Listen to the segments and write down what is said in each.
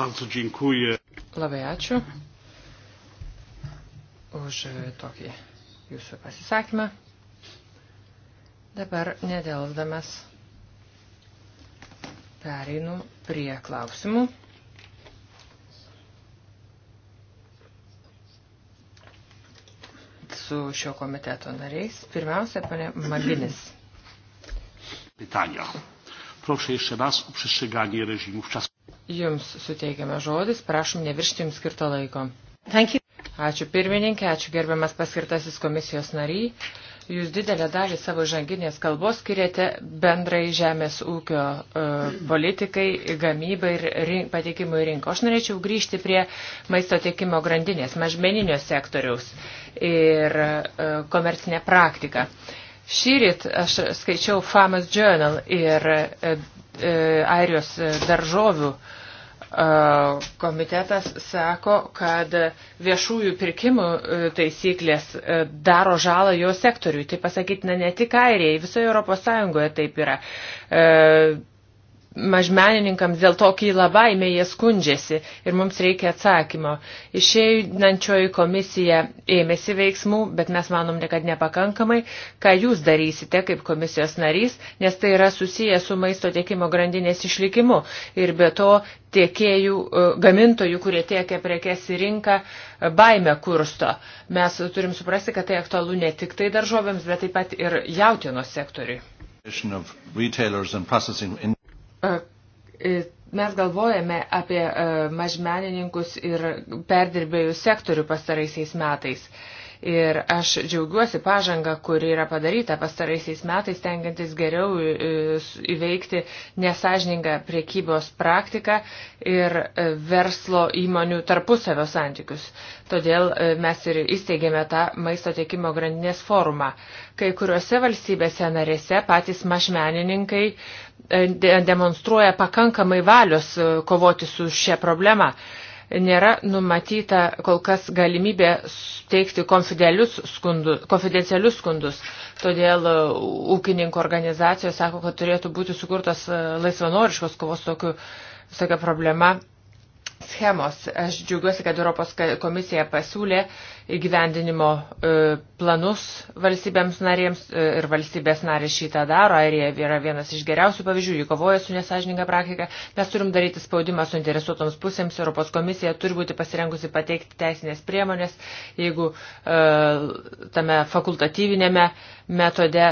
Bardzo dziękuję. Labai ačiū už tokį jūsų pasisakymą. Dabar nedėldamas pereinu prie klausimų. Su šio komiteto nariais. Pirmiausia, pane Maginis. Pytania. Proszę jeszcze raz o przestrzeganie reżimów czasu. Jums suteikiame žodis, prašom neviršti Jums skirto laiko. Ačiū pirmininkė, ačiū gerbiamas paskirtasis komisijos nariai. Jūs didelę dalį savo žanginės kalbos skiriate bendrai žemės ūkio e, politikai, gamybai ir rink, patikimui rinko. Aš norėčiau grįžti prie maisto tiekimo grandinės, mažmeninio sektoriaus ir e, komercinę praktiką. Šyrit aš skaičiau Farmers Journal ir e, E, Airijos daržovių e, komitetas sako, kad viešųjų pirkimų e, taisyklės daro žalą jo sektoriui. Tai pasakyti, na, ne tik Airijai, visoje Europos Sąjungoje taip yra mažmenininkams dėl to kyla baimė, jie skundžiasi ir mums reikia atsakymo. Išeinančioji komisija ėmėsi veiksmų, bet mes manom, kad nepakankamai, ką jūs darysite kaip komisijos narys, nes tai yra susiję su maisto tiekimo grandinės išlikimu ir be to tiekėjų, e, gamintojų, kurie tiekia prekes į rinką, e, baimę kursto. Mes turim suprasti, kad tai aktualu ne tik tai daržovėms, bet taip pat ir jautienos sektoriui. E, mes galvojame apie e, mažmenininkus ir perdirbėjų sektorių pastaraisiais metais. Ir aš džiaugiuosi pažanga, kuri yra padaryta pastaraisiais metais, tengiantis geriau e, įveikti nesažningą priekybos praktiką ir verslo įmonių tarpusavio santykius. Todėl mes ir įsteigėme tą maisto tiekimo grandinės forumą. Kai kuriuose valstybėse narėse patys mažmenininkai demonstruoja pakankamai valios e, kovoti su šia problema. Nėra numatyta kol kas galimybė teikti skundus, konfidencialius skundus, todėl e, ūkininko organizacijos sako, kad turėtų būti sukurtos e, laisvanoriškos kovos tokiu, tokia problema schemos. Aš džiaugiuosi, kad Europos komisija pasiūlė įgyvendinimo e, planus valstybėms narėms e, ir valstybės narės šitą daro. Airija yra vienas iš geriausių pavyzdžių, jį kovoja su nesažininga praktika. Mes turim daryti spaudimą suinteresuotoms pusėms, Europos komisija turi būti pasirengusi pateikti teisinės priemonės, jeigu e, tame fakultatyvinėme metode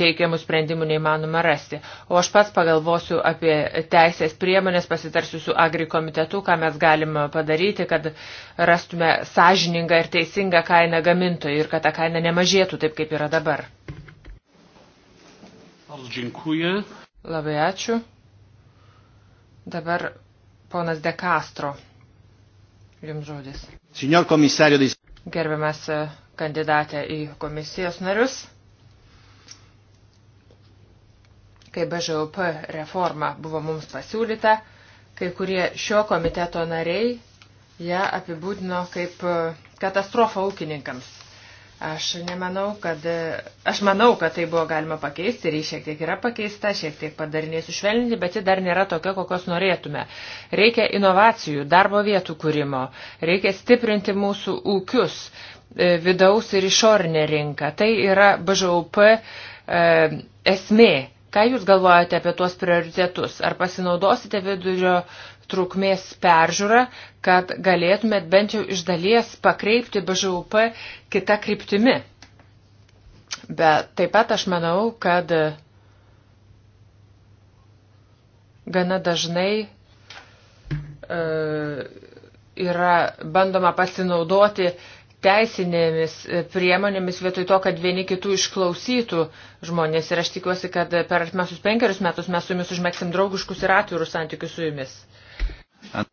teikiamų sprendimų neįmanoma rasti. O aš pats pagalvosiu apie teisės priemonės, pasitarsiu su agri komitetu, ką mes galime padaryti, kad rastume sąžinį sąžiningą ir teisingą kainą gamintojui ir kad ta kaina nemažėtų taip, kaip yra dabar. Dėkuoju. Labai ačiū. Dabar ponas De Castro. Jums žodis. Signor komisario di... Gerbiamas e, kandidatė į komisijos narius. Kai BŽUP reforma buvo mums pasiūlyta, kai kurie šio komiteto nariai ją apibūdino kaip uh, katastrofa ūkininkams. Aš nemanau, kad, aš manau, kad tai buvo galima pakeisti ir jį šiek tiek yra pakeista, šiek tiek padariniai sušvelninti, bet ji dar nėra tokia, kokios norėtume. Reikia inovacijų, darbo vietų kūrimo, reikia stiprinti mūsų ūkius, e, vidaus ir išorinę rinką. Tai yra BŽUP e, esmė. Ką Jūs galvojate apie tuos prioritetus? Ar pasinaudosite vidurio trukmės peržiūrą, kad galėtumėt bent jau iš dalies pakreipti BŽUP kitą kryptimi. Bet taip pat aš manau, kad gana dažnai e, yra bandoma pasinaudoti teisinėmis priemonėmis vietoj to, kad vieni kitų išklausytų žmonės. Ir aš tikiuosi, kad per artimiausius penkerius metus mes su jumis užmėgsim draugiškus ir atvirus santykius su jumis.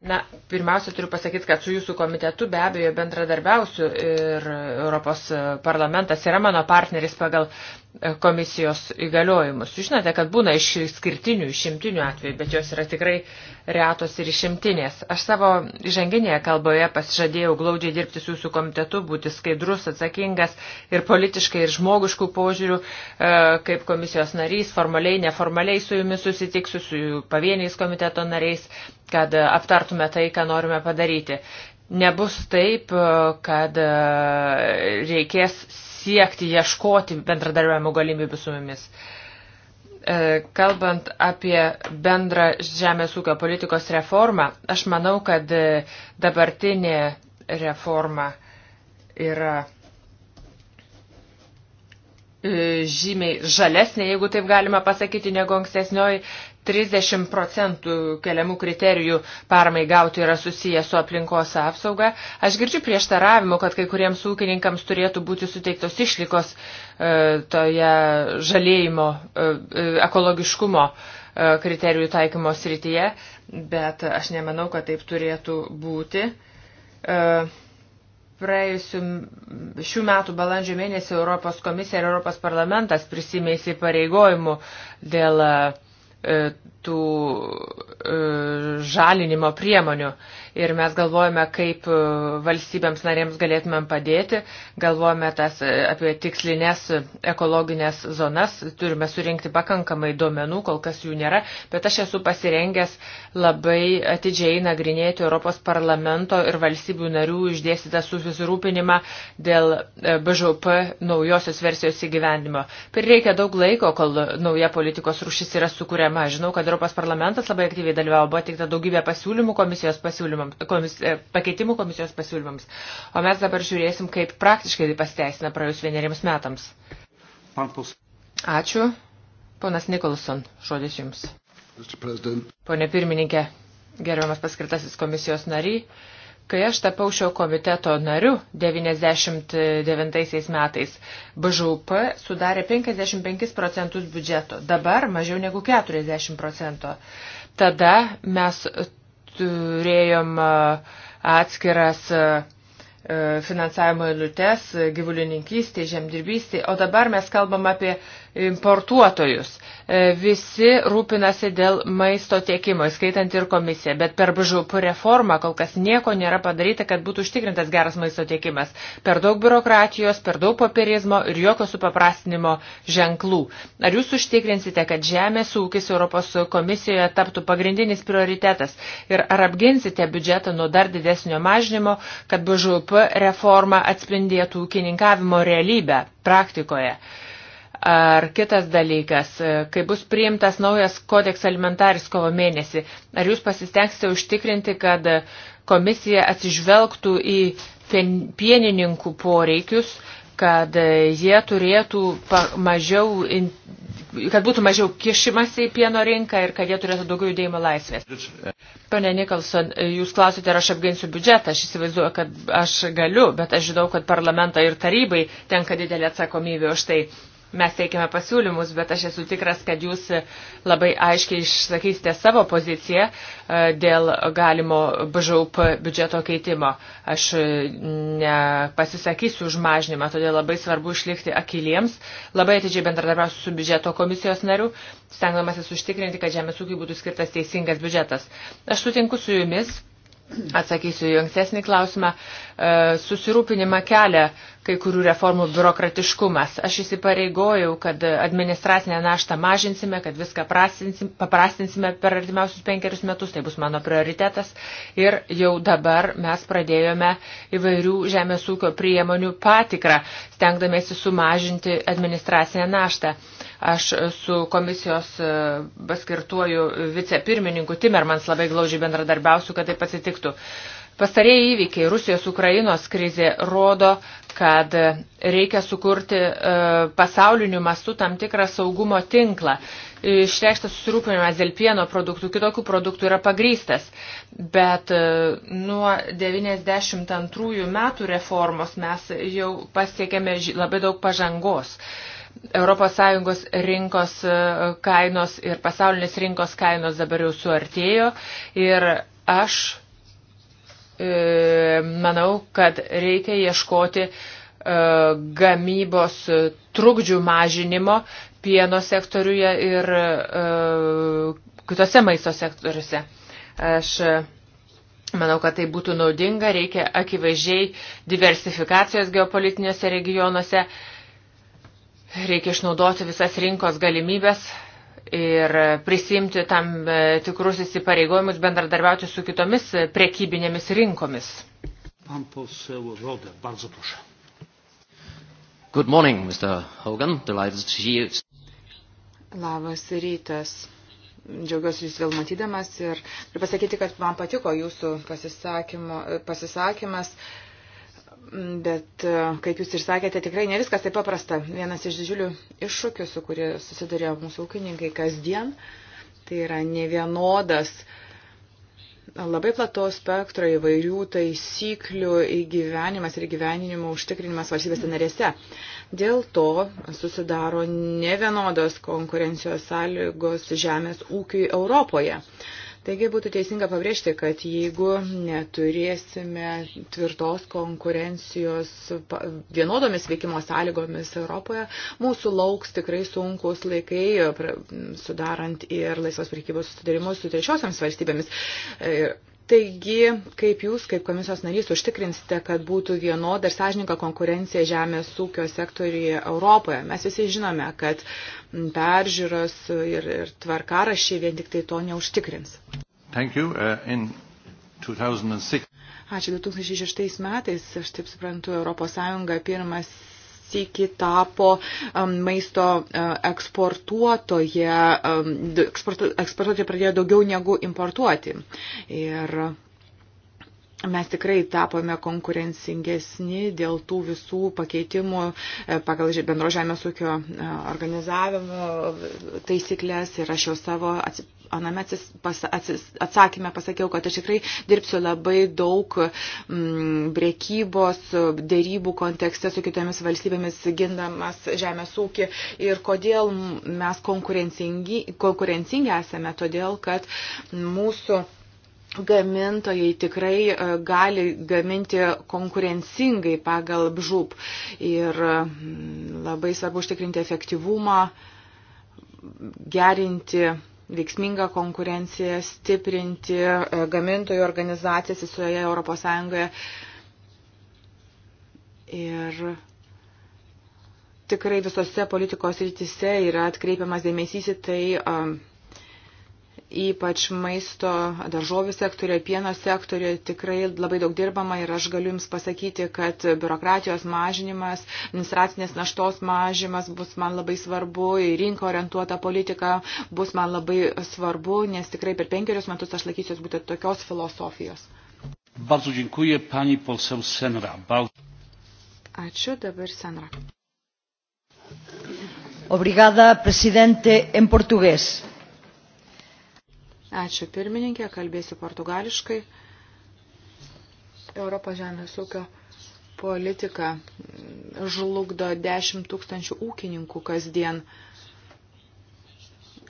Na, pirmiausia, turiu pasakyti, kad su jūsų komitetu be abejo bendradarbiausiu ir Europos parlamentas yra mano partneris pagal komisijos įgaliojimus. Jūs žinote, kad būna iš skirtinių, išimtinių atvejų, bet jos yra tikrai retos ir išimtinės. Aš savo žanginėje kalboje pasižadėjau glaudžiai dirbti su jūsų komitetu, būti skaidrus, atsakingas ir politiškai, ir žmogiškų požiūrių, e, kaip komisijos narys, formaliai, neformaliai su jumis susitiksiu, su pavieniais komiteto nariais, kad e, aptartume tai, ką norime padaryti nebus taip, e, kad reikės siekti, ieškoti bendradarbiavimo galimybių su mumis. E, kalbant apie bendrą žemės ūkio politikos reformą, aš manau, kad e, dabartinė reforma yra e, žymiai žalesnė, jeigu taip galima pasakyti, negu ankstesnioji 30 procentų keliamų kriterijų paramai gauti yra susiję su aplinkos apsauga. Aš girdžiu prieštaravimų, kad kai kuriems ūkininkams turėtų būti suteiktos išlikos e, toje žalėjimo e, e ekologiškumo e, kriterijų taikymo srityje, bet aš nemanau, kad taip turėtų būti. E, praėjusių šių metų balandžio mėnesį Europos komisija ir Europos parlamentas prisimė įsipareigojimų dėl e, E, tų e, žalinimo priemonių ir mes galvojame, kaip e, valstybėms narėms galėtumėm padėti, galvojame tas e, apie tikslinės ekologinės zonas, turime surinkti pakankamai duomenų, kol kas jų nėra, bet aš esu pasirengęs labai atidžiai nagrinėti Europos parlamento ir valstybių narių išdėstytą susirūpinimą dėl e, BŽP naujosios versijos įgyvendimo. Prireikia daug laiko, kol nauja politikos rušis yra sukūriama. Žinau, kad Europos parlamentas labai aktyviai dalyvavo, buvo tik daugybė pasiūlymų, komisijos pasiūlymų pasiūlymams, komis, e, pakeitimų komisijos pasiūlymams. O mes dabar žiūrėsim, kaip praktiškai tai pasiteisina praėjus vieneriems metams. Ačiū. Ponas Nikolson, žodis jums. Pone pirmininkė, gerbiamas paskirtasis komisijos nariai, kai aš tapau šio komiteto nariu 99 metais, BŽUP sudarė 55 procentus biudžeto, dabar mažiau negu 40 procento. Tada mes turėjom e, atskiras e, e, finansavimo eilutes gyvulininkystė, žemdirbystė, o dabar mes kalbam apie importuotojus. E, visi rūpinasi dėl maisto tiekimo, skaitant ir komisiją, bet per BŽUP reformą kol kas nieko nėra padaryta, kad būtų užtikrintas geras maisto tiekimas. Per daug biurokratijos, per daug popierizmo ir jokio supaprastinimo ženklų. Ar jūs užtikrinsite, kad žemės ūkis Europos komisijoje taptų pagrindinis prioritetas ir ar apginsite biudžetą nuo dar didesnio mažinimo, kad BŽUP reforma atspindėtų ūkininkavimo realybę praktikoje? Ar kitas dalykas, e, kai bus priimtas naujas kodeks alimentaris kovo mėnesį, ar jūs pasistengsite užtikrinti, kad komisija atsižvelgtų į pienininkų poreikius, kad jie turėtų mažiau, kad būtų mažiau kišimasi į pieno rinką ir kad jie turėtų daugiau judėjimo laisvės. Pane Nikolson, jūs klausite, ar aš apginsiu biudžetą. Aš įsivaizduoju, kad aš galiu, bet aš žinau, kad parlamentą ir tarybai tenka didelė atsakomybė už tai. Mes teikiame pasiūlymus, bet aš esu tikras, kad jūs labai aiškiai išsakysite savo poziciją e, dėl galimo BŽUP biudžeto keitimo. Aš e, nepasisakysiu už mažnymą, todėl labai svarbu išlikti akiliems, labai atidžiai bendradarbiausiu su biudžeto komisijos nariu, stengdamasis užtikrinti, kad žemės ūkiai būtų skirtas teisingas biudžetas. Aš sutinku su jumis Atsakysiu į ankstesnį klausimą. E, susirūpinimą kelia kai kurių reformų biurokratiškumas. Aš įsipareigojau, kad administracinę naštą mažinsime, kad viską paprastinsime per artimiausius penkerius metus, tai bus mano prioritetas. Ir jau dabar mes pradėjome įvairių žemės ūkio priemonių patikrą, stengdamėsi sumažinti administracinę naštą. Uh, Aš su komisijos e, paskirtuoju vicepirmininku Timermans labai glaužiai bendradarbiausiu, kad tai pasitiktų. Pastarėjai įvykiai Rusijos Ukrainos krizė rodo, kad reikia sukurti e, pasauliniu mastu tam tikrą saugumo tinklą. Išreikštas susirūpinimas dėl pieno produktų, kitokių produktų yra pagrystas, bet e, nuo 92 metų reformos mes jau pasiekėme labai daug pažangos. ES rinkos e, kainos ir pasaulinės rinkos kainos dabar jau suartėjo ir aš e, manau, kad reikia ieškoti e, gamybos trukdžių mažinimo pieno sektoriuje ir kitose maisto sektoriuose. Aš manau, kad tai būtų naudinga, reikia akivaizdžiai diversifikacijos geopolitinėse regionuose Reikia išnaudoti visas rinkos galimybės ir prisimti tam e, tikrus įsipareigojimus bendradarbiauti su kitomis prekybinėmis rinkomis. Pan poseł Roder, bardzo proszę. Good morning, Mr. Hogan. Delighted to see you. Labas rytas. Džiaugiuosi Jūs vėl matydamas ir pasakyti, kad man patiko Jūsų e, pasisakymas Bet, e, kaip jūs ir sakėte, tikrai ne viskas taip paprasta. Vienas iš didžiulių iššūkių, su kuriuo susiduria mūsų ūkininkai kasdien, tai yra ne vienodas labai plataus spektro įvairių taisyklių įgyvenimas ir įgyveninimo užtikrinimas valstybėse narėse. Dėl to susidaro ne vienodos konkurencijos sąlygos žemės ūkiui Europoje. Taigi būtų teisinga pabrėžti, kad jeigu neturėsime tvirtos konkurencijos vienodomis veikimo sąlygomis Europoje, mūsų lauks tikrai sunkus laikai, sudarant ir laisvos prekybos sutarimus su trečiosiams valstybėmis. Ir e, Taigi, kaip jūs, kaip komisijos narys, užtikrinsite, kad būtų vienoda ir sąžininka konkurencija žemės ūkio sektoriuje Europoje? Mes visi žinome, kad peržiūros ir, ir tvarkarašiai vien tik tai to neužtikrins. Thank you, uh, in 2006... Ačiū 2006 metais, aš taip suprantu, ES pirmas sėki tapo um, maisto uh, eksportuotoje, um, eksportu, eksportuotoje pradėjo daugiau negu importuoti. Ir mes tikrai tapome konkurencingesni dėl tų visų pakeitimų e, pagal bendro žemės ūkio e, organizavimo e, taisyklės ir aš jau savo aname atsis, pas, atsis, atsakymę pasakiau, kad aš tikrai dirbsiu labai daug m, mm, priekybos, dėrybų kontekste su kitomis valstybėmis gindamas žemės ūkį ir kodėl mes konkurencingi, konkurencingi esame, todėl kad mūsų gamintojai tikrai e, gali gaminti konkurencingai pagal bžūp ir mm, labai svarbu užtikrinti efektyvumą, gerinti veiksmingą konkurenciją, stiprinti e, gamintojų organizacijas visoje Europos Sąjungoje. Ir tikrai visose politikos rytise yra atkreipiamas dėmesys į tai, ypač maisto daržovių sektorė, pieno sektorė tikrai labai daug dirbama ir aš galiu Jums pasakyti, kad biurokratijos mažinimas, administracinės naštos mažinimas bus man labai svarbu, į rinką orientuota politika bus man labai svarbu, nes tikrai per penkerius metus aš laikysiuos būtent tokios filosofijos. Bardzo dziękuję pani poseł Senra. Bardzo... Ačiū dabar Senra. Obrigada, presidente, en portugués. Ačiū pirmininkė, kalbėsiu portugališkai. Europos žemės ūkio politika žlugdo 10 tūkstančių ūkininkų kasdien.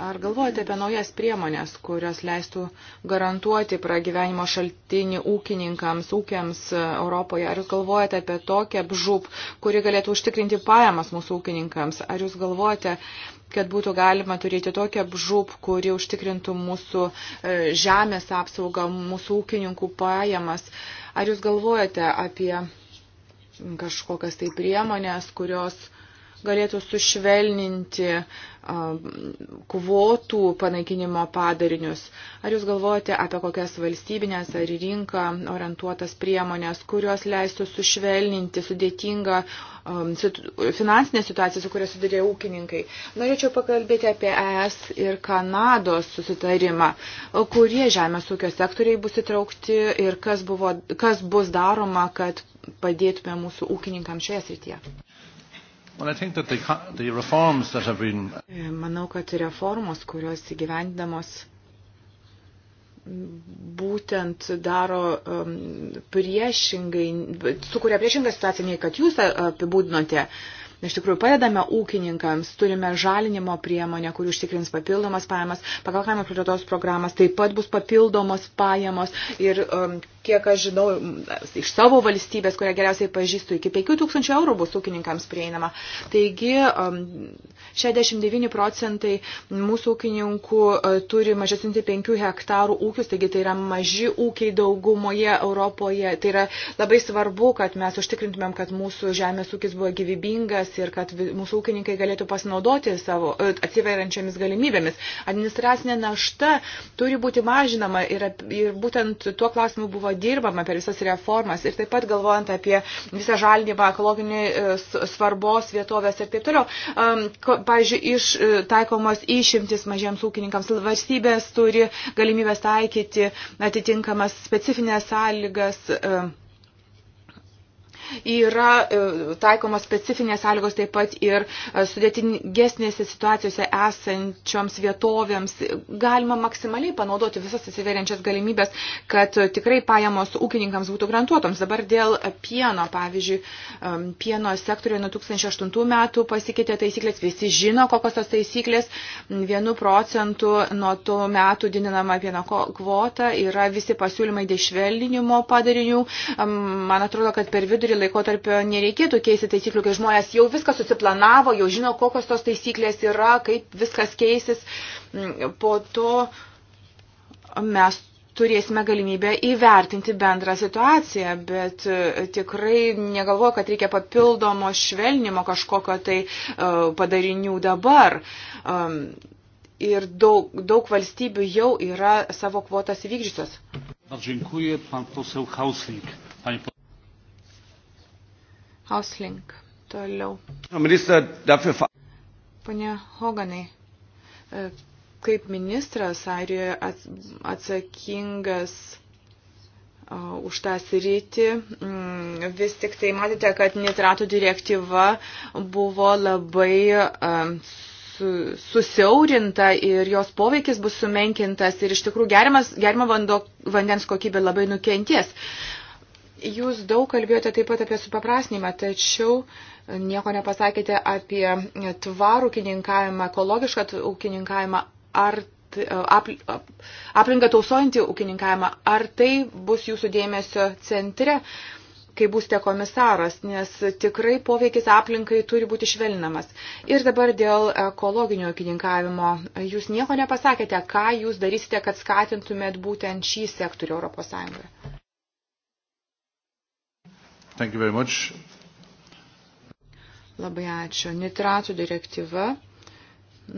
Ar galvojate apie naujas priemonės, kurios leistų garantuoti pragyvenimo šaltinį ūkininkams, ūkiams Europoje? Ar jūs galvojate apie tokią bžūp, kuri galėtų užtikrinti pajamas mūsų ūkininkams? Ar jūs galvojate kad būtų galima turėti tokią apžūp, kuri užtikrintų mūsų e, žemės apsaugą, mūsų ūkininkų pajamas. Ar jūs galvojate apie kažkokias tai priemonės, kurios galėtų sušvelninti kvotų panaikinimo padarinius. Ar jūs galvojate apie kokias valstybinės ar rinką orientuotas priemonės, kurios leistų sušvelninti sudėtingą Um, finansinė situacija, su kuria sudarė ūkininkai. Norėčiau pakalbėti apie ES ir Kanados susitarimą, kurie žemės ūkio sektoriai bus įtraukti ir kas, buvo, kas bus daroma, kad padėtume mūsų ūkininkams šioje srityje. Manau, kad reformos, kurios įgyvendinamos būtent daro um, priešingai, sukuria priešingą situaciją, nei kad jūs uh, apibūdinote. Iš tikrųjų, padedame ūkininkams, turime žalinimo priemonę, kuri užtikrins papildomas pajamas, pagal kaimo plėtotos programas taip pat bus papildomos pajamos ir um, kiek aš žinau, iš savo valstybės, kurią geriausiai pažįstu, iki 5000 eurų bus ūkininkams prieinama. Taigi 69 um, procentai mūsų ūkininkų uh, turi mažesnį 5 hektarų ūkius, taigi tai yra maži ūkiai daugumoje Europoje. Tai yra labai svarbu, kad mes užtikrintumėm, kad mūsų žemės ūkis buvo gyvybingas ir kad mūsų ūkininkai galėtų pasinaudoti savo uh, atsiveriančiamis galimybėmis. Administracinė našta turi būti mažinama ir, ir būtent tuo klausimu buvo buvo dirbama per visas reformas ir taip pat galvojant apie visą žalinimą, ekologinį e, svarbos vietovės ir taip toliau. Pavyzdžiui, iš e, taikomos išimtis mažiems ūkininkams valstybės turi galimybės taikyti atitinkamas specifines sąlygas. Uh yra e, taikomas specifinės sąlygos taip pat ir e, sudėtingesnėse situacijose esančioms vietovėms. Galima maksimaliai panaudoti visas atsiveriančias galimybės, kad tikrai pajamos ūkininkams būtų grantuotoms. Dabar dėl pieno, pavyzdžiui, pieno sektorioje nuo 2008 metų pasikeitė taisyklės, visi žino, kokios tos taisyklės, vienu procentu nuo tų metų didinama pieno kvota, yra visi pasiūlymai dešvelninimo padarinių. Man atrodo, kad per vidurį laikotarpio nereikėtų keisti taisyklių, kai žmonės jau viską susiplanavo, jau žino, kokios tos taisyklės yra, kaip viskas keisis. Mm, po to mes turėsime galimybę įvertinti bendrą situaciją, bet e, tikrai negalvoju, kad reikia papildomo švelnimo kažkokio tai e, padarinių dabar. Ir daug, daug valstybių jau yra savo kvotas įvykdžiusios. Dziękuję. Pan poseł Hausling. Panie... Hauslink. Toliau. Pane Hoganai, e, kaip ministras Airijoje atsakingas e, už tą sritį. Mm, vis tik tai matėte, kad nitratų direktyva buvo labai e, susiaurinta ir jos poveikis bus sumenkintas ir iš tikrųjų gerimas, gerimo vando, vandens kokybė labai nukenties. Jūs daug kalbėjote taip pat apie supaprasnymą, tačiau nieko nepasakėte apie tvarų ūkininkavimą, ekologišką ūkininkavimą ar ap, ap, aplinką tausojantį ūkininkavimą. Ar tai bus jūsų dėmesio centre, kai būsite komisaras, nes tikrai poveikis aplinkai turi būti švelinamas. Ir dabar dėl ekologinio ūkininkavimo. Jūs nieko nepasakėte, ką jūs darysite, kad skatintumėt būtent šį sektorių Europos Sąjungoje. Thank you very much. Labai ačiū. Nitratų direktyva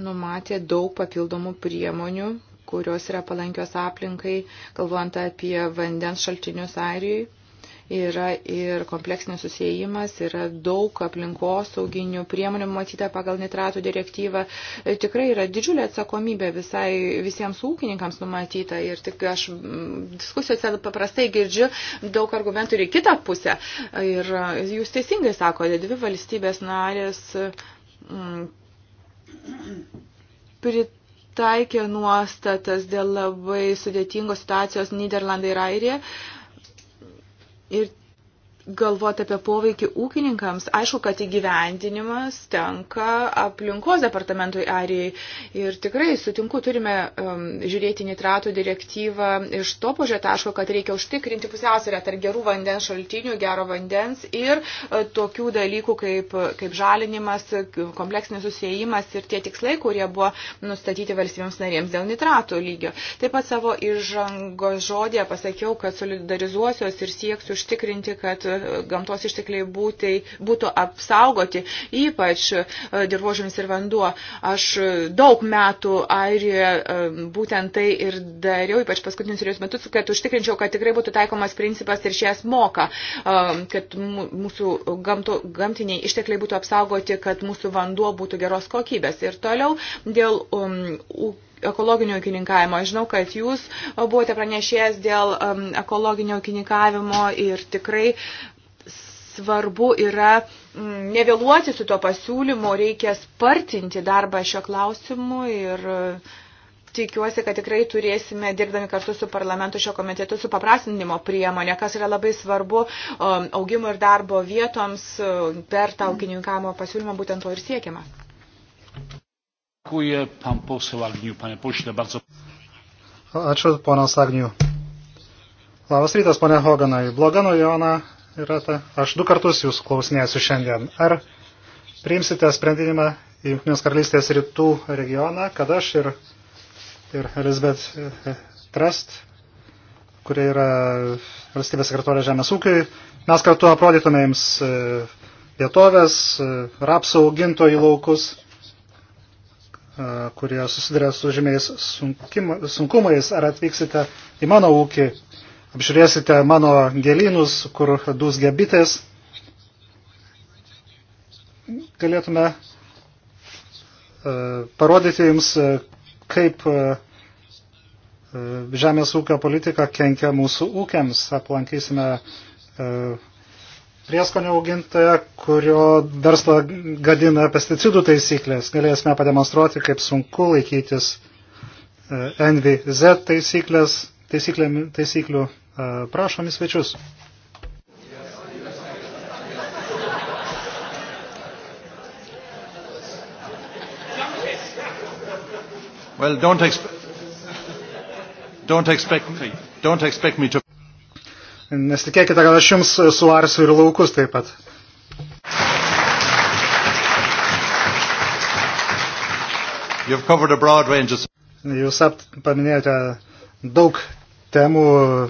numatė daug papildomų priemonių, kurios yra palankios aplinkai, galvojant apie vandens šaltinius Airijai yra ir kompleksinis susijimas, yra daug aplinkosauginių priemonių matyta pagal nitratų direktyvą. E, tikrai yra didžiulė atsakomybė visai, visiems ūkininkams numatyta ir tik aš mm, diskusijose paprastai girdžiu daug argumentų ir į kitą pusę. Ir e, jūs teisingai sakote, dvi valstybės narės. Mm, prit taikė nuostatas dėl labai sudėtingos situacijos Niderlandai ir Airija. Uh, Ir galvoti apie poveikį ūkininkams, aišku, kad įgyvendinimas tenka aplinkos departamentui arijai. Ir tikrai sutinku, turime um, žiūrėti nitratų direktyvą iš to požio taško, kad reikia užtikrinti pusiausvyrę tarp gerų vandens šaltinių, gero vandens ir uh, tokių dalykų kaip, kaip žalinimas, kompleksinis susijimas ir tie tikslai, kurie buvo nustatyti valstybėms narėms dėl nitratų lygio. Taip pat savo įžango žodėje pasakiau, kad solidarizuosios ir sieksiu užtikrinti, kad gamtos ištekliai būtai, būtų apsaugoti, ypač e, dirbožėmis ir vanduo. Aš daug metų Airijoje e, būtent tai ir dariau, ypač paskutinius trijus metus, kad užtikrinčiau, kad tikrai būtų taikomas principas ir šies moka, e, kad mūsų gamto, gamtiniai ištekliai būtų apsaugoti, kad mūsų vanduo būtų geros kokybės. Ir toliau dėl um, ekologinio ūkininkavimo. Žinau, kad jūs buvote pranešėjęs dėl um, ekologinio ūkininkavimo ir tikrai svarbu yra mm, nevėluoti su to pasiūlymu, reikia spartinti darbą šio klausimu ir uh, tikiuosi, kad tikrai turėsime, dirbdami kartu su parlamentu šio komitetu, su paprastinimo priemonė, kas yra labai svarbu um, augimo ir darbo vietoms uh, per tą ūkininkavimo pasiūlymą, būtent to ir siekiama. Dziękuję. Pan poseł Agniu. Panie pośle, bardzo. Ačiū, ponas Agniu. Labas rytas, ponė Hoganai. Bloga naujona yra ta. Aš du kartus jūs klausinėsiu šiandien. Ar priimsite sprendimą į Junktinės karalystės rytų regioną, kad aš ir, ir Elizabeth e, Trust, kurie yra valstybės sekretorė žemės ūkiui, mes kartu aprodytume jums e, vietovės, e, rapsų augintojų laukus kurie susiduria su žymiais sunkumais, ar atvyksite į mano ūkį, apžiūrėsite mano gėlynus, kur dus gebitės, galėtume parodyti jums, kaip žemės ūkio politika kenkia mūsų ūkiams. Aplankysime prieskonių augintoją, kurio verslą gadina pesticidų taisyklės. Galėsime pademonstruoti, kaip sunku laikytis e, NVZ taisyklės, taisyklė, taisyklių. E, prašom į svečius. Well, don't, exp don't, expect, don't expect me to Nesitikėkite, kad aš jums suarsiu ir laukus taip pat. Jūs apt, paminėjote daug temų,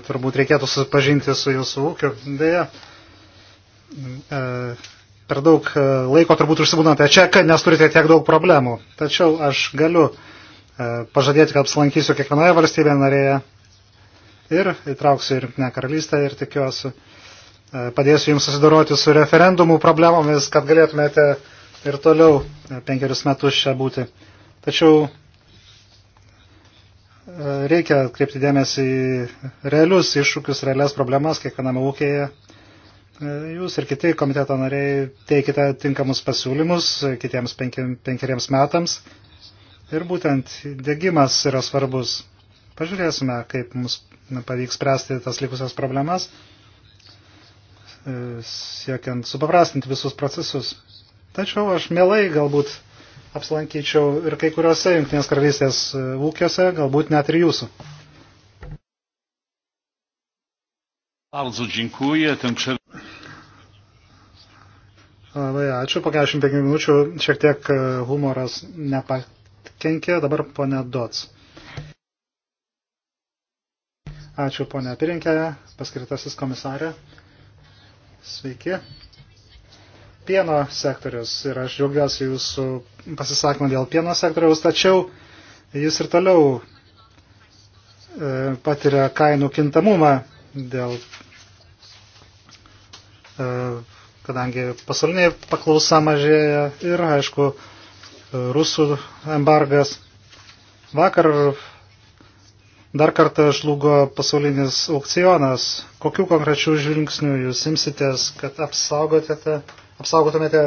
turbūt reikėtų susipažinti su jūsų ūkiu. Deja, e, per daug e, laiko turbūt užsibūnate čia, nes turite tiek daug problemų. Tačiau aš galiu e, pažadėti, kad apsilankysiu kiekvienoje valstybėje narėje ir įtrauksiu ir ne karalystę ir tikiuosi e, padėsiu jums susidoroti su referendumų problemomis, kad galėtumėte ir toliau e, penkerius metus čia būti. Tačiau e, reikia atkreipti dėmesį į realius iššūkius, realias problemas kiekviename ūkėje. Jūs ir kiti komiteto nariai teikite tinkamus pasiūlymus kitiems penki, penkeriems metams. Ir būtent dėgymas yra svarbus. Pažiūrėsime, kaip mums pavyks spręsti tas likusias problemas, e, siekiant supaprastinti visus procesus. Tačiau aš mielai galbūt apsilankyčiau ir kai kuriuose Junktinės karalystės e, ūkiuose, galbūt net ir jūsų. Bardzo dziękuję. Ten przer... Labai ačiū. Po 45 minučių šiek tiek e, humoras nepakenkė. Dabar ponė Dots. Ačiū, ponė pirinkė, paskirtasis komisarė. Sveiki. Pieno sektorius ir aš džiaugiuosi jūsų pasisakymą dėl pieno sektoriaus, tačiau jis ir toliau e, patiria kainų kintamumą dėl e, kadangi pasaulinė paklausa mažėja ir, aišku, rusų embargas. Vakar Dar kartą žlugo pasaulinis aukcionas. Kokių konkrečių žvilgsnių jūs imsitės, kad apsaugotumėte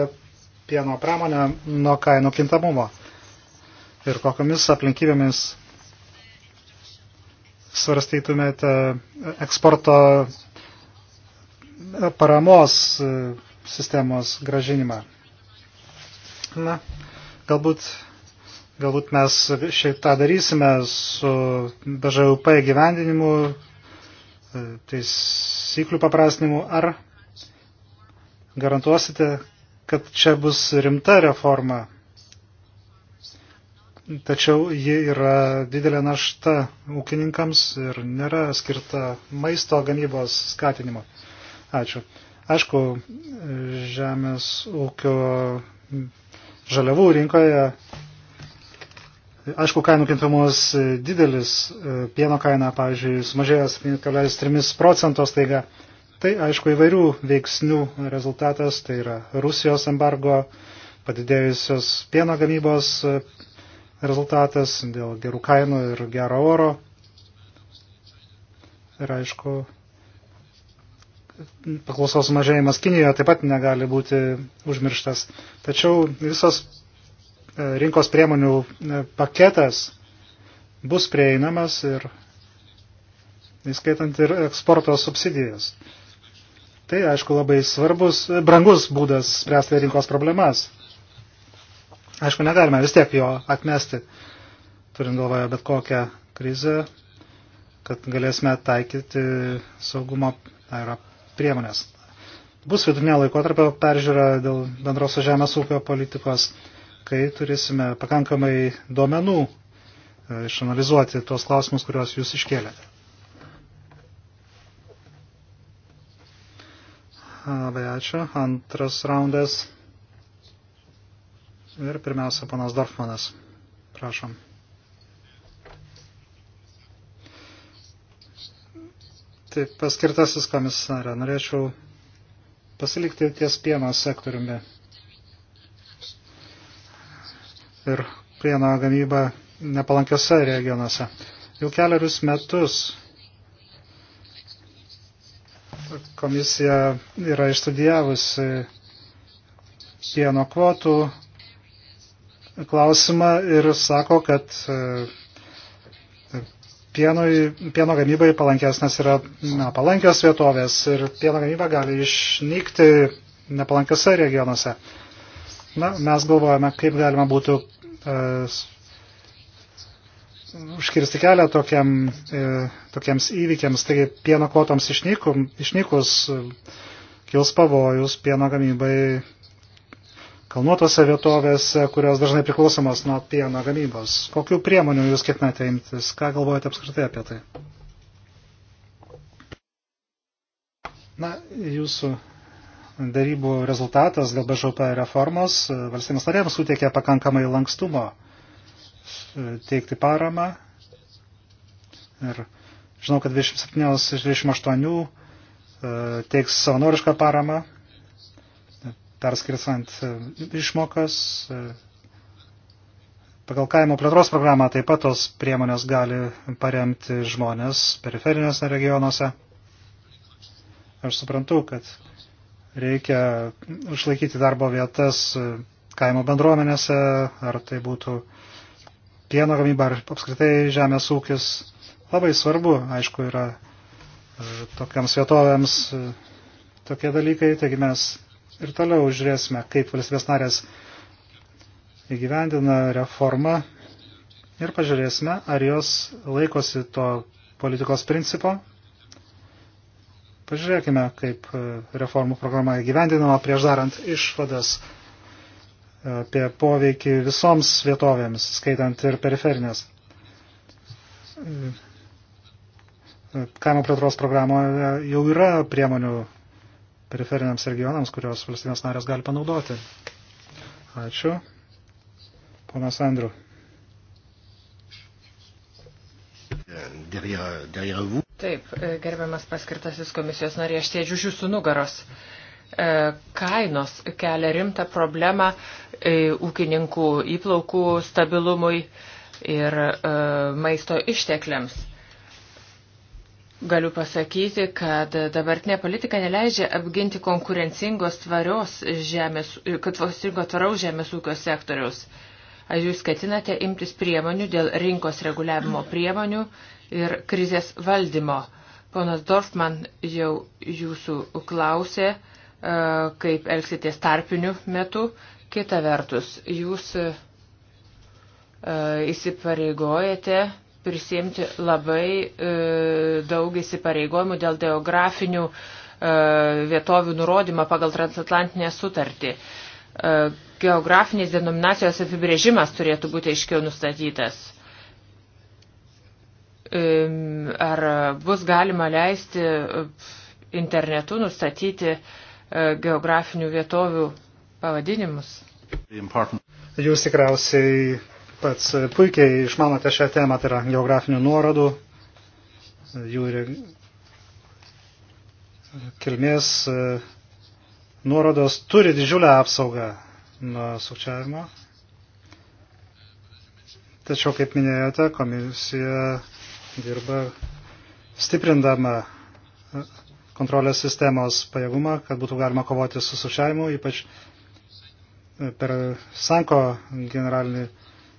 pieno pramonę nuo kainų kintamumo? Ir kokiamis aplinkybėmis svarstytumėte eksporto paramos sistemos gražinimą? Na, galbūt Galbūt mes šitą darysime su BŽUP gyvendinimu, e, taisyklių paprastinimu, ar garantuosite, kad čia bus rimta reforma, tačiau ji yra didelė našta ūkininkams ir nėra skirta maisto gamybos skatinimo. Ačiū. Aišku, žemės ūkio žaliavų rinkoje Aišku, kainų kintamumas e, didelis, e, pieno kaina, pavyzdžiui, sumažėjo 7,3 procentos taiga. Tai, aišku, įvairių veiksnių rezultatas, tai yra Rusijos embargo, padidėjusios pieno gamybos e, rezultatas dėl gerų kainų ir gero oro. Ir, aišku, paklausos mažėjimas Kinijoje taip pat negali būti užmirštas. Tačiau visos E, rinkos priemonių e, paketas bus prieinamas ir įskaitant ir eksporto subsidijas. Tai, aišku, labai svarbus, e, brangus būdas spręsti rinkos problemas. Aišku, negalime vis tiek jo atmesti, turint galvoje bet kokią krizę, kad galėsime taikyti saugumo yra, priemonės. Bus vidurinė laikotarpio peržiūra dėl bendrosios žemės ūkio politikos kai turėsime pakankamai duomenų e, išanalizuoti tuos klausimus, kuriuos jūs iškėlėte. Labai ačiū. Antras raundas. Ir pirmiausia, panas Dorfmanas. Prašom. Taip, paskirtasis komisarė. Norėčiau pasilikti ties pieno sektoriumi. ir pieno gamybą nepalankiose regionuose. Jau keliarius metus komisija yra išstudijavusi pieno kvotų klausimą ir sako, kad e, pienui, pieno gamybai palankesnės yra na, palankios vietovės ir pieno gamyba gali išnykti nepalankiose regionuose. Na, mes galvojame, kaip galima būtų uh, užkirsti kelią tokiam, uh, e, tokiems įvykiams. Taigi pieno kvotoms išnykum, išnykus uh, kils pavojus pieno gamybai kalnuotose vietovėse, kurios dažnai priklausomos nuo pieno gamybos. Kokių priemonių jūs ketinate imtis? Ką galvojate apskritai apie tai? Na, jūsų darybų rezultatas dėl BŽP reformos e, valstybės narėms suteikė pakankamai lankstumo e, teikti paramą. Ir žinau, kad 27 iš 28 e, teiks savanorišką paramą, perskirsant išmokas. Pagal kaimo plėtros programą taip pat tos priemonės gali paremti žmonės periferiniuose regionuose. Aš suprantu, kad reikia išlaikyti darbo vietas kaimo bendruomenėse, ar tai būtų pieno gamyba, ar apskritai žemės ūkis. Labai svarbu, aišku, yra tokiams vietovėms tokie dalykai, taigi mes ir toliau žiūrėsime, kaip valstybės narės įgyvendina reformą ir pažiūrėsime, ar jos laikosi to politikos principo, Pažiūrėkime, kaip e, reformų programa įgyvendinama prieš darant išvadas e, apie poveikį visoms vietovėms, skaitant ir periferinės. E, kaimo plėtros programoje jau yra priemonių periferiniams regionams, kurios valstybės narės gali panaudoti. Ačiū. Ponas Andriu. Derrière, derrière vous. Taip, e, gerbiamas paskirtasis komisijos narė, aš sėdžiu už jūsų nugaros. E, kainos kelia rimtą problemą e, ūkininkų įplaukų stabilumui ir maisto ištekliams. Galiu pasakyti, kad dabartinė politika neleidžia apginti konkurencingos tvarios žemės, kad vastingo tvaraus žemės ūkio sektoriaus. Ar jūs ketinate imtis priemonių dėl rinkos reguliavimo priemonių ir krizės valdymo. Ponas Dorfman jau jūsų klausė, e, kaip elgsitės tarpinių metų. Kita vertus, jūs e, įsipareigojate prisimti labai e, daug įsipareigojimų dėl geografinių vietovių nurodymą pagal transatlantinę sutartį. Geografinės denominacijos apibrėžimas turėtų būti aiškiau nustatytas ar bus galima leisti e, internetu nustatyti e, geografinių vietovių pavadinimus. Jūs tikriausiai pats puikiai išmanote šią temą, tai yra geografinių nuorodų, jų kilmės e, nuorodos turi didžiulę apsaugą nuo sukčiavimo. Tačiau, kaip minėjote, komisija dirba stiprindama e, kontrolės sistemos pajėgumą, kad būtų galima kovoti su sušiavimu, ypač e, per Sanko generalinį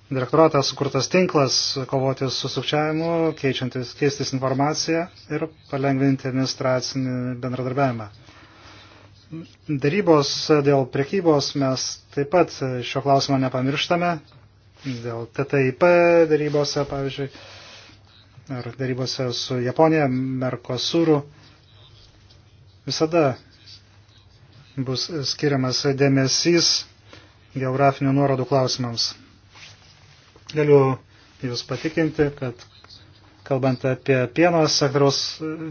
direktoratą sukurtas tinklas kovoti su sukčiavimu, keistis informaciją ir palengvinti administracinį bendradarbiavimą. Darybos dėl priekybos mes taip pat šio klausimo nepamirštame, dėl TTIP darybose, pavyzdžiui, ar darybose su Japonija, Merkosūru visada bus skiriamas dėmesys geografinių nuorodų klausimams. Galiu Jūs patikinti, kad kalbant apie pieno sektoriaus,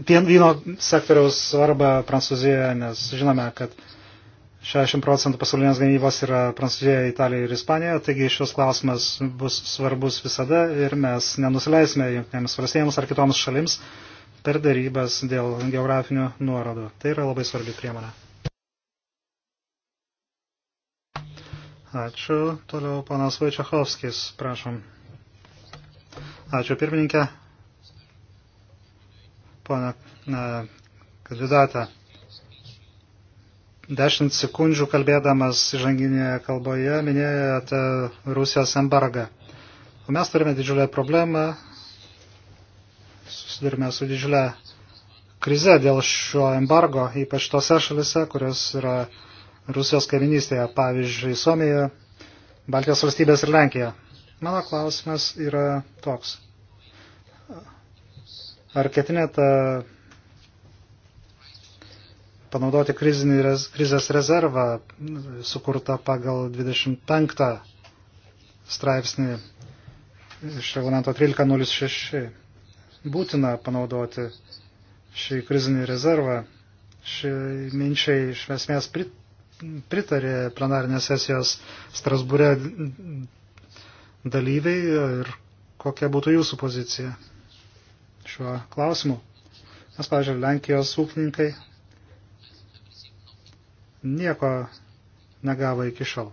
pien, vyno sektoriaus svarbą Prancūzijoje, nes žinome, kad 60 procentų pasaulinės gamybos yra Prancūzijoje, Italijoje ir Ispanijoje, taigi šios klausimas bus svarbus visada ir mes nenusileisime jungtinėms valstybėms ar kitoms šalims per darybas dėl geografinių nuorodų. Tai yra labai svarbi priemonė. Ačiū. Toliau panas Vaičiachovskis, prašom. Ačiū pirmininkė. Pone kandidatą. Dešimt sekundžių kalbėdamas žanginėje kalboje minėjote Rusijos embargą. O mes turime didžiulę problemą, susidurime su didžiulė krize dėl šio embargo, ypač tose šalise, kurios yra Rusijos kaiminystėje, pavyzdžiui, Suomijoje, Baltijos valstybės ir Lenkija. Mano klausimas yra toks. Ar ketinėte panaudoti krizinį, krizės rezervą sukurtą pagal 25 straipsnį iš reglamento 1306. Būtina panaudoti šį krizinį rezervą. Šį minčiai iš esmės pritarė plenarinės sesijos Strasbūre dalyviai ir kokia būtų jūsų pozicija šiuo klausimu. Nes, pavyzdžiui, Lenkijos ūkininkai nieko negavo iki šiol.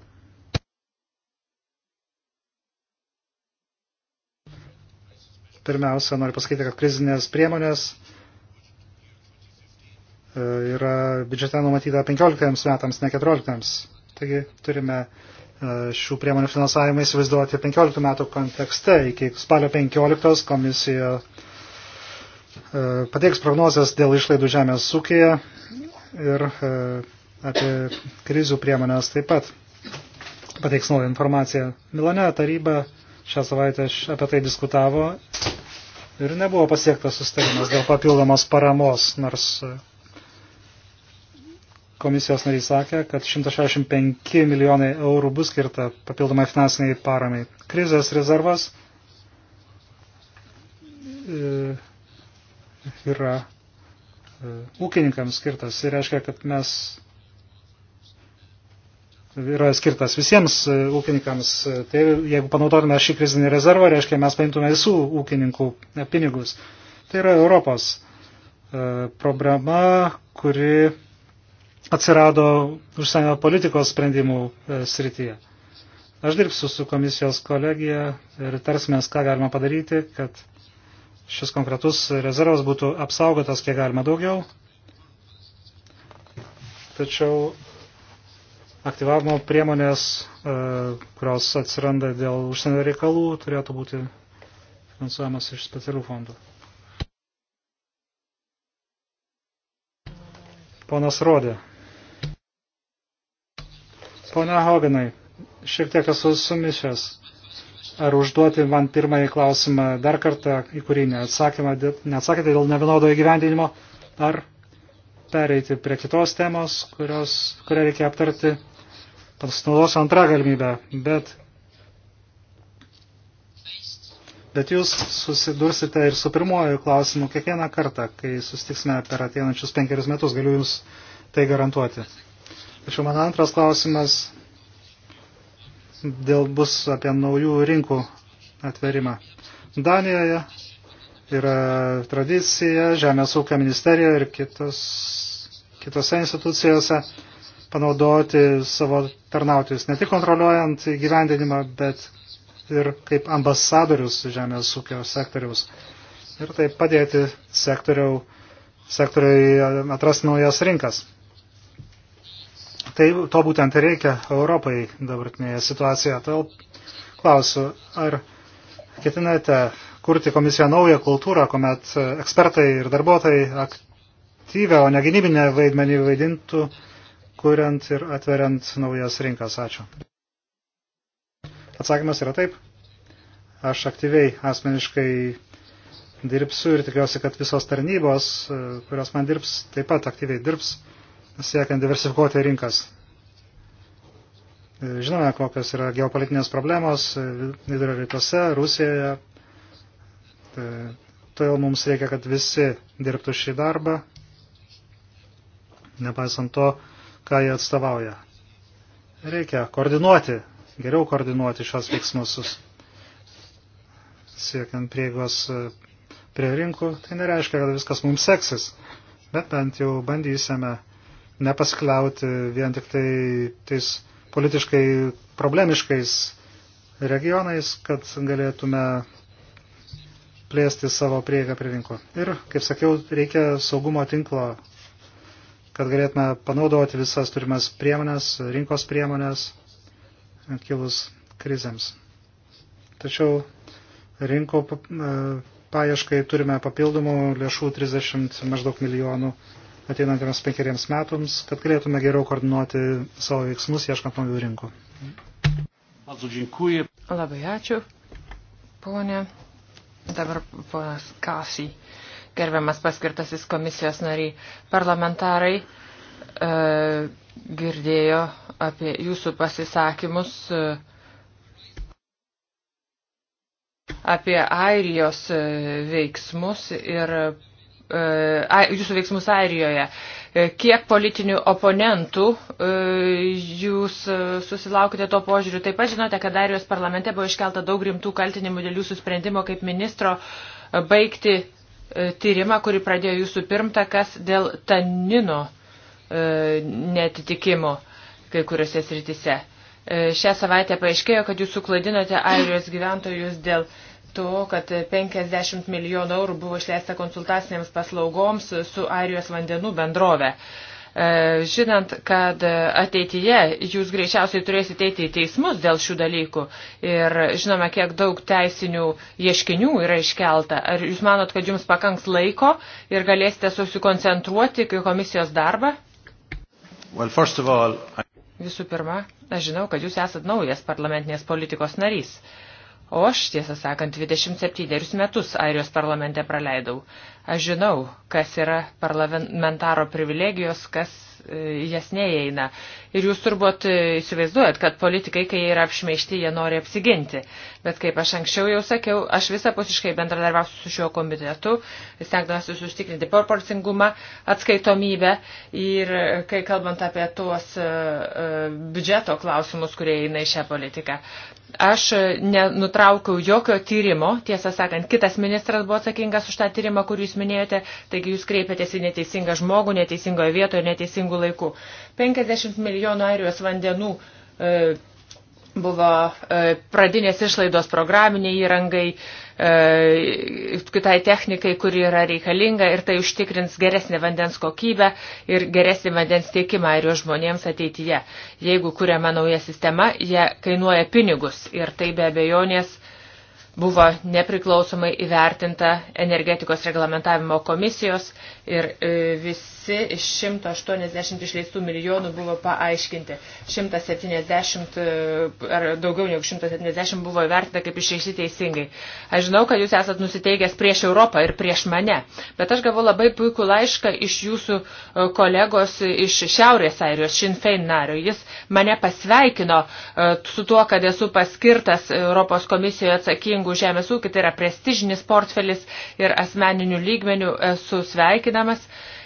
Pirmiausia, noriu pasakyti, kad krizinės priemonės e, yra biudžete numatyta 15 metams, ne 14. Taigi turime e, šių priemonių finansavimą įsivaizduoti 15 metų kontekste. Iki spalio 15 komisija e, pateiks prognozes dėl išlaidų žemės ūkėje ir apie krizių priemonės taip pat pateiks naują informaciją. Milane taryba šią savaitę apie tai diskutavo ir nebuvo pasiektas sustarimas dėl papildomos paramos, nors e, komisijos nariai sakė, kad 165 milijonai eurų bus skirta papildomai finansiniai paramai. Krizės rezervas e, yra e, ūkininkams skirtas ir tai reiškia, kad mes yra skirtas visiems e, ūkininkams. E, tai jeigu panaudotume šį krizinį rezervą, reiškia, mes paimtume visų ūkininkų e, pinigus. Tai yra Europos problema, kuri atsirado užsienio politikos sprendimų srityje. Aš dirbsiu su komisijos kolegija ir tarsimės, ką galima padaryti, kad šis konkretus rezervas būtų apsaugotas kiek galima daugiau. Tačiau aktyvavimo priemonės, e, kurios atsiranda dėl užsienio reikalų, turėtų būti finansuojamas iš specialių fondų. Ponas Rodė. Pone Hoganai, šiek tiek esu sumišęs. Ar užduoti man pirmąjį klausimą dar kartą, į kurį neatsakėte dėl nevienodo įgyvendinimo, ar pereiti prie kitos temos, kurios, kurią reikia aptarti pasinaudosiu antrą galimybę, bet, bet jūs susidursite ir su pirmoju klausimu kiekvieną kartą, kai sustiksime per ateinančius penkerius metus, galiu jums tai garantuoti. Tačiau mano antras klausimas dėl bus apie naujų rinkų atverimą. Danijoje yra tradicija, Žemės ūkio ministerija ir kitos, kitose institucijose panaudoti savo tarnautojus, ne tik kontroliuojant gyvendinimą, bet ir kaip ambasadorius žemės ūkio sektoriaus. Ir taip padėti sektoriui atrasti naujas rinkas. Tai to būtent reikia Europai dabartinėje situacijoje. Todėl klausiu, ar ketinate kurti komisiją naują kultūrą, kuomet ekspertai ir darbuotojai aktyvę, o ne gynybinę vaidmenį vaidintų kuriant ir atveriant naujas rinkas. Ačiū. Atsakymas yra taip. Aš aktyviai asmeniškai dirbsiu ir tikiuosi, kad visos tarnybos, e, kurios man dirbs, taip pat aktyviai dirbs, siekiant diversifikuoti rinkas. E, žinome, kokios yra geopolitinės problemos e, vidurio rytuose, Rusijoje. Todėl mums reikia, kad visi dirbtų šį darbą. Nepaisant to, ką jie atstovauja. Reikia koordinuoti, geriau koordinuoti šios veiksmus siekiant prieigos e, prie rinkų. Tai nereiškia, kad viskas mums seksis, bet bent jau bandysime nepaskliauti vien tik tai tais politiškai problemiškais regionais, kad galėtume plėsti savo prieigą prie rinkų. Ir, kaip sakiau, reikia saugumo tinklo kad galėtume panaudoti visas turimas priemonės, rinkos priemonės, kilus krizėms. Tačiau rinko e, paieškai turime papildomų lėšų 30 maždaug milijonų ateinantiems penkeriems metams, kad galėtume geriau koordinuoti savo veiksmus, ieškant naujų rinkų. Labai ačiū, ponė. Dabar ponas Kasy gerbiamas paskirtasis komisijos nariai. Parlamentarai e, girdėjo apie jūsų pasisakymus. E, apie Airijos e, veiksmus ir e, jūsų veiksmus Airijoje. E, kiek politinių oponentų jūs susilaukite to požiūriu? Taip pat žinote, kad Airijos parlamente buvo iškelta daug rimtų kaltinimų dėl jūsų sprendimo kaip ministro baigti tyrimą, kurį pradėjo jūsų pirmtakas dėl tanino e, netitikimo kai kuriuose srityse. E, šią savaitę paaiškėjo, kad jūs suklaidinote airijos gyventojus dėl to, kad 50 milijonų eurų buvo išleista konsultacinėms paslaugoms su airijos vandenų bendrove. Uh, E, žinant, kad ateityje jūs greičiausiai turėsite eiti į teismus dėl šių dalykų ir žinome, kiek daug teisinių ieškinių yra iškelta. Ar jūs manot, kad jums pakanks laiko ir galėsite susikoncentruoti į komisijos darbą? Well, all, I... Visų pirma, aš žinau, kad jūs esat naujas parlamentinės politikos narys. Uh, O aš, tiesą sakant, 27 metus Airijos parlamente praleidau. Aš žinau, kas yra parlamentaro privilegijos, kas e, jas neįeina. Ir jūs turbūt įsivaizduojat, kad politikai, kai jie yra apšmeišti, jie nori apsiginti. Bet kaip aš anksčiau jau sakiau, aš visapusiškai bendradarbiausiu su šiuo komitetu, stengdamasi sustikrinti proporcingumą, atskaitomybę ir e, kai kalbant apie tuos e, e, biudžeto klausimus, kurie eina į šią politiką. Aš nenutraukiau jokio tyrimo, tiesą sakant, kitas ministras buvo atsakingas už tą tyrimą, kurį jūs minėjote, taigi jūs kreipėtės į neteisingą žmogų, neteisingoje vietoje ir neteisingų laikų. 50 milijonų milijonų airijos vandenų e, buvo e, pradinės išlaidos programiniai įrangai, e, kitai technikai, kuri yra reikalinga ir tai užtikrins geresnį vandens kokybę ir geresnį vandens tiekimą airijos žmonėms ateityje. Jeigu kuriama nauja sistema, jie kainuoja pinigus ir tai be abejonės uh, buvo nepriklausomai įvertinta energetikos reglamentavimo komisijos ir e, visi iš 180 išleistų milijonų buvo paaiškinti. 170 e, ar daugiau negu 170 buvo įvertinta kaip išleisti teisingai. Aš žinau, kad jūs esat nusiteigęs prieš Europą ir prieš mane, bet aš gavau labai puikų laišką iš jūsų e, kolegos iš Šiaurės Airijos, Sinn Fein nario. Jis mane pasveikino su tuo, kad esu paskirtas Europos komisijoje atsakingu atsakingų žemės ūkį, tai yra prestižinis portfelis ir asmeninių lygmenių esu sveikinamas.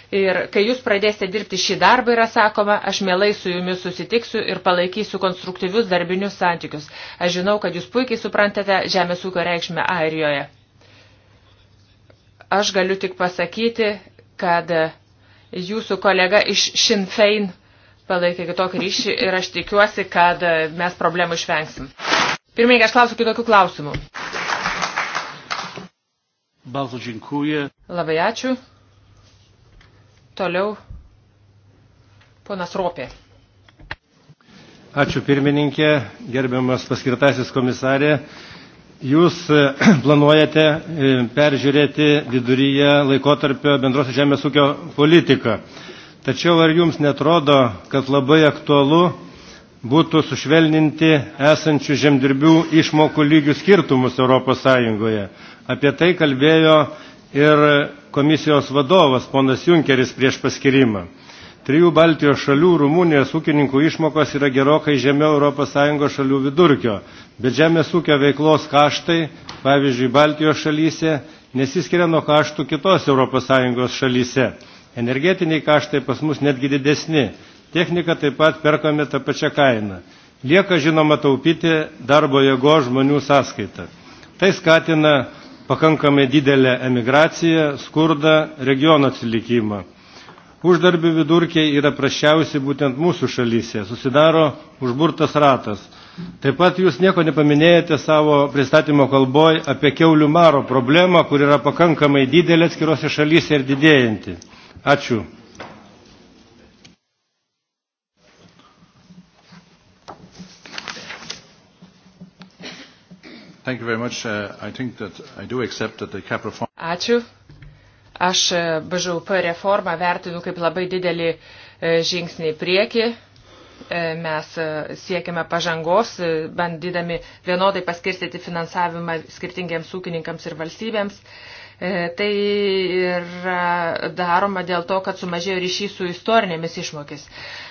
Ir kai jūs pradėsite dirbti šį darbą, yra sakoma, aš mielai su jumis susitiksiu ir palaikysiu konstruktyvius darbinius santykius. Aš žinau, kad jūs puikiai suprantate žemės ūkio reikšmę Airijoje. Aš galiu tik pasakyti, kad jūsų kolega iš Sinn Fein palaikė kitokį ryšį ir aš tikiuosi, kad mes problemų išvengsim. Pirmininkai, aš klausiu kitokių klausimų. Bardzo dziękuję. Labai ačiū. Toliau ponas Ropė. Ačiū pirmininkė, gerbiamas paskirtasis komisarė. Jūs e, planuojate e, peržiūrėti viduryje laikotarpio bendrosios žemės ūkio politiką. Tačiau ar jums netrodo, kad labai aktualu būtų sušvelninti esančių žemdirbių išmokų lygių skirtumus ES, Apie tai kalbėjo ir komisijos vadovas ponas Junkeris prieš paskirimą. Trijų Baltijos šalių Rumunijos ūkininkų išmokos yra gerokai žemiau ES šalių vidurkio, bet žemės ūkio veiklos kaštai, pavyzdžiui, Baltijos šalyse, nesiskiria nuo kaštų kitos ES šalyse. Energetiniai kaštai pas mus netgi didesni, techniką taip pat perkame tą pačią kainą. Lieka žinoma taupyti darbo jėgo žmonių sąskaitą. Tai skatina pakankamai didelę emigraciją, skurdą, regiono atsilikimą. Uždarbių vidurkiai yra prašiausi būtent mūsų šalyse, susidaro užburtas ratas. Taip pat jūs nieko nepaminėjote savo pristatymo kalboj apie keulių maro problemą, kur yra pakankamai didelė atskirose šalyse ir didėjanti. Ačiū. Thank you very much. Uh, I think that I do accept that the cap reform. Ačiū. Aš uh, BŽUP reformą vertinu kaip labai didelį uh, žingsnį į priekį. Uh, mes siekiame pažangos, bandydami vienodai paskirstyti finansavimą skirtingiems ūkininkams ir valstybėms. Tai yra daroma dėl to, kad sumažėjo ryšys su istorinėmis išmokis.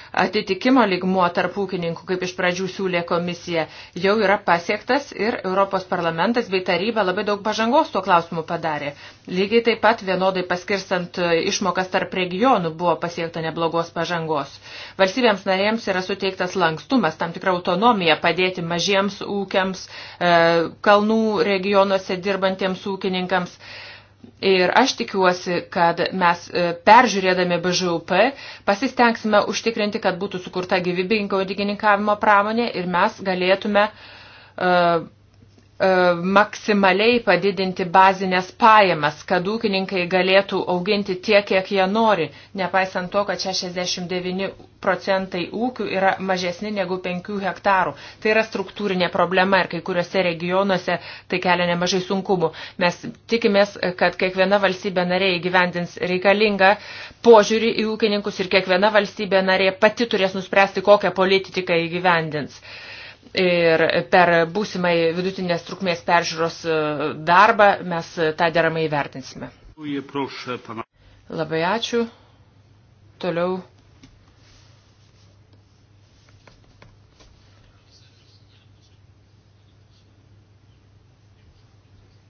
Atitikimo lygmuo tarp ūkininkų, kaip iš pradžių siūlė komisija, jau yra pasiektas ir Europos parlamentas bei taryba labai daug pažangos tuo klausimu padarė. Lygiai taip pat vienodai paskirstant išmokas tarp regionų buvo pasiekta neblogos pažangos. Valstybėms narėms yra suteiktas lankstumas, tam tikra autonomija padėti mažiems ūkiams, e, kalnų regionuose dirbantiems ūkininkams Ir aš tikiuosi, kad mes e, peržiūrėdami BŽUP pasistengsime užtikrinti, kad būtų sukurta gyvybingo digininkavimo pramonė ir mes galėtume uh, E, maksimaliai padidinti bazinės pajamas, kad ūkininkai galėtų auginti tiek, kiek jie nori, nepaisant to, kad 69 procentai ūkių yra mažesni negu 5 hektarų. Tai yra struktūrinė problema ir kai kuriuose regionuose tai kelia nemažai sunkumų. Mes tikimės, kad kiekviena valstybė narė įgyvendins reikalingą požiūrį į ūkininkus ir kiekviena valstybė narė pati turės nuspręsti, kokią politiką įgyvendins. Uh, Ir per būsimai vidutinės trukmės peržiūros e, darbą mes e, tą deramai įvertinsime. Labai ačiū. Toliau.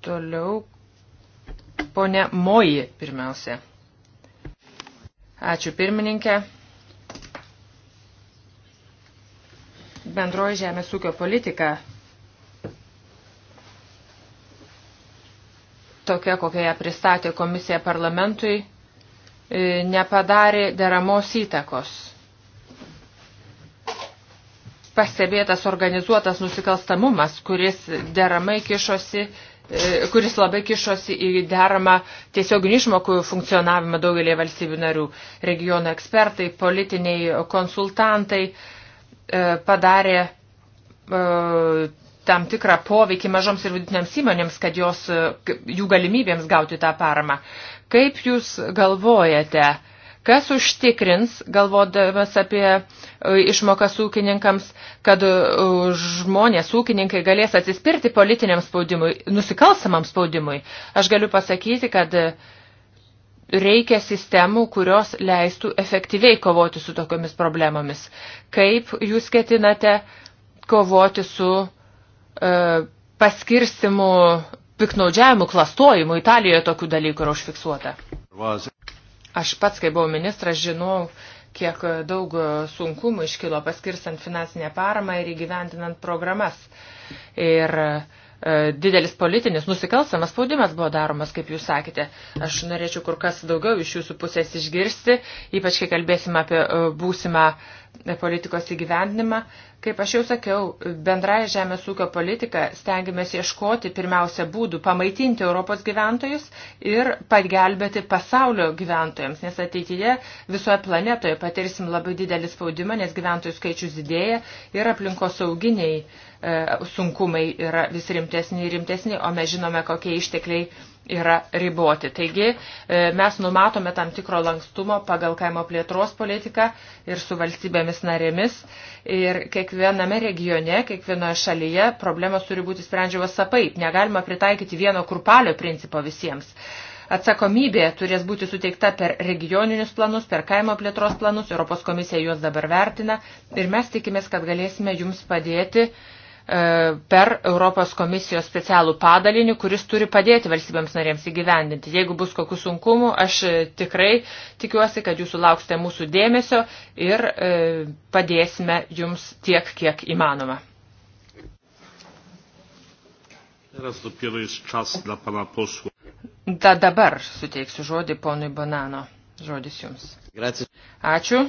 Toliau ponė Moji pirmiausia. Ačiū pirmininkė. bendroji žemės ūkio politika tokia, kokią ją pristatė komisija parlamentui, e, nepadarė deramos įtakos. Pastebėtas organizuotas nusikalstamumas, kuris deramai kišosi e, kuris labai kišosi į deramą tiesioginių išmokų funkcionavimą daugelį valstybių narių. Regionų ekspertai, politiniai konsultantai, uh, E, padarė e, tam tikrą poveikį mažoms ir vidutinėms įmonėms, kad jos, e, jų galimybėms gauti tą paramą. Kaip jūs galvojate, kas užtikrins, galvodamas apie išmokas ūkininkams, kad žmonės, ūkininkai galės atsispirti politiniam spaudimui, nusikalsamam spaudimui? Aš galiu pasakyti, kad uh, reikia sistemų, kurios leistų efektyviai kovoti su tokiomis problemomis. Kaip jūs ketinate kovoti su e, paskirstimu, piknaudžiavimu, klastojimu Italijoje tokių dalykų yra užfiksuota? Aš pats, kai buvau ministras, žinau, kiek daug sunkumų iškilo paskirstant finansinę paramą ir įgyvendinant programas. Ir e, E, didelis politinis nusikalstamas spaudimas buvo daromas, kaip jūs sakėte. Aš norėčiau kur kas daugiau iš jūsų pusės išgirsti, ypač kai kalbėsim apie e, būsimą e, politikos įgyvendinimą. Kaip aš jau sakiau, bendrąją žemės ūkio politiką stengiamės ieškoti pirmiausia būdų pamaitinti Europos gyventojus ir pagelbėti pasaulio gyventojams, nes ateityje visoje planetoje patirsim labai didelį spaudimą, nes gyventojų skaičius didėja ir aplinkos sauginiai uh, E, sunkumai yra vis rimtesni ir rimtesni, o mes žinome, kokie ištekliai yra riboti. Taigi e, mes numatome tam tikro lankstumo pagal kaimo plėtros politiką ir su valstybėmis narėmis. Ir kiekviename regione, kiekvienoje šalyje problemos turi būti sprendžiamas sapaip. Negalima pritaikyti vieno kurpalio principo visiems atsakomybė turės būti suteikta per regioninius planus, per kaimo plėtros planus, Europos komisija juos dabar vertina ir mes tikimės, kad galėsime jums padėti uh, E, per Europos komisijos specialų padalinį, kuris turi padėti valstybėms narėms įgyvendinti. Jeigu bus kokių sunkumų, aš e, tikrai tikiuosi, kad jūs sulauksite mūsų dėmesio ir e, padėsime jums tiek, kiek įmanoma. Da, dabar suteiksiu žodį ponui Banano. Žodis jums. Grazie. Ačiū.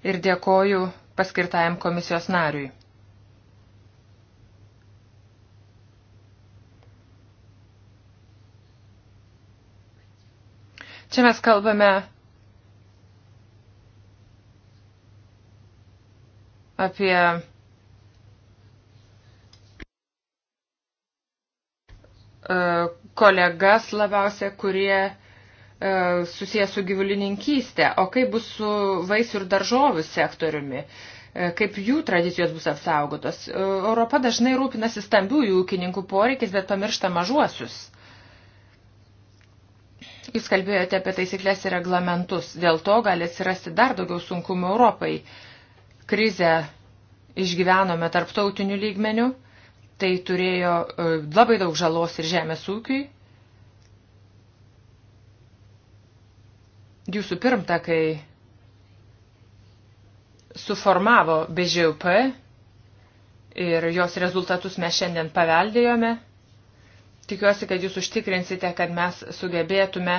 Ir dėkoju paskirtajam komisijos nariui. Čia mes kalbame apie e, kolegas labiausia, kurie E, susijęs su gyvulininkystė, o kaip bus su vaisių ir daržovių sektoriumi, e, kaip jų tradicijos bus apsaugotos. E, Europa dažnai rūpinasi stambiųjų ūkininkų poreikis, bet pamiršta mažuosius. Jūs kalbėjote apie taisyklės ir reglamentus. Dėl to gali atsirasti dar daugiau sunkumų Europai. Krizę išgyvenome tarptautiniu lygmeniu. Tai turėjo labai daug žalos ir žemės ūkiui, jūsų pirmtakai suformavo BŽUP ir jos rezultatus mes šiandien paveldėjome. Tikiuosi, kad jūs užtikrinsite, kad mes sugebėtume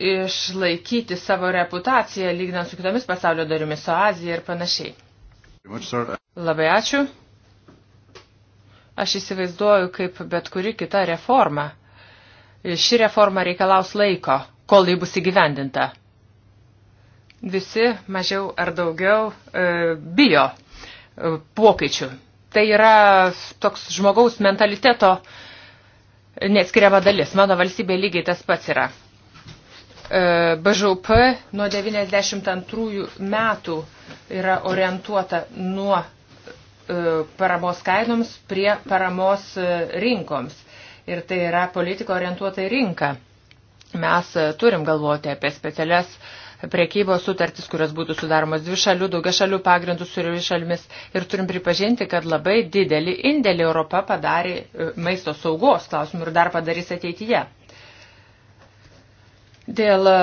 išlaikyti savo reputaciją, lyginant su kitomis pasaulio darimis, su Azija ir panašiai. Labai ačiū. Aš įsivaizduoju, kaip bet kuri kita reforma. Ši reforma reikalaus laiko kol jį bus įgyvendinta. Visi mažiau ar daugiau e, bijo e, pokyčių. Tai yra toks žmogaus mentaliteto neatskiriama dalis. Mano valstybė lygiai tas pats yra. E, BŽP nuo 92 metų yra orientuota nuo e, paramos kainoms prie paramos e, rinkoms. Ir tai yra politika orientuota į rinką mes e, turim galvoti apie specialias priekybos sutartis, kurios būtų sudaromos dvi šalių, daugia šalių pagrindų su šalimis. Ir turim pripažinti, kad labai didelį indėlį Europa padarė e, maisto saugos klausimų ir dar padarys ateityje. Dėl e,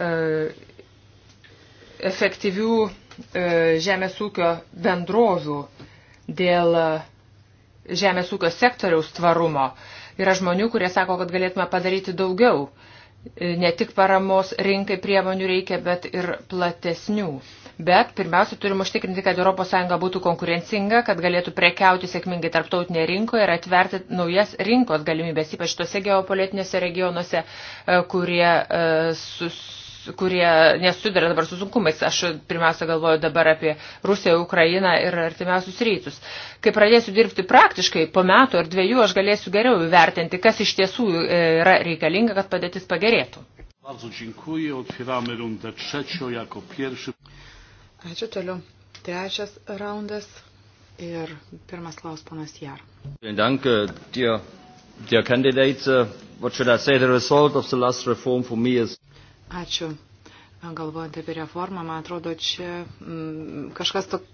e efektyvių e, žemės ūkio bendrovių, dėl žemės ūkio sektoriaus tvarumo. E, Yra žmonių, kurie sako, kad galėtume padaryti daugiau. Ne tik paramos rinkai priemonių reikia, bet ir platesnių. Bet pirmiausia, turim užtikrinti, kad ES būtų konkurencinga, kad galėtų prekiauti sėkmingai tarptautinėje rinkoje ir atverti naujas rinkos galimybės, ypač tose geopolitinėse regionuose, e, kurie e, sus kurie nesudarė dabar su sunkumais. Aš pirmiausia galvoju dabar apie Rusiją, Ukrainą ir artimiausius rytus. Kai pradėsiu dirbti praktiškai, po metų ar dviejų aš galėsiu geriau įvertinti, kas iš tiesų e, yra reikalinga, kad padėtis pagerėtų. Ačiū toliau. Trečias raundas ir pirmas klaus panas Jar. Äh, dear, dear candidates, uh, what should I say? The result of the last reform for me is Ačiū. Galvojant apie reformą, man atrodo, čia mm, kažkas toks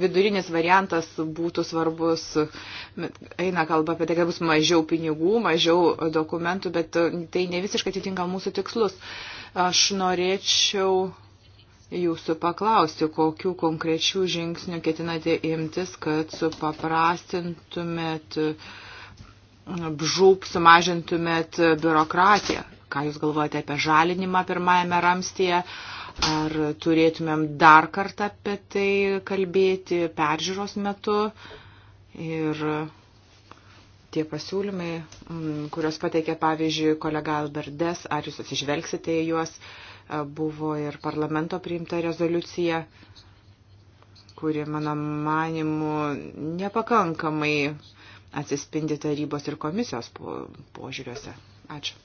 vidurinis variantas būtų svarbus. Eina kalba apie tai, kad bus mažiau pinigų, mažiau dokumentų, bet tai ne visiškai atitinka mūsų tikslus. Aš norėčiau jūsų paklausti, kokiu konkrečiu žingsniu ketinate imtis, kad supaprastintumėt, bžūp, sumažintumėt biurokratiją. Ką Jūs galvojate apie žalinimą pirmajame ramstyje? Ar turėtumėm dar kartą apie tai kalbėti peržiūros metu? Ir tie pasiūlymai, mm, kuriuos pateikė pavyzdžiui kolega Alberdes, ar Jūs atsižvelgsite į juos, e, buvo ir parlamento priimta rezoliucija kuri, mano manimu, nepakankamai atsispindi tarybos ir komisijos požiūriuose. Ačiū.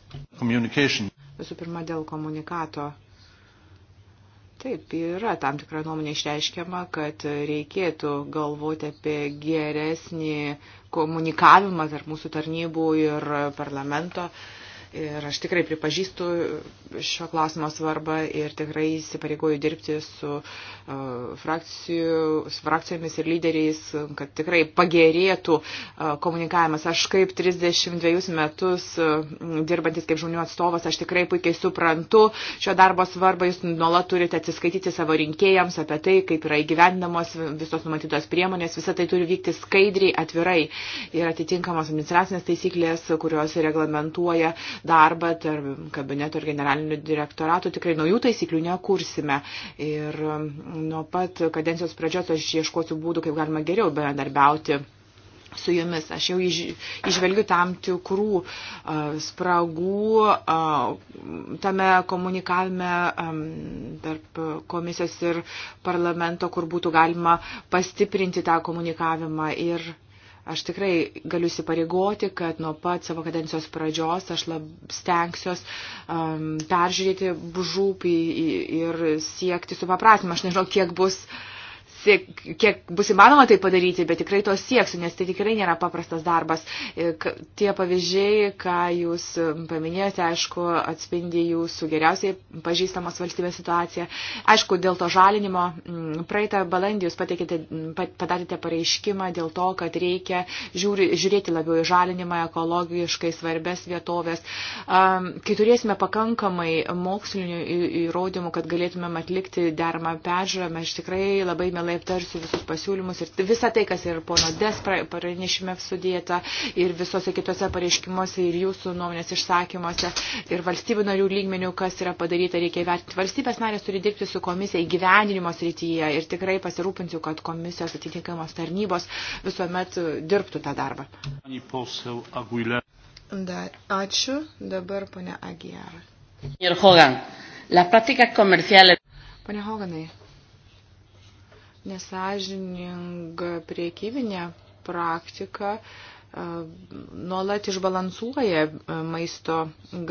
Visų pirma, dėl komunikato. Taip, yra tam tikra nuomonė išreiškiama, kad reikėtų galvoti apie geresnį komunikavimą tarp mūsų tarnybų ir parlamento. Uh, Ir aš tikrai pripažįstu šio klausimo svarbą ir tikrai įsipareigoju dirbti su, e, frakcijų, su frakcijomis ir lyderiais, kad tikrai pagerėtų e, komunikavimas. Aš kaip 32 metus e, dirbantis kaip žmonių atstovas, aš tikrai puikiai suprantu šio darbo svarbą. Jūs nuolat turite atsiskaityti savo rinkėjams apie tai, kaip yra įgyvendinamos visos numatytos priemonės. Visą tai turi vykti skaidriai, atvirai. Ir atitinkamos administracinės taisyklės, kurios reglamentuoja darbą tarp kabineto ir generalinių direktoratų, tikrai naujų taisyklių nekursime. Ir um, nuo pat kadencijos pradžios aš ieškosiu būdų, kaip galima geriau bendarbiauti su jumis. Aš jau iš, išvelgiu tam tikrų uh, spragų uh, tame komunikavime um, tarp komisijos ir parlamento, kur būtų galima pastiprinti tą komunikavimą. Ir Aš tikrai galiu įsipareigoti, kad nuo pat savo kadencijos pradžios aš lab, stengsiuos um, peržiūrėti žūpį ir siekti supapratimą. Aš nežinau, kiek bus uh, siek, kiek bus įmanoma tai padaryti, bet tikrai to sieksiu, nes tai tikrai nėra paprastas darbas. E, tie pavyzdžiai, ką jūs paminėjote, aišku, atspindi jūsų geriausiai pažįstamos valstybės situaciją. Aišku, dėl to žalinimo praeitą balandį jūs pateikite, padarėte pareiškimą dėl to, kad reikia žiūri, žiūrėti labiau į žalinimą ekologiškai svarbės vietovės. Kai turėsime pakankamai mokslinių įrodymų, kad galėtumėm atlikti deramą peržiūrą, mes tikrai labai mielai išsamei aptarsiu visus pasiūlymus ir visą tai, kas ir pono Des pranešime sudėta ir visose kitose pareiškimuose ir jūsų nuomonės išsakymuose ir valstybių narių lygmenių, kas yra padaryta, reikia įvertinti. Valstybės narės turi dirbti su komisija įgyvendinimo srityje ir tikrai pasirūpinsiu, kad komisijos atitinkamos tarnybos visuomet dirbtų tą darbą. Dar ačiū, dabar ponia Agijar. Pane Hoganai, nesažininga priekybinė praktika e, nuolat išbalansuoja e, maisto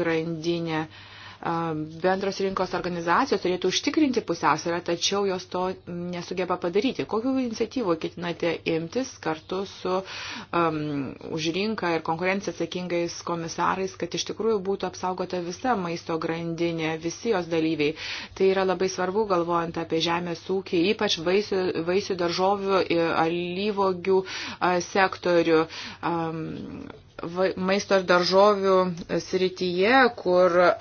grandinę bendros rinkos organizacijos turėtų užtikrinti pusiausvyrą, tačiau jos to nesugeba padaryti. Kokiu iniciatyvu ketinate imtis kartu su um, už rinką ir konkurenciją atsakingais komisarais, kad iš tikrųjų būtų apsaugota visa maisto grandinė, visi jos dalyviai. Tai yra labai svarbu, galvojant apie žemės ūkį, ypač vaisių, vaisių daržovių, alyvogių sektorių. Um, maisto ir daržovių e, srityje, kur e,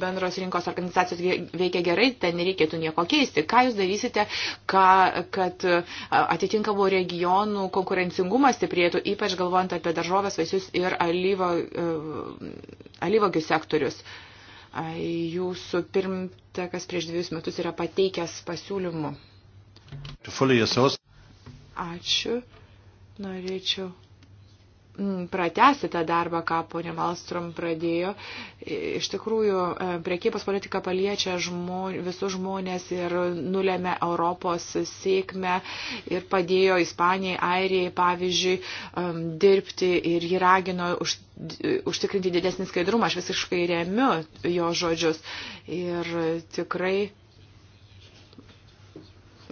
bendros rinkos organizacijos veikia gerai, ten nereikėtų nieko keisti. Ką jūs darysite, ką, kad e, atitinkamų regionų konkurencingumas stiprėtų, ypač galvojant apie daržovės, vaisius ir alyvo, alyvogių sektorius? Jūsų pirmtakas prieš dviejus metus yra pateikęs pasiūlymų. Ačiū. Norėčiau pratesti tą darbą, ką ponė Malstrom pradėjo. Iš tikrųjų, e, priekybos politika paliečia žmon, visus žmonės ir nulėmė Europos sėkmę ir padėjo Ispanijai, Airijai, pavyzdžiui, dirbti ir jį ragino už, užtikrinti didesnį skaidrumą. Aš visiškai remiu jo žodžius. Ir tikrai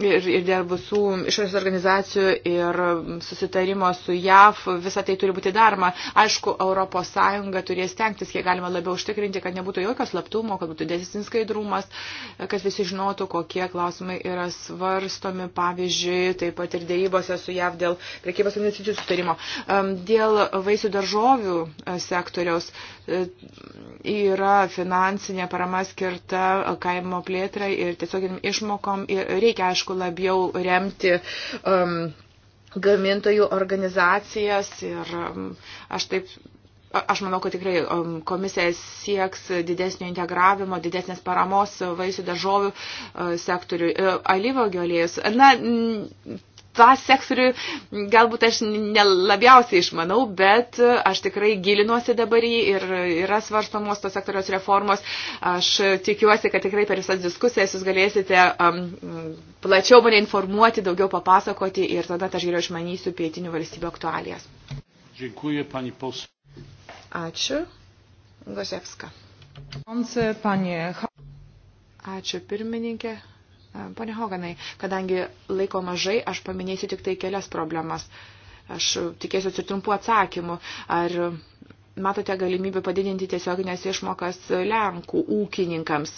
ir, ir dėl visų išorės organizacijų ir susitarimo su JAV, visą tai turi būti daroma. Aišku, ES turės tenktis, kiek galima labiau užtikrinti, kad nebūtų jokio slaptumo, kad būtų didesnis skaidrumas, kad visi žinotų, kokie klausimai yra svarstomi, pavyzdžiui, taip pat ir dėrybose su JAV dėl prekybos investicijų sutarimo. Dėl vaisių daržovių e, sektoriaus e, yra finansinė parama skirta kaimo plėtrai ir tiesiog išmokom. Reikia, aišku, aišku, labiau remti. Um, gamintojų organizacijas ir um, aš taip aš manau, kad tikrai um, komisija sieks didesnio integravimo, didesnės paramos vaisių daržovių uh, sektoriui. Uh, Alyvo gėlės. Na, tą sektorių galbūt aš nelabiausiai išmanau, bet aš tikrai gilinuosi dabar į ir yra svarstamos tos sektoriaus reformos. Aš tikiuosi, kad tikrai per visas diskusijas jūs galėsite um, plačiau mane informuoti, daugiau papasakoti ir tada aš geriau išmanysiu pietinių valstybių aktualijas. Dziękuję, pani poseł. Ačiū. Gosievska. Ačiū pirmininkė. Pone Hoganai, kadangi laiko mažai, aš paminėsiu tik tai kelias problemas. Aš tikėsiu ir trumpų atsakymų. Ar matote galimybę padidinti tiesioginės išmokas Lenkų ūkininkams?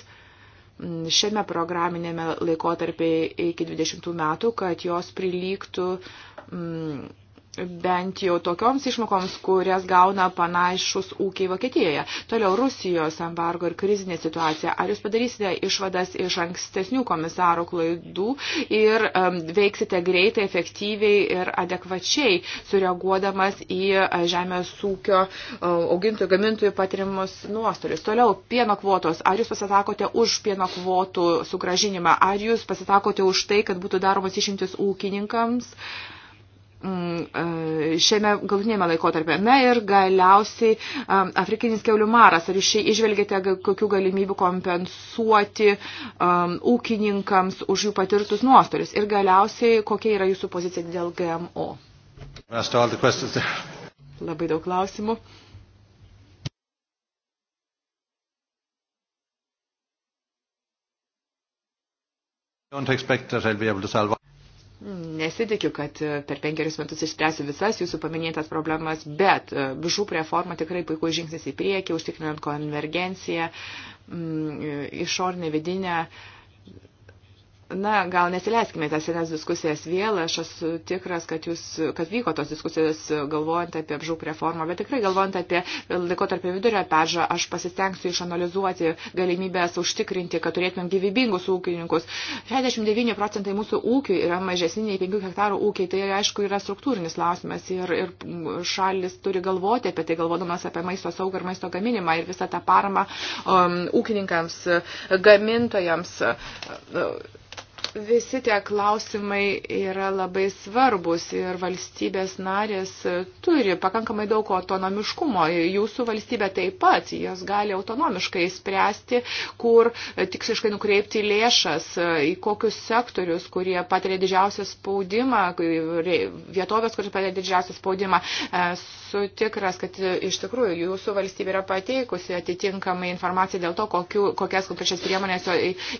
šiame programinėme laikotarpėje iki 20 metų, kad jos prilygtų mm, bent jau tokioms išmokoms, kurias gauna panašus ūkiai Vokietijoje. Toliau Rusijos embargo ir krizinė situacija. Ar jūs padarysite išvadas iš ankstesnių komisarų klaidų ir um, veiksite greitai, efektyviai ir adekvačiai, sureaguodamas į e, žemės ūkio e, augintojų gamintojų patirimus nuostolius. Toliau pieno kvotos. Ar jūs pasisakote už pieno kvotų sugražinimą? Ar jūs pasisakote už tai, kad būtų daromas išimtis ūkininkams? Uh, Mm, e, šiame galutinėme laikotarpė. Na ir galiausiai e, afrikinis keulių maras. Ar jūs šiai išvelgėte kokių galimybių kompensuoti um, ūkininkams už jų patirtus nuostolius? Ir galiausiai kokia yra jūsų pozicija dėl GMO? Labai daug klausimų. Don't expect that I'll be able to solve Nesitikiu, kad e, per penkerius metus išspręsiu visas jūsų paminėtas problemas, bet e, žūp reforma tikrai puikus žingsnis į priekį, užtikrinant konvergenciją, mm, e, išornę vidinę Na, gal nesileiskime tas senas diskusijas vėl, aš esu tikras, kad, jūs, kad vyko tos diskusijos galvojant apie apžūp reformą, bet tikrai galvojant apie laikotarpio vidurio peržą, aš pasistengsiu išanalizuoti galimybės užtikrinti, kad turėtumėm gyvybingus ūkininkus. 69 procentai mūsų ūkių yra mažesni nei 5 hektarų ūkiai, tai aišku yra struktūrinis klausimas ir, ir šalis turi galvoti apie tai, galvodamas apie maisto saugą ir maisto gaminimą ir visą tą paramą um, ūkininkams, gamintojams. Uh, Visi tie klausimai yra labai svarbus ir valstybės narės turi pakankamai daug autonomiškumo. Jūsų valstybė taip pat, jos gali autonomiškai spręsti, kur tiksliškai nukreipti lėšas, į kokius sektorius, kurie patiria didžiausią spaudimą, vietovės, kuris patiria didžiausią spaudimą. Esu tikras, kad iš tikrųjų jūsų valstybė yra pateikusi atitinkamai informaciją dėl to, kokiu, kokias konkrečias priemonės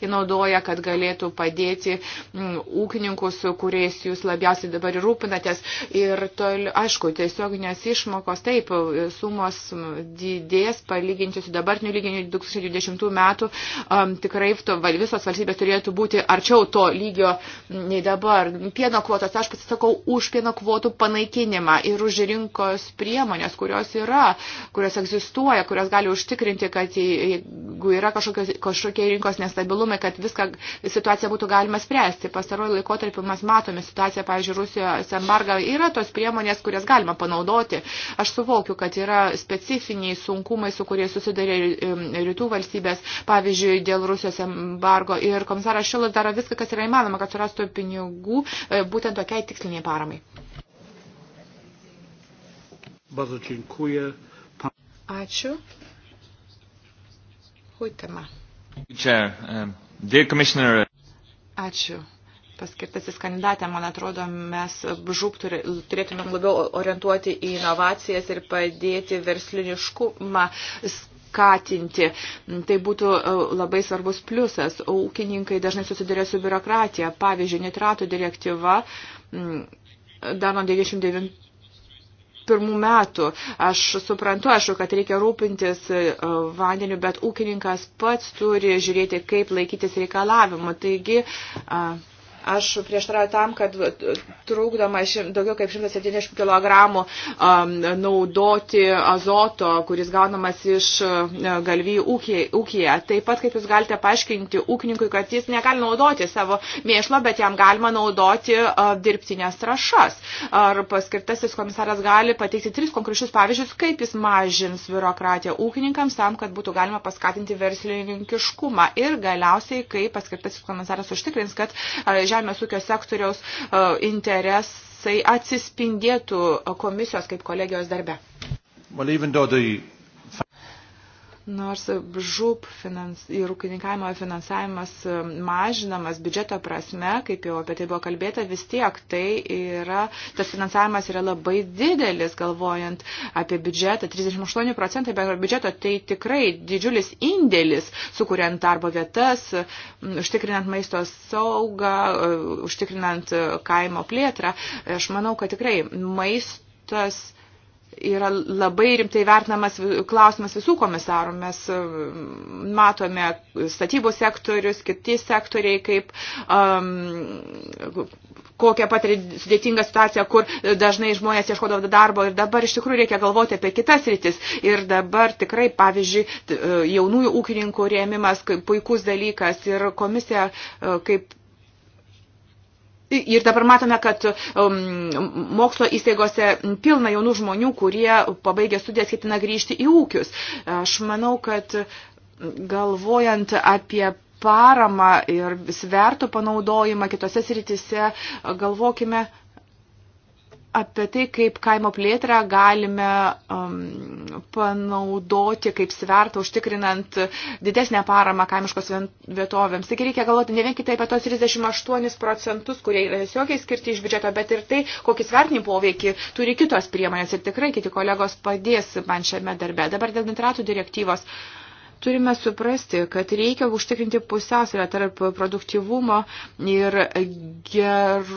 įnaudoja, kad galėtų padėti pažvelgti mm, ūkininkus, kuriais jūs labiausiai dabar ir rūpinatės. Ir tol, aišku, tiesioginės išmokos, taip, sumos didės palyginti su dabartiniu lyginiu 2020 metų. Um, tikrai to, visos valstybės turėtų būti arčiau to lygio nei dabar. Pieno kvotas, aš pasisakau už pieno kvotų panaikinimą ir už rinkos priemonės, kurios yra, kurios egzistuoja, kurios gali užtikrinti, kad jeigu yra kažkokie, kažkokie rinkos nestabilumai, kad viską situaciją būtų galima galima spręsti. Pastaruoju laikotarpiu mes matome situaciją, pavyzdžiui, Rusijos embargą. Yra tos priemonės, kurias galima panaudoti. Aš suvokiu, kad yra specifiniai sunkumai, su kurie susidarė rytų valstybės, pavyzdžiui, dėl Rusijos embargo. Ir komisaras Šilas daro viską, kas yra įmanoma, kad surastų pinigų e, būtent tokiai tiksliniai paramai. Ačiū. Huitema. Chair, um, dear Commissioner, Ačiū. Paskirtasis kandidatė, man atrodo, mes žūp turėtumėm labiau orientuoti į inovacijas ir padėti versliniškumą skatinti. Tai būtų e, labai svarbus pliusas. Ūkininkai dažnai susiduria su biurokratija. Pavyzdžiui, nitratų direktyva dar nuo 99 pirmų metų. Aš suprantu, aišku, kad reikia rūpintis e, vandeniu, bet ūkininkas pats turi žiūrėti, kaip laikytis reikalavimų. Taigi, uh, Aš prieštarauju tam, kad trūkdoma daugiau kaip 170 kg um, naudoti azoto, kuris gaunamas iš e, galvijų ūkija. Taip pat, kaip jūs galite paaiškinti ūkininkui, kad jis negali naudoti savo mėšlo, bet jam galima naudoti e, dirbtinės trašas. Ar paskirtasis komisaras gali pateikti tris konkrečius pavyzdžius, kaip jis mažins biurokratiją ūkininkams tam, kad būtų galima paskatinti verslininkiškumą. Ir galiausiai, kaip paskirtasis komisaras užtikrins, kad e, žemės žemės ūkio sektoriaus e, interesai atsispindėtų komisijos kaip kolegijos darbe. Well, Nors žūp finans, ir ūkininkavimo finansavimas um, mažinamas biudžeto prasme, kaip jau apie tai buvo kalbėta, vis tiek tai yra, tas finansavimas yra labai didelis, galvojant apie biudžetą, 38 procentai bendro biudžeto, tai tikrai didžiulis indėlis, sukuriant darbo vietas, užtikrinant maisto saugą, e, užtikrinant e, kaimo plėtrą. Aš manau, kad tikrai maistas yra labai rimtai vertinamas klausimas visų komisarų. Mes e, matome statybų sektorius, kiti sektoriai, kaip um, kokią patiria sudėtingą situaciją, kur dažnai žmonės ieškodavo darbo ir dabar iš tikrųjų reikia galvoti apie kitas rytis. Ir dabar tikrai, pavyzdžiui, e, jaunųjų ūkininkų rėmimas puikus dalykas ir komisija e, kaip Ir dabar matome, kad um, mokslo įstaigose pilna jaunų žmonių, kurie pabaigė studijas ketina grįžti į ūkius. Aš manau, kad galvojant apie paramą ir svertų panaudojimą kitose sritise, galvokime apie tai, kaip kaimo plėtrą galime um, panaudoti kaip svertą, užtikrinant didesnę paramą kaimiškos vietovėms. Taigi reikia galvoti ne vien kitai apie tos 38 procentus, kurie yra tiesiogiai skirti iš biudžeto, bet ir tai, kokį svertinį poveikį turi kitos priemonės. Ir tikrai kiti kolegos padės man šiame darbe. Dabar dėl nitratų direktyvos. Uh, turime suprasti, kad reikia užtikrinti pusiausvyrą tarp produktyvumo ir ger,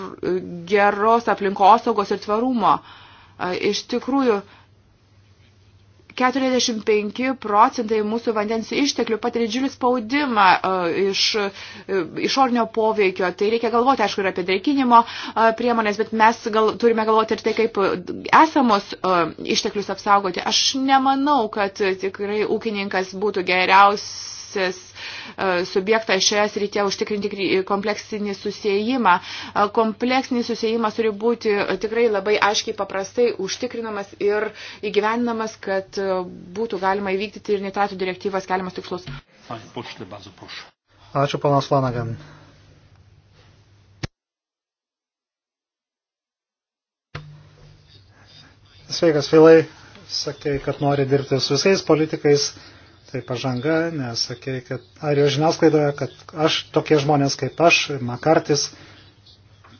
geros aplinkosaugos ir tvarumo. Iš tikrųjų, 45 procentai mūsų vandens išteklių patiria didžiulį spaudimą e, iš e, išornio poveikio. Tai reikia galvoti, aišku, ir apie drėkinimo e, priemonės, bet mes gal, turime galvoti ir tai, kaip esamos išteklius apsaugoti. Aš nemanau, kad tikrai ūkininkas būtų geriausias E, subjektą šioje srityje užtikrinti kompleksinį susijimą. E, kompleksinis susijimas turi būti tikrai labai aiškiai paprastai užtikrinamas ir įgyveninamas, kad e, būtų galima įvykdyti ir nitratų direktyvas keliamas tikslus. Ačiū, panas Lanagan. Sveikas, Filai. Sakai, kad nori dirbti su visais politikais tai pažanga, nes sakė, kad ar jo žiniasklaidoje, kad aš, tokie žmonės kaip aš, Makartis,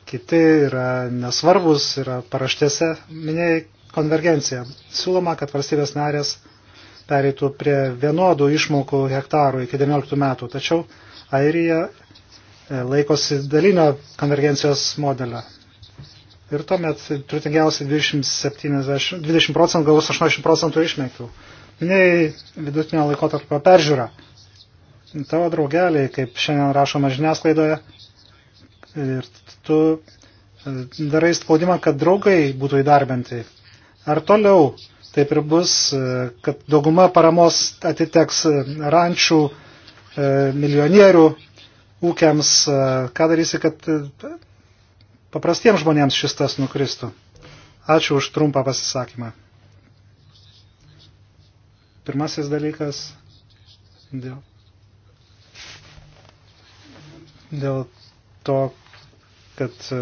kiti yra nesvarbus, yra paraštėse, minėjai konvergencija. Siūloma, kad valstybės narės pereitų prie vienodų išmokų hektarų iki 19 metų, tačiau Airija e, laikosi dalinio konvergencijos modelio. Ir tuomet turtingiausi 20, 70, 20 procentų gaus 80 procentų išmėgtų. Minėjai vidutinio laikotarpio peržiūrą. Tavo draugeliai, kaip šiandien rašoma žiniasklaidoje, ir tu e, darai spaudimą, kad draugai būtų įdarbinti. Ar toliau taip ir bus, e, kad dauguma paramos atiteks e, rančių milijonierių ūkiams, ką darysi, kad paprastiems žmonėms šis tas nukristų. Ačiū už trumpą pasisakymą. Pirmasis dalykas dėl, dėl to, kad e,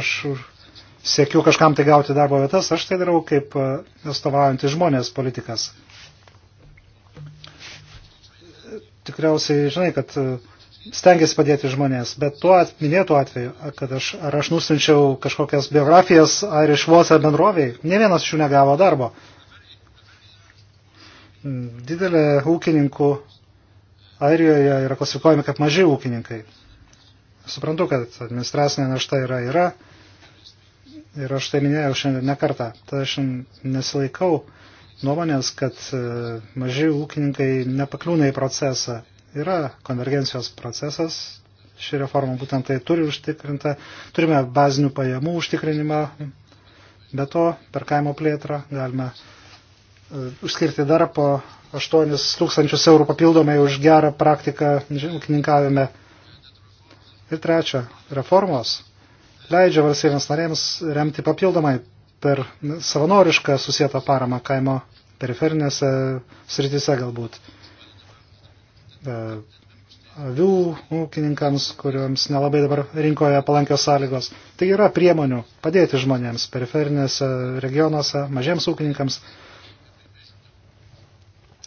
aš siekiu kažkam tai gauti darbo vietas, aš tai darau kaip e, atstovaujantis žmonės politikas. Tikriausiai žinai, kad e, stengiasi padėti žmonės, bet tuo minėtų atveju, kad aš, ar aš nusinčiau kažkokias biografijas ar išvuotą bendroviai, ne vienas iš jų negavo darbo didelė ūkininkų Airijoje yra klasifikuojami kaip maži ūkininkai. Suprantu, kad administracinė našta yra, yra. Ir aš tai minėjau šiandien nekartą. Tad aš nesilaikau nuomonės, kad e, maži ūkininkai nepakliūna į procesą. Yra konvergencijos procesas, ši reforma būtent tai turi užtikrinta. Turime bazinių pajamų užtikrinimą, be to per kaimo plėtrą galime E, užskirti dar po 8 tūkstančius eurų papildomai už gerą praktiką ūkininkavime. Ir trečia, reformos leidžia valstybėms narėms remti papildomai per savanorišką susietą paramą kaimo periferinėse srityse galbūt. E, avių ūkininkams, kuriuoms nelabai dabar rinkoje palankios sąlygos. Tai yra priemonių padėti žmonėms periferinėse regionuose, mažiems ūkininkams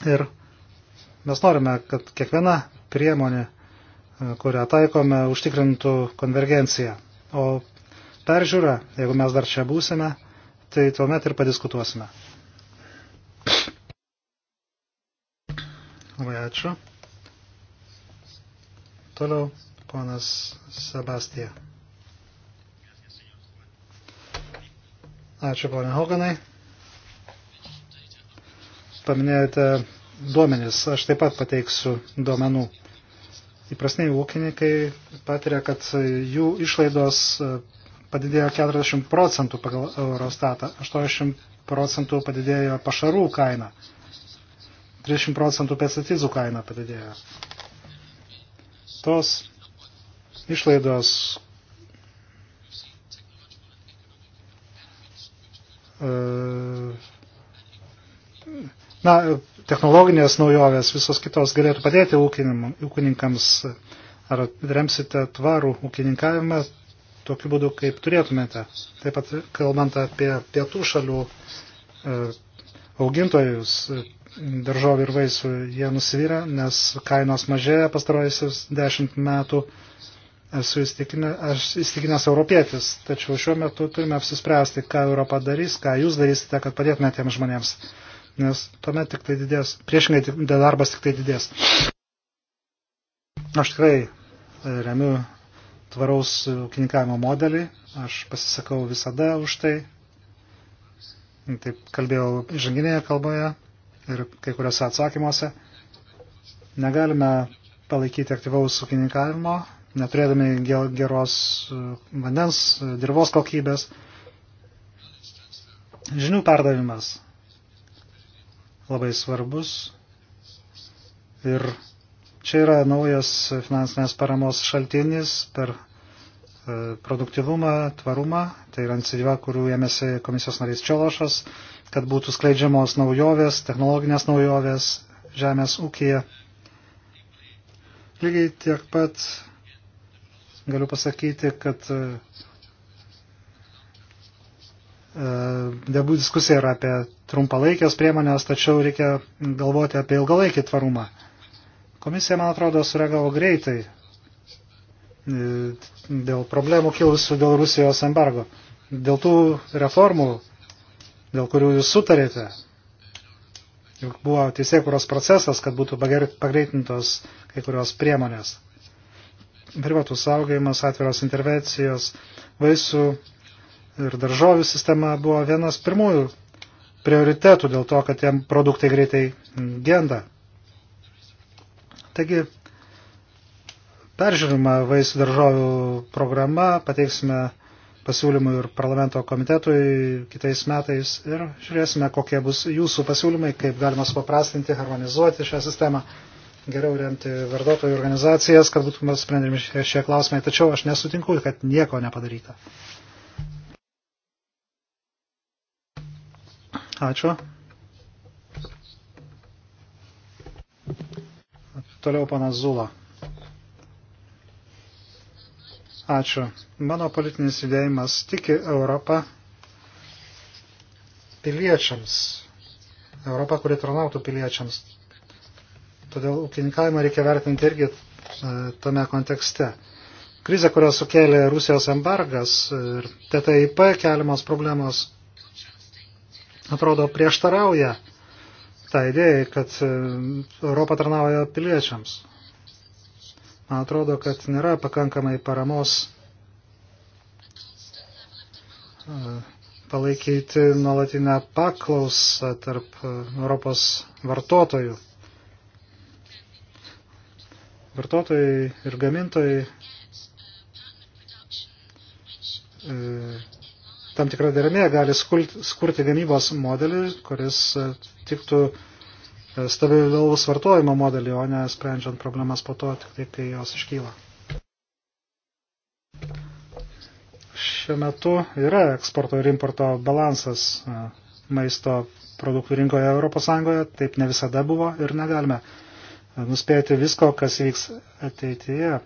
Ir mes norime, kad kiekviena priemonė, e, kurią taikome, užtikrintų konvergenciją. O peržiūra, jeigu mes dar čia būsime, tai tuomet ir padiskutuosime. Labai ačiū. Toliau ponas Sebastija. Ačiū, ponė Hoganai paminėjote duomenis. Aš taip pat pateiksiu duomenų. Įprasniai ūkininkai patiria, kad jų išlaidos e, padidėjo 40 procentų pagal Eurostatą, 80 procentų padidėjo pašarų kaina, 30 procentų pesticidų kaina padidėjo. Tos išlaidos uh, Na, technologinės naujovės, visos kitos galėtų padėti ūkininkams. Ar remsite tvarų ūkininkavimą tokiu būdu, kaip turėtumėte? Taip pat kalbant apie pietų šalių e, augintojus, e, daržovių ir vaisių, jie nusivyrė, nes kainos mažėja pastarojusius dešimt metų. Esu įstikinęs europietis, tačiau šiuo metu turime apsispręsti, ką Europa darys, ką jūs darysite, kad padėtumėte tiems žmonėms nes tuomet tik tai didės, priešingai darbas tik tai didės. Aš tikrai e, remiu tvaraus ūkininkavimo modelį, aš pasisakau visada už tai, taip kalbėjau žanginėje kalboje ir kai kuriuose atsakymuose. Negalime palaikyti aktyvaus ūkininkavimo, neturėdami geros e, vandens, e, dirvos kokybės. Žinių perdavimas labai svarbus. Ir čia yra naujas finansinės paramos šaltinis per e, produktivumą, tvarumą, tai yra iniciatyva, kurių ėmėsi komisijos narys Čiološas, kad būtų skleidžiamos naujovės, technologinės naujovės žemės ūkija. Lygiai tiek pat galiu pasakyti, kad e, e, debų diskusija yra apie trumpalaikės priemonės, tačiau reikia galvoti apie ilgalaikį tvarumą. Komisija, man atrodo, sureagavo greitai e, dėl problemų kilusių dėl Rusijos embargo. Dėl tų reformų, dėl kurių jūs sutarėte, juk buvo teisėkuros procesas, kad būtų pagreitintos kai kurios priemonės. Privatų saugojimas, atviros intervencijos, vaisių ir daržovių sistema buvo vienas pirmųjų prioritetų dėl to, kad tie produktai greitai genda. Taigi, peržiūrima vaisių daržovių programa, pateiksime pasiūlymų ir parlamento komitetui kitais metais ir žiūrėsime, kokie bus jūsų pasiūlymai, kaip galima supaprastinti, harmonizuoti šią sistemą, geriau remti vartotojų organizacijas, kad būtų sprendžiami šie klausimai. Tačiau aš nesutinku, kad nieko nepadaryta. Ačiū. Toliau panas Zula. Ačiū. Mano politinis judėjimas tiki Europą piliečiams. Europą, kuri tarnautų piliečiams. Todėl ūkininkavimą reikia vertinti irgi e, tame kontekste. Krize, kurią sukėlė Rusijos embargas ir TTIP keliamos problemos atrodo, prieštarauja tą idėją, kad e, Europa tarnauja piliečiams. Man atrodo, kad nėra pakankamai paramos e, palaikyti nuolatinę paklausą tarp e, Europos vartotojų. Vartotojai ir gamintojai tam tikra dermė gali skurti gamybos modelį, kuris e, tiktų e, stabilaus vartojimo modelį, o ne sprendžiant problemas po to, tik tai, kai jos iškyla. Šiuo metu yra eksporto ir importo balansas e, maisto produktų rinkoje Europos Sąjungoje, taip ne visada buvo ir negalime nuspėti visko, kas vyks ateityje.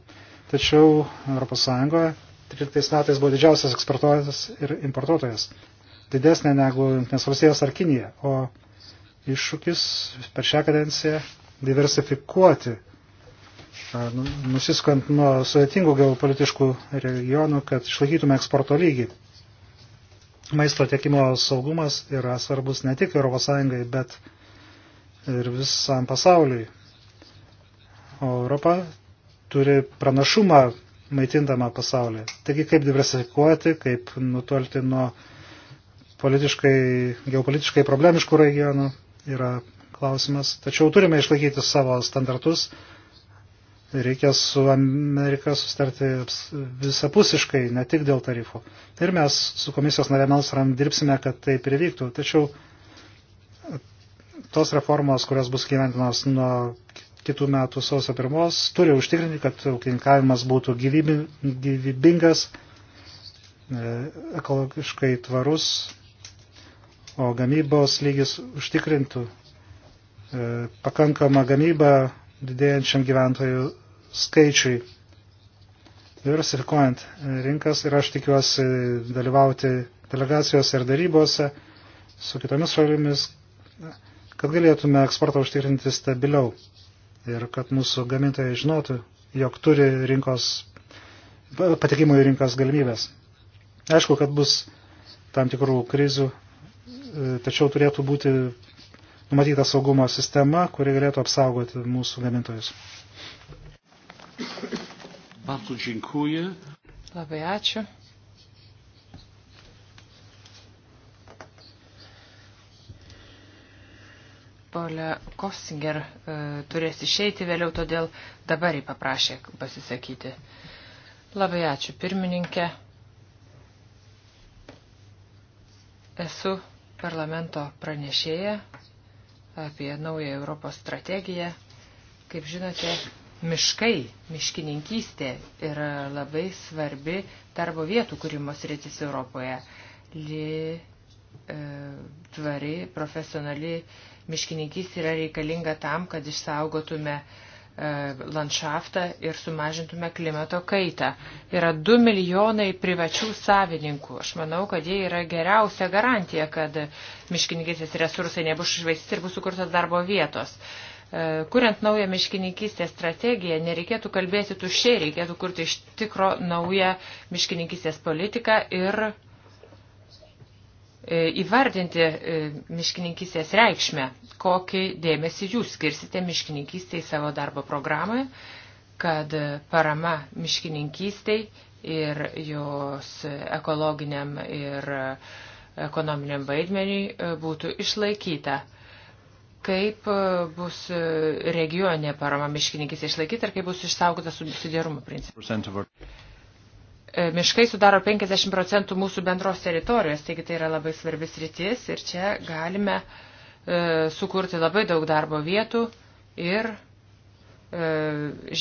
Tačiau Europos Sąjungoje 13 metais buvo didžiausias eksportuotojas ir importuotojas, didesnė negu Junktinės valstijos ar Kinija, o iššūkis per šią kadenciją diversifikuoti, nu, nusiskant nuo sudėtingų geopolitiškų regionų, kad išlaikytume eksporto lygį. Maisto tiekimo saugumas yra svarbus ne tik ES, bet ir visam pasauliui. O Europa turi pranašumą maitindama pasaulį. Taigi kaip diversifikuoti, kaip nutolti nuo politiškai, geopolitiškai problemiškų regionų yra klausimas. Tačiau turime išlaikyti savo standartus. Reikia su Amerika sustarti visapusiškai, ne tik dėl tarifų. Ir mes su komisijos narė Melsram dirbsime, kad taip ir vyktų. Tačiau tos reformos, kurios bus gyventinos nuo kitų metų sausio pirmos turi užtikrinti, kad ūkininkavimas būtų gyvybi, gyvybingas, e, ekologiškai tvarus, o gamybos lygis užtikrintų e, pakankamą gamybą didėjančiam gyventojų skaičiui. Diversifikuojant rinkas ir aš tikiuosi dalyvauti delegacijose ir darybose su kitomis šalimis, kad galėtume eksportą užtikrinti stabiliau ir kad mūsų gamintojai žinotų, jog turi rinkos, patekimo į rinkos galimybės. Aišku, kad bus tam tikrų krizių, e, tačiau turėtų būti numatyta saugumo sistema, kuri galėtų apsaugoti mūsų gamintojus. Labai ačiū. Polė Kossinger e, turės išeiti vėliau, todėl dabar jį paprašė pasisakyti. Labai ačiū, pirmininkė. Esu parlamento pranešėja apie naują Europos strategiją. Kaip žinote, miškai, miškininkystė yra labai svarbi darbo vietų kūrimos rytis Europoje. Li, e, tvari, profesionali Miškininkys yra reikalinga tam, kad išsaugotume e, landšaftą ir sumažintume klimato kaitą. Yra 2 milijonai privačių savininkų. Aš manau, kad jie yra geriausia garantija, kad miškininkystės resursai nebus išvaistyti ir bus sukurtas darbo vietos. E, kuriant naują miškininkystės strategiją, nereikėtų kalbėti tuščiai, reikėtų kurti iš tikro naują miškininkystės politiką ir E, įvardinti e, miškininkystės reikšmę, kokį dėmesį jūs skirsite miškininkystėj savo darbo programoje, kad parama miškininkystėj ir jos ekologiniam ir ekonominiam vaidmeniui e, būtų išlaikyta. Kaip bus regioninė parama miškininkys išlaikyta ir kaip bus išsaugota subsidiarumo principas? E, miškai sudaro 50 procentų mūsų bendros teritorijos, taigi tai yra labai svarbis rytis ir čia galime e, sukurti labai daug darbo vietų ir e,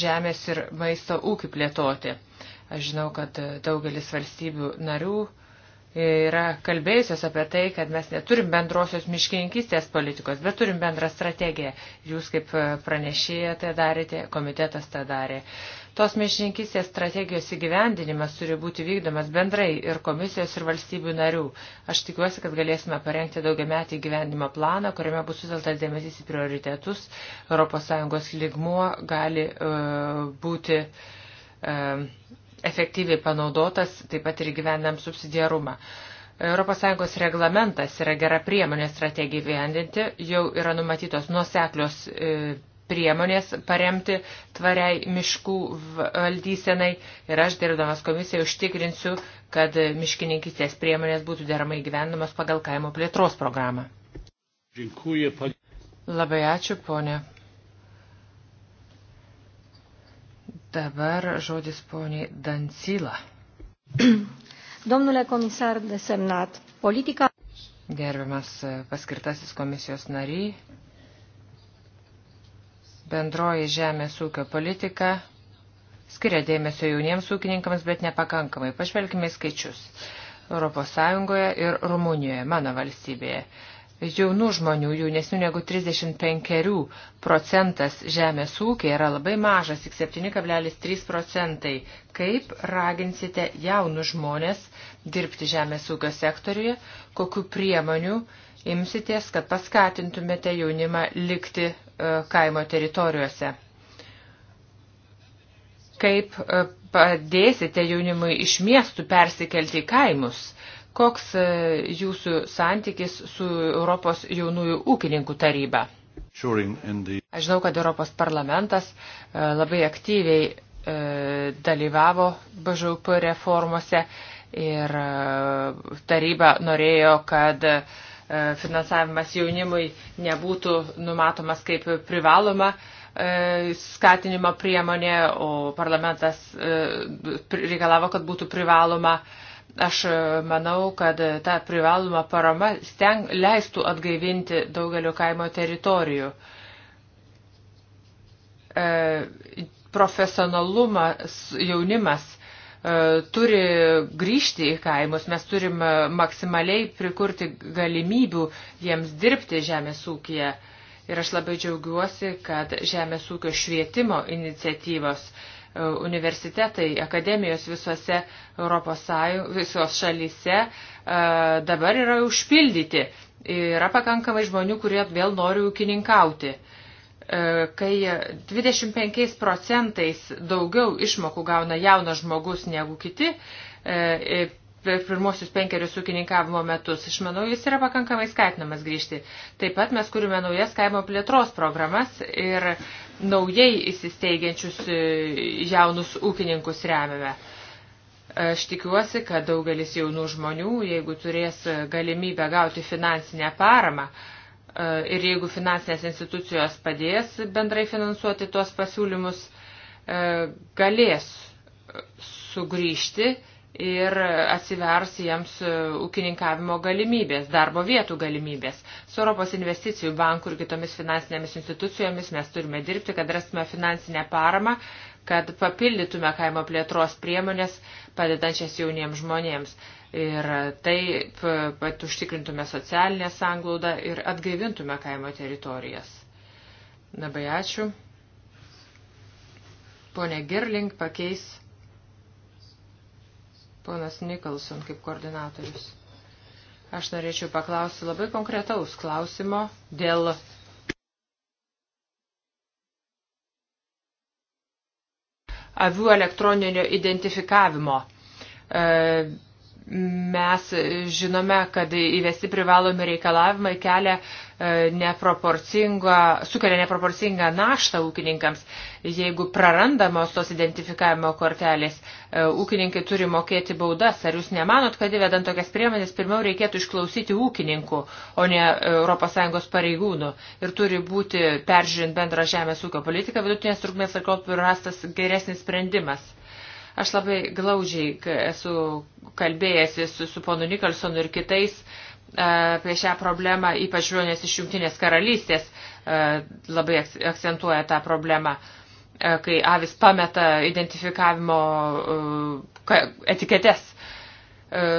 žemės ir maisto ūkių plėtoti. Aš žinau, kad daugelis valstybių narių yra kalbėjusios apie tai, kad mes neturim bendrosios miškininkistės politikos, bet turim bendrą strategiją. Jūs kaip pranešėja tai darėte, komitetas tą darė. E, Tos mišininkistės strategijos įgyvendinimas turi būti vykdomas bendrai ir komisijos ir valstybių narių. Aš tikiuosi, kad galėsime parengti daugiametį įgyvendimo planą, kuriame bus suteltas dėmesys į prioritetus. ES lygmuo gali uh, būti uh, efektyviai panaudotas, taip pat ir gyvenam subsidiarumą. ES reglamentas yra gera priemonė strategijai gyvendinti, jau yra numatytos nuoseklios uh, priemonės paremti tvariai miškų valdysenai ir aš dirbdamas komisijai užtikrinsiu, kad miškininkistės priemonės būtų deramai gyvendamas pagal kaimo plėtros programą. Dėkuoju, pan... Labai ačiū, ponė. Dabar žodis poniai Dancila. Domnule komisar desemnat, politika. Gerbiamas paskirtasis komisijos nariai, Bendroji žemės ūkio politika skiria dėmesio jauniems ūkininkams, bet nepakankamai. Pažvelkime į skaičius. Europos Sąjungoje ir Rumunijoje, mano valstybėje. Jaunų žmonių, jaunesnių negu 35 procentas žemės ūkiai yra labai mažas, tik 7,3 procentai. Kaip raginsite jaunus žmonės dirbti žemės ūkio sektoriuje, kokiu priemonių imsitės, kad paskatintumėte jaunimą likti E, kaimo teritorijuose. Kaip e, padėsite jaunimui iš miestų persikelti į kaimus? Koks e, jūsų santykis su Europos jaunųjų ūkininkų taryba? Aš žinau, kad Europos parlamentas labai aktyviai dalyvavo BŽUP reformose ir taryba norėjo, kad E, finansavimas jaunimui nebūtų numatomas kaip privaloma e, skatinimo priemonė, o parlamentas e, reikalavo, kad būtų privaloma. Aš manau, kad ta privaloma parama steng, leistų atgaivinti daugelio kaimo teritorijų profesionalumas jaunimas E, turi grįžti į kaimus, mes turim maksimaliai prikurti galimybių jiems dirbti žemės ūkiją. Ir aš labai džiaugiuosi, kad žemės ūkio švietimo iniciatyvos e, universitetai, akademijos visose Europos Sąjungos, visos šalyse e, dabar yra užpildyti. Yra pakankamai žmonių, kurie vėl nori ūkininkauti. E, kai 25 procentais daugiau išmokų gauna jaunas žmogus negu kiti e, e, per pirmosius penkerius ūkininkavimo metus. Aš manau, jis yra pakankamai skatinamas grįžti. Taip pat mes kūrime naujas kaimo plėtros programas ir naujai įsisteigiančius jaunus ūkininkus remiame. Aš tikiuosi, kad daugelis jaunų žmonių, jeigu turės galimybę gauti finansinę paramą, E, ir jeigu finansinės institucijos padės bendrai finansuoti tuos pasiūlymus, e, galės sugrįžti ir atsivers jiems e, ūkininkavimo galimybės, darbo vietų galimybės. Su Europos investicijų banku ir kitomis finansinėmis institucijomis mes turime dirbti, kad rastume finansinę paramą, kad papildytume kaimo plėtros priemonės padedančias jauniems žmonėms. Ir taip pat užtikrintume socialinę sanglaudą ir atgaivintume kaimo teritorijas. Labai ačiū. Pone Girling pakeis ponas Nikolson kaip koordinatorius. Aš norėčiau paklausti labai konkretaus klausimo dėl avių elektroninio identifikavimo. E, Mes žinome, kad įvesti privalomi reikalavimai kelia e, neproporcingą, sukelia neproporcingą naštą ūkininkams. Jeigu prarandamos tos identifikavimo kortelės, e, ūkininkai turi mokėti baudas. Ar jūs nemanot, kad įvedant tokias priemonės pirmiau reikėtų išklausyti ūkininkų, o ne e, ES pareigūnų? Ir turi būti, peržiūrint bendrą žemės ūkio politiką, vidutinės trukmės laikotarpiu rastas geresnis sprendimas. Aš labai glaudžiai esu kalbėjęsi su, su ponu Nikolsonu ir kitais e, apie šią problemą, ypač žmonės iš Junktinės karalystės e, labai akcentuoja tą problemą, e, kai avis pameta identifikavimo etiketes.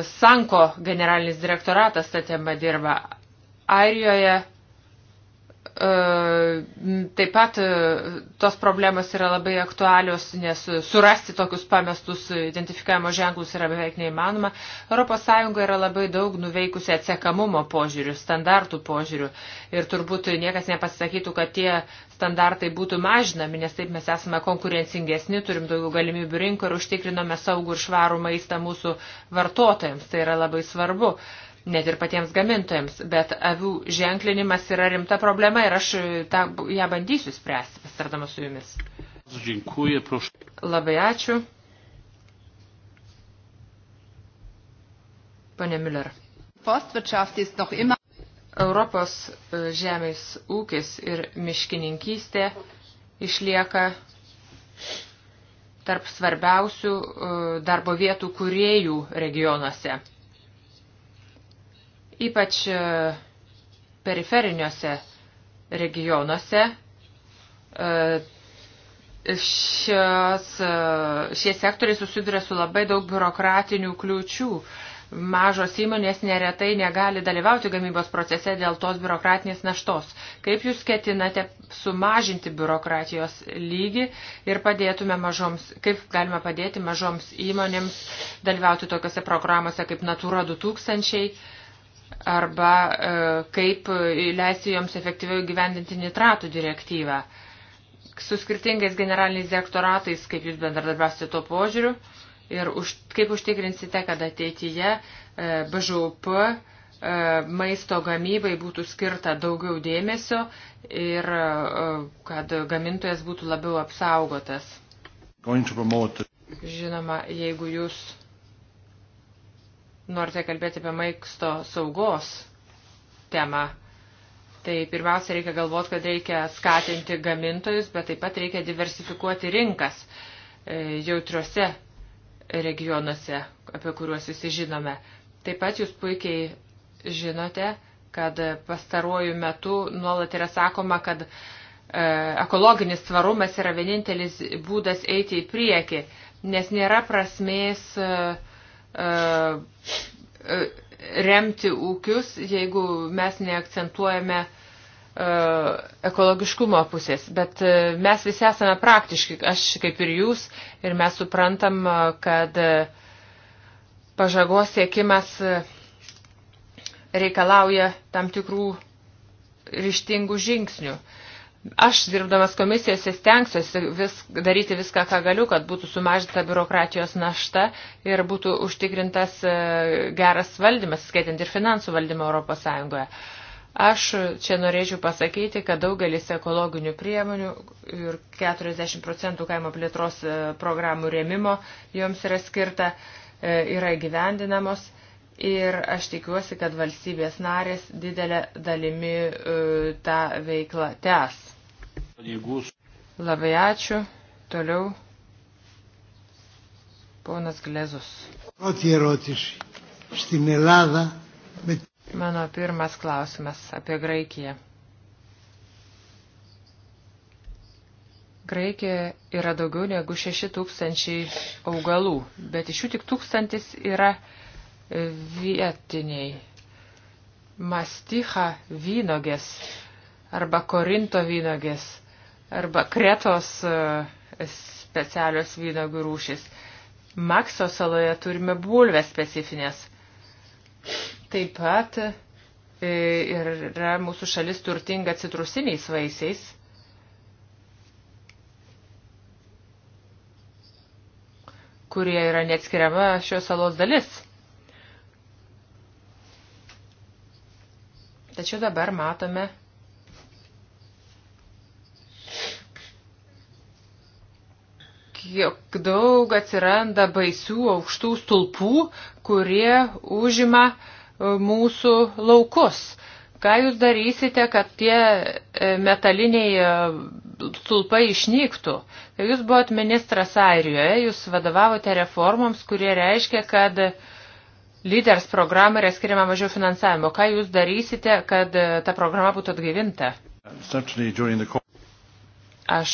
Sanko generalinis direktoratas tą temą dirba. Airijoje Taip pat e, tos problemos yra labai aktualios, nes surasti tokius pamestus identifikavimo ženklus yra beveik neįmanoma. ES yra labai daug nuveikusi atsekamumo požiūrių, standartų požiūrių ir turbūt niekas nepasakytų, kad tie standartai būtų mažinami, nes taip mes esame konkurencingesni, turim daugiau galimybių rinkų ir užtikrinome saugų ir švarų maistą mūsų vartotojams. Tai yra labai svarbu. Uh, net ir patiems gamintojams, bet avių ženklinimas yra rimta problema ir aš e, tą, ją bandysiu spręsti, pasitardama su jumis. Dziękuję, Labai ačiū. Pane Miller. Europos e, žemės ūkis ir miškininkystė išlieka tarp svarbiausių e, darbo vietų kuriejų regionuose. Ypač e, periferiniuose regionuose e, šios, e, šie sektoriai susiduria su labai daug biurokratinių kliūčių. Mažos įmonės neretai negali dalyvauti gamybos procese dėl tos biurokratinės naštos. Kaip jūs ketinate sumažinti biurokratijos lygį ir padėtume mažoms, kaip galime padėti mažoms įmonėms dalyvauti tokiuose programuose kaip Natura 2000? arba e, kaip leisti joms efektyviau gyvendinti nitratų direktyvą. Su skirtingais generaliniais direktoratais, kaip jūs bendradarbiausite tuo požiūriu ir už, kaip užtikrinsite, kad ateityje e, BŽUP e, maisto gamybai būtų skirta daugiau dėmesio ir kad gamintojas būtų labiau apsaugotas. Žinoma, jeigu jūs norite kalbėti apie maisto saugos temą, tai pirmiausia reikia galvoti, kad reikia skatinti gamintojus, bet taip pat reikia diversifikuoti rinkas e, jautriuose regionuose, apie kuriuos visi žinome. Taip pat jūs puikiai žinote, kad pastaruoju metu nuolat yra sakoma, kad e, ekologinis tvarumas yra vienintelis būdas eiti į priekį, nes nėra prasmės uh, E, e, remti ūkius, jeigu mes neakcentuojame e, ekologiškumo pusės. Bet mes visi esame praktiški, aš kaip ir jūs, ir mes suprantam, kad pažagos siekimas reikalauja tam tikrų ryštingų žingsnių. Aš, dirbdamas komisijose, stengsiuosi vis, daryti viską, ką galiu, kad būtų sumažinta biurokratijos našta ir būtų užtikrintas e, geras valdymas, skaitant ir finansų valdymą Europos Sąjungoje. Aš čia norėčiau pasakyti, kad daugelis ekologinių priemonių ir 40 procentų kaimo plėtros e, programų rėmimo joms yra skirta, e, yra gyvendinamos ir aš tikiuosi, kad valstybės narės didelė dalimi tą veiklą tęs. Labai ačiū. Toliau. Ponas Glezus. Mano pirmas klausimas apie Graikiją. Graikijoje yra daugiau negu 6000 augalų, bet iš jų tik tūkstantis yra vietiniai. Masticha vynogės arba Korinto vynogės arba Kretos e, specialios vynogių rūšis. Makso saloje turime bulves specifinės. Taip pat e, yra mūsų šalis turtinga citrusiniais vaisiais. kurie yra neatskiriama šios salos dalis. Tačiau dabar matome kiek daug atsiranda baisių aukštų stulpų, kurie užima e, mūsų laukus. Ką jūs darysite, kad tie e, metaliniai e, stulpai išnyktų? Kai jūs buvot ministras Airijoje, jūs vadovavote reformoms, kurie reiškia, kad lyders programai yra skiriama mažiau finansavimo. Ką jūs darysite, kad ta programa būtų atgaivinta? Aš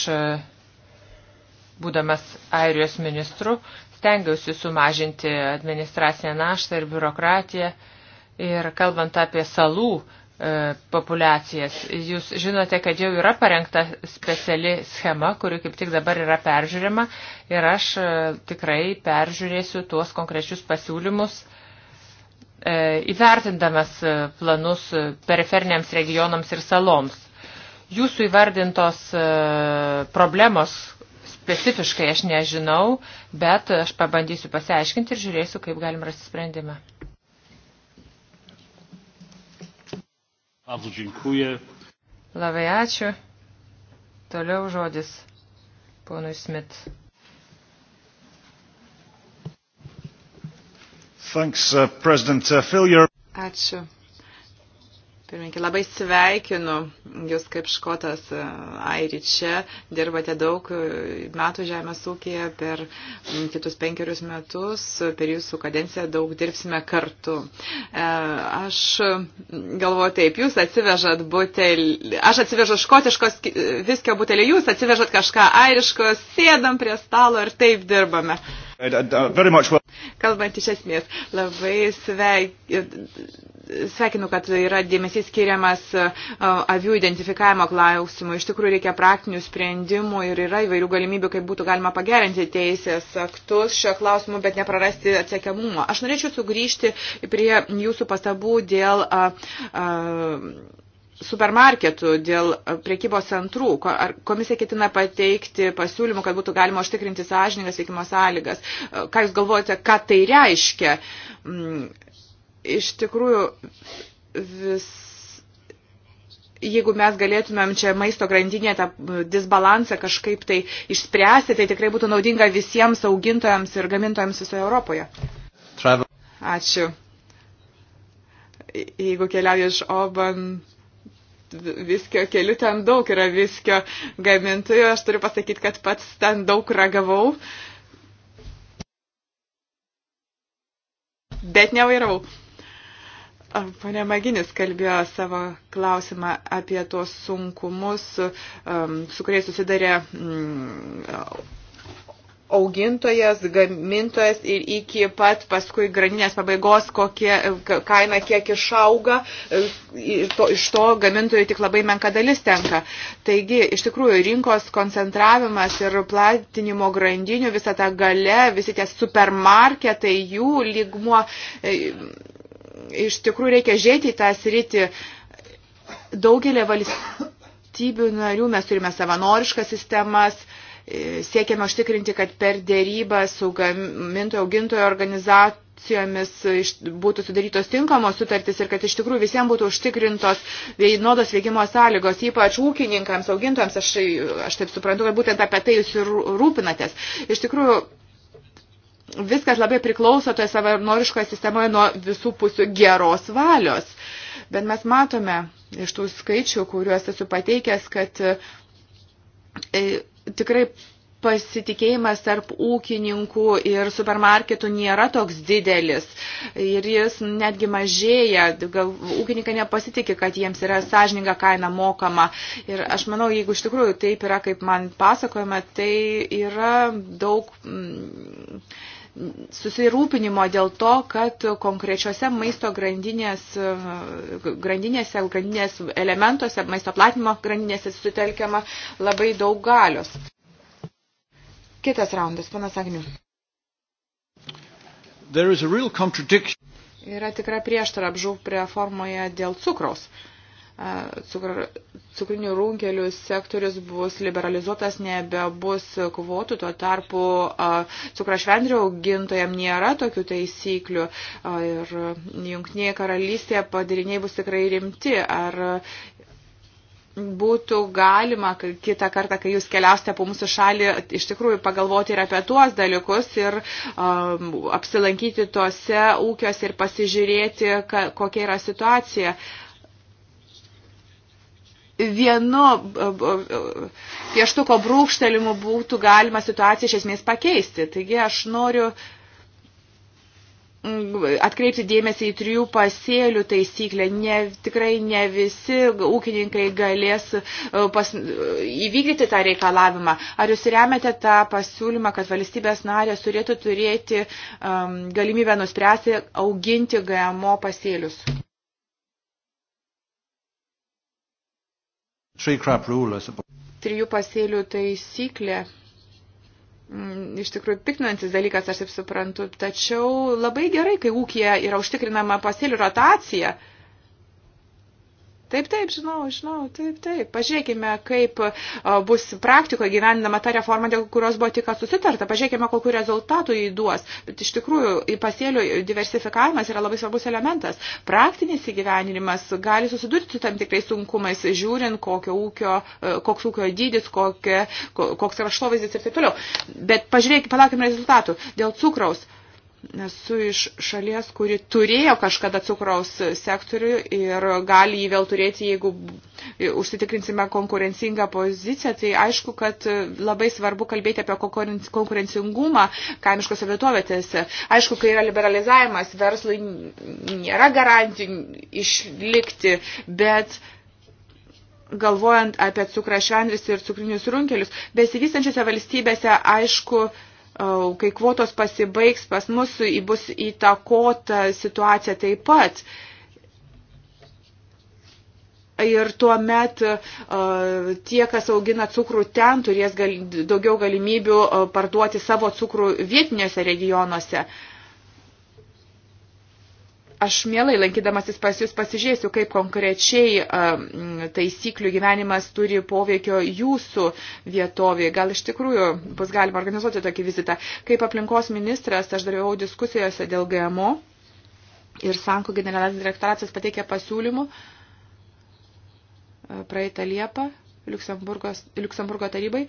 būdamas Airijos ministru, stengiausi sumažinti administracinę naštą ir biurokratiją. Ir kalbant apie salų e, populiacijas, jūs žinote, kad jau yra parengta speciali schema, kuri kaip tik dabar yra peržiūrima. Ir aš e, tikrai peržiūrėsiu tuos konkrečius pasiūlymus, e, įvertindamas e, planus periferiniams regionams ir saloms. Jūsų įvardintos e, problemos, specifiškai aš nežinau, bet aš pabandysiu pasiaiškinti ir žiūrėsiu, kaip galim rasti sprendimą. Labai ačiū. Toliau žodis ponui Smith. Thanks, uh, President uh, Phil. You're... Ačiū, Pirminkė, labai sveikinu Jūs kaip škotas e, Airi čia, dirbate daug e, metų žemės ūkėje, per kitus penkerius metus, per Jūsų kadenciją daug dirbsime kartu. E, aš galvoju taip, Jūs atsivežat butelį, aš atsivežu škotiškos viskio butelį, Jūs atsivežat kažką airiško, sėdam prie stalo ir taip dirbame. Uh, uh, Kalbant iš esmės, labai sveikinu Sveikinu, kad yra dėmesys skiriamas e, avių identifikavimo klausimų. Iš tikrųjų reikia praktinių sprendimų ir yra įvairių galimybių, kaip būtų galima pagerinti teisės aktus šio klausimu, bet neprarasti atsiekiamumo. Aš norėčiau sugrįžti prie jūsų pastabų dėl. A, a, supermarketų dėl priekybos centrų. Ar komisija ketina pateikti pasiūlymų, kad būtų galima užtikrinti sąžiningas veikimo sąlygas? Ką Jūs galvojate, ką tai reiškia? Mm, iš tikrųjų vis jeigu mes galėtumėm čia maisto grandinėje tą disbalansą kažkaip tai išspręsti, tai tikrai būtų naudinga visiems augintojams ir gamintojams visoje Europoje. Travel. Ačiū. Jeigu keliauji iš Oban viskio keliu, ten daug yra viskio gamintojų, aš turiu pasakyti, kad pats ten daug ragavau. Bet nevairavau. Pane Maginis kalbėjo savo klausimą apie tuos sunkumus, um, su kuriais susidarė mm, augintojas, gamintojas ir iki pat paskui graninės pabaigos kokie, kaina kiek išauga, e, to, iš to gamintojų tik labai menka dalis tenka. Taigi, iš tikrųjų, rinkos koncentravimas ir platinimo grandinių, visa ta gale, visi tie supermarketai, jų lygmuo e, iš tikrųjų reikia žiūrėti į tą sritį. Daugelį valstybių narių mes turime savanoriškas sistemas, e, siekiame užtikrinti, kad per dėrybą su gamintojo augintojo organizacijomis e, būtų sudarytos tinkamos sutartys ir kad iš tikrųjų visiems būtų užtikrintos vienodos veikimo sąlygos, ypač ūkininkams, augintojams, aš, aš taip suprantu, kad būtent apie tai jūs ir rūpinatės. Iš tikrųjų, viskas labai priklauso toje savanoriškoje sistemoje nuo visų pusių geros valios. Bet mes matome iš tų skaičių, kuriuos esu pateikęs, kad e, tikrai pasitikėjimas tarp ūkininkų ir supermarketų nėra toks didelis ir jis netgi mažėja. Gal ūkininkai nepasitikė, kad jiems yra sąžininga kaina mokama. Ir aš manau, jeigu iš tikrųjų taip yra, kaip man pasakojama, tai yra daug. Mm, susirūpinimo dėl to, kad konkrečiose maisto grandinės, grandinėse, grandinės elementuose, maisto platinimo grandinėse sutelkiama labai daug galios. Kitas raundas, panas Agniu. Yra tikra prieštara apžūp reformoje dėl cukraus cukr, cukrinių runkelių sektorius bus liberalizuotas, nebebus kvotų, tuo tarpu cukrašvendrių augintojam nėra tokių taisyklių ir jungtinėje karalystėje padariniai bus tikrai rimti. Ar būtų galima kitą kartą, kai jūs keliausite po mūsų šalį, iš tikrųjų pagalvoti ir apie tuos dalykus ir um, apsilankyti tose ūkiuose ir pasižiūrėti, ka, kokia yra situacija. Uh, vienu pieštuko brūkštelimu būtų galima situaciją iš esmės pakeisti. Taigi aš noriu mm, atkreipti dėmesį į trijų pasėlių taisyklę. Ne, tikrai ne visi ūkininkai galės pas, įvykdyti tą reikalavimą. Ar jūs remiate tą pasiūlymą, kad valstybės narės turėtų turėti um, galimybę nuspręsti auginti GMO pasėlius? Trijų pasėlių taisyklė mm, iš tikrųjų piktinantis dalykas, aš taip suprantu. Tačiau labai gerai, kai ūkija yra užtikrinama pasėlių rotacija. Taip, taip, žinau, žinau, taip, taip. Pažiūrėkime, kaip bus praktikoje gyvendama ta reforma, dėl kurios buvo tik susitarta. Pažiūrėkime, kokiu rezultatu jį duos. Bet iš tikrųjų, pasėlių diversifikavimas yra labai svarbus elementas. Praktinis įgyvenimas gali susidurti su tam tikrais sunkumais, žiūrint, kokio ūkio, e, koks ūkio dydis, kokie, koks kraštovaizdis ir taip toliau. Bet pažiūrėkime, palaukime rezultatų. Dėl cukraus esu iš šalies, kuri turėjo kažkada cukraus sektorių ir gali jį vėl turėti, jeigu užsitikrinsime konkurencingą poziciją, tai aišku, kad labai svarbu kalbėti apie konkurencingumą kaimiškose vietovėtėse. Aišku, kai yra liberalizavimas, verslui nėra garantijų išlikti, bet galvojant apie cukrą švendris ir cukrinius runkelius, besivystančiose valstybėse, aišku, kai kvotos pasibaigs, pas mus bus įtakota situacija taip pat. Ir tuo met tie, kas augina cukrų ten, turės gal, daugiau galimybių parduoti savo cukrų vietinėse regionuose. Uh, Aš mielai lankydamasis pas jūs pasižiūrėsiu, kaip konkrečiai um, taisyklių gyvenimas turi poveikio jūsų vietovėje. Gal iš tikrųjų bus galima organizuoti tokį vizitą. Kaip aplinkos ministras, aš dalyvau diskusijose dėl GMO ir Sanko generalinis direktoracijas pateikė pasiūlymų uh, praeitą Liepą Liuksemburgo tarybai.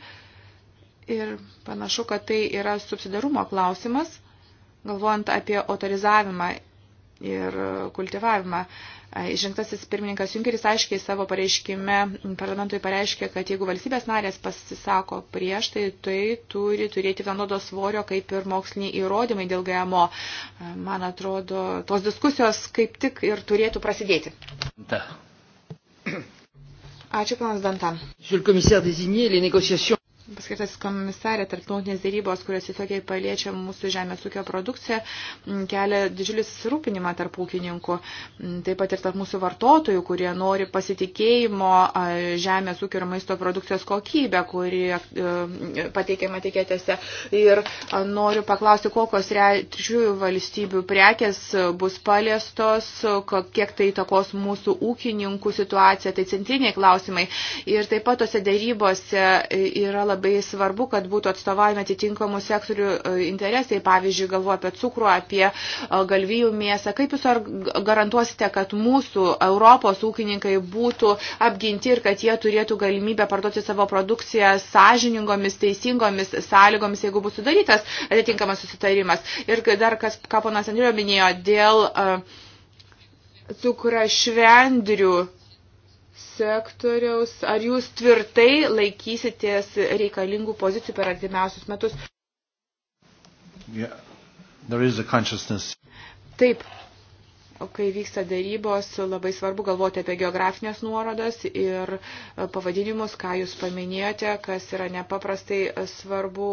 Ir panašu, kad tai yra subsidarumo klausimas, galvojant apie autorizavimą ir e, kultivavimą. E, išrinktasis pirmininkas Junkeris aiškiai savo pareiškime parlamentui pareiškė, kad jeigu valstybės narės pasisako prieš, tai tai turi turėti vienodo svorio kaip ir moksliniai įrodymai dėl GMO. E, man atrodo, tos diskusijos kaip tik ir turėtų prasidėti. Da. Ačiū, panas Dantan paskirtas komisarė tarptautinės dėrybos, kurios įtokiai paliečia mūsų žemės ūkio produkciją, kelia didžiulį susirūpinimą tarp ūkininkų, taip pat ir tarp mūsų vartotojų, kurie nori pasitikėjimo žemės ūkio ir maisto produkcijos kokybę, kuri e, pateikiama tikėtėse. Ir noriu paklausti, kokios trečiųjų valstybių prekes bus paliestos, kiek tai įtakos mūsų ūkininkų situaciją, tai centriniai klausimai. Ir taip pat tose dėrybose e, yra labai labai svarbu, kad būtų atstovavime atitinkamų sektorių e, interesai, pavyzdžiui, galvo apie cukrų, apie e, galvijų mėsą. Kaip jūs garantuosite, kad mūsų Europos ūkininkai būtų apginti ir kad jie turėtų galimybę parduoti savo produkciją sąžiningomis, teisingomis sąlygomis, jeigu bus sudarytas atitinkamas susitarimas. Ir dar, kas, ką ponas Andriu minėjo, dėl uh, cukrašvendrių sektoriaus, ar jūs tvirtai laikysitės reikalingų pozicijų per artimiausius metus? Yeah. Taip, O kai vyksta darybos, labai svarbu galvoti apie geografinės nuorodas ir pavadinimus, ką jūs paminėjote, kas yra nepaprastai svarbu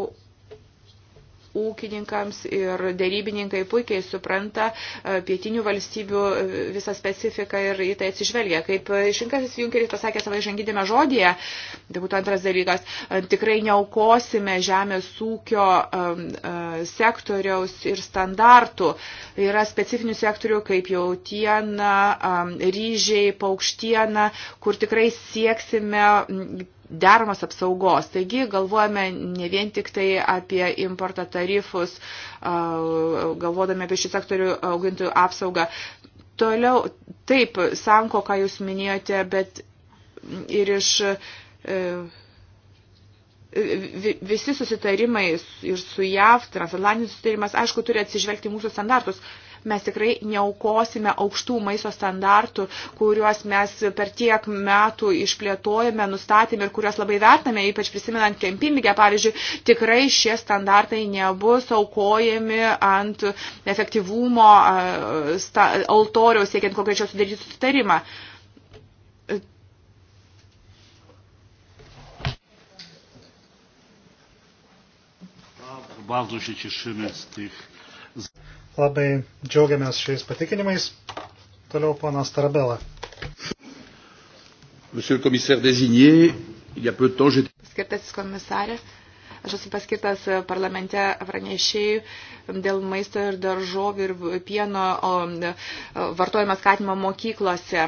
ūkininkams ir dėrybininkai puikiai supranta e, pietinių valstybių e, visą specifiką ir į tai atsižvelgia. Kaip e, Šinkasis Junkeris pasakė savo žangydėme žodėje, tai būtų antras dalykas, tikrai neaukosime žemės ūkio sektoriaus ir standartų. Yra specifinių sektorių kaip jautiena, ryžiai, paukštiena, kur tikrai sieksime deramos apsaugos. Taigi galvojame ne vien tik tai apie importo tarifus, galvodami apie šį sektorių augintojų apsaugą. Toliau, taip, sanko, ką jūs minėjote, bet ir iš e, visi susitarimai ir su JAV, transatlantinis susitarimas, aišku, turi atsižvelgti mūsų standartus. Mes tikrai neaukosime aukštų maisto standartų, kuriuos mes per tiek metų išplėtojame, nustatėme ir kuriuos labai vertame, ypač prisimenant kempimigę, pavyzdžiui, tikrai šie standartai nebus aukojami ant efektyvumo altoriaus, siekiant konkrečios sudaryti sutarimą. bardzo się cieszymy z tych. Labai džiaugiamės šiais patikinimais. Toliau ponas Tarabela. Monsieur le commissaire désigné, il y a peu de temps, j'étais. Paskirtasis komisarė, aš esu paskirtas parlamente pranešėjų dėl maisto ir daržovių ir pieno e, vartojimo skatinimo mokyklose.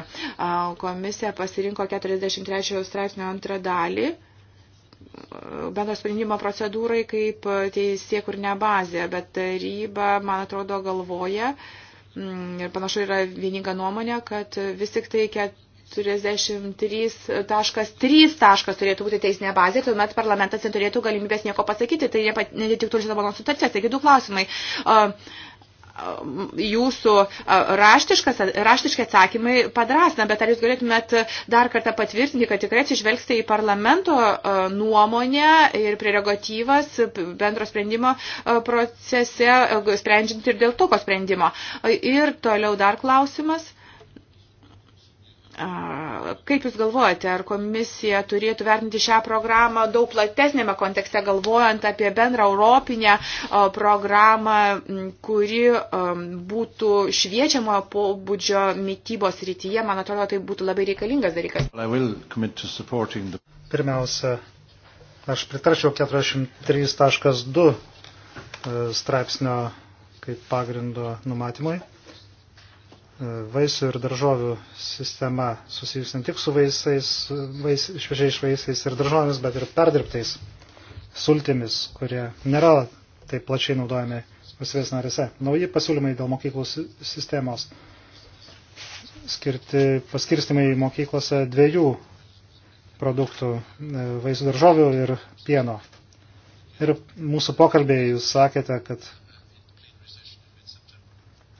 Komisija pasirinko 43 straipsnio antrą dalį bendro sprendimo procedūrai kaip teisė kur ne bazė, bet taryba, man atrodo, galvoja mm, ir panašu yra vieninga nuomonė, kad vis tik tai 43.3 taškas turėtų būti teisinė bazė, tuomet parlamentas neturėtų galimybės nieko pasakyti, tai netitiktų Lisabono sutarties. Taigi du klausimai. Uh, jūsų raštiški atsakymai padrasna, bet ar jūs galėtumėt dar kartą patvirtinti, kad tikrai atsižvelgsite į parlamento nuomonę ir prerogatyvas bendro sprendimo procese, sprendžiant ir dėl tokio sprendimo. Ir toliau dar klausimas. Kaip Jūs galvojate, ar komisija turėtų vertinti šią programą daug platesnėme kontekste, galvojant apie bendrą europinę programą, kuri būtų šviečiamojo pobūdžio mytybos rytyje? Man atrodo, tai būtų labai reikalingas dalykas. Pirmiausia, aš pritarčiau 43.2 e, straipsnio kaip pagrindo numatymui vaisių ir daržovių sistema susijusi ne tik su vaisiais, vais, šviežiais vaisiais ir daržovėmis, bet ir perdirbtais sultimis, kurie nėra taip plačiai naudojami visvės narėse. Nauji pasiūlymai dėl mokyklų sistemos skirti paskirstimai mokyklose dviejų produktų e, - vaisių daržovių ir pieno. Ir mūsų pokalbėje jūs sakėte, kad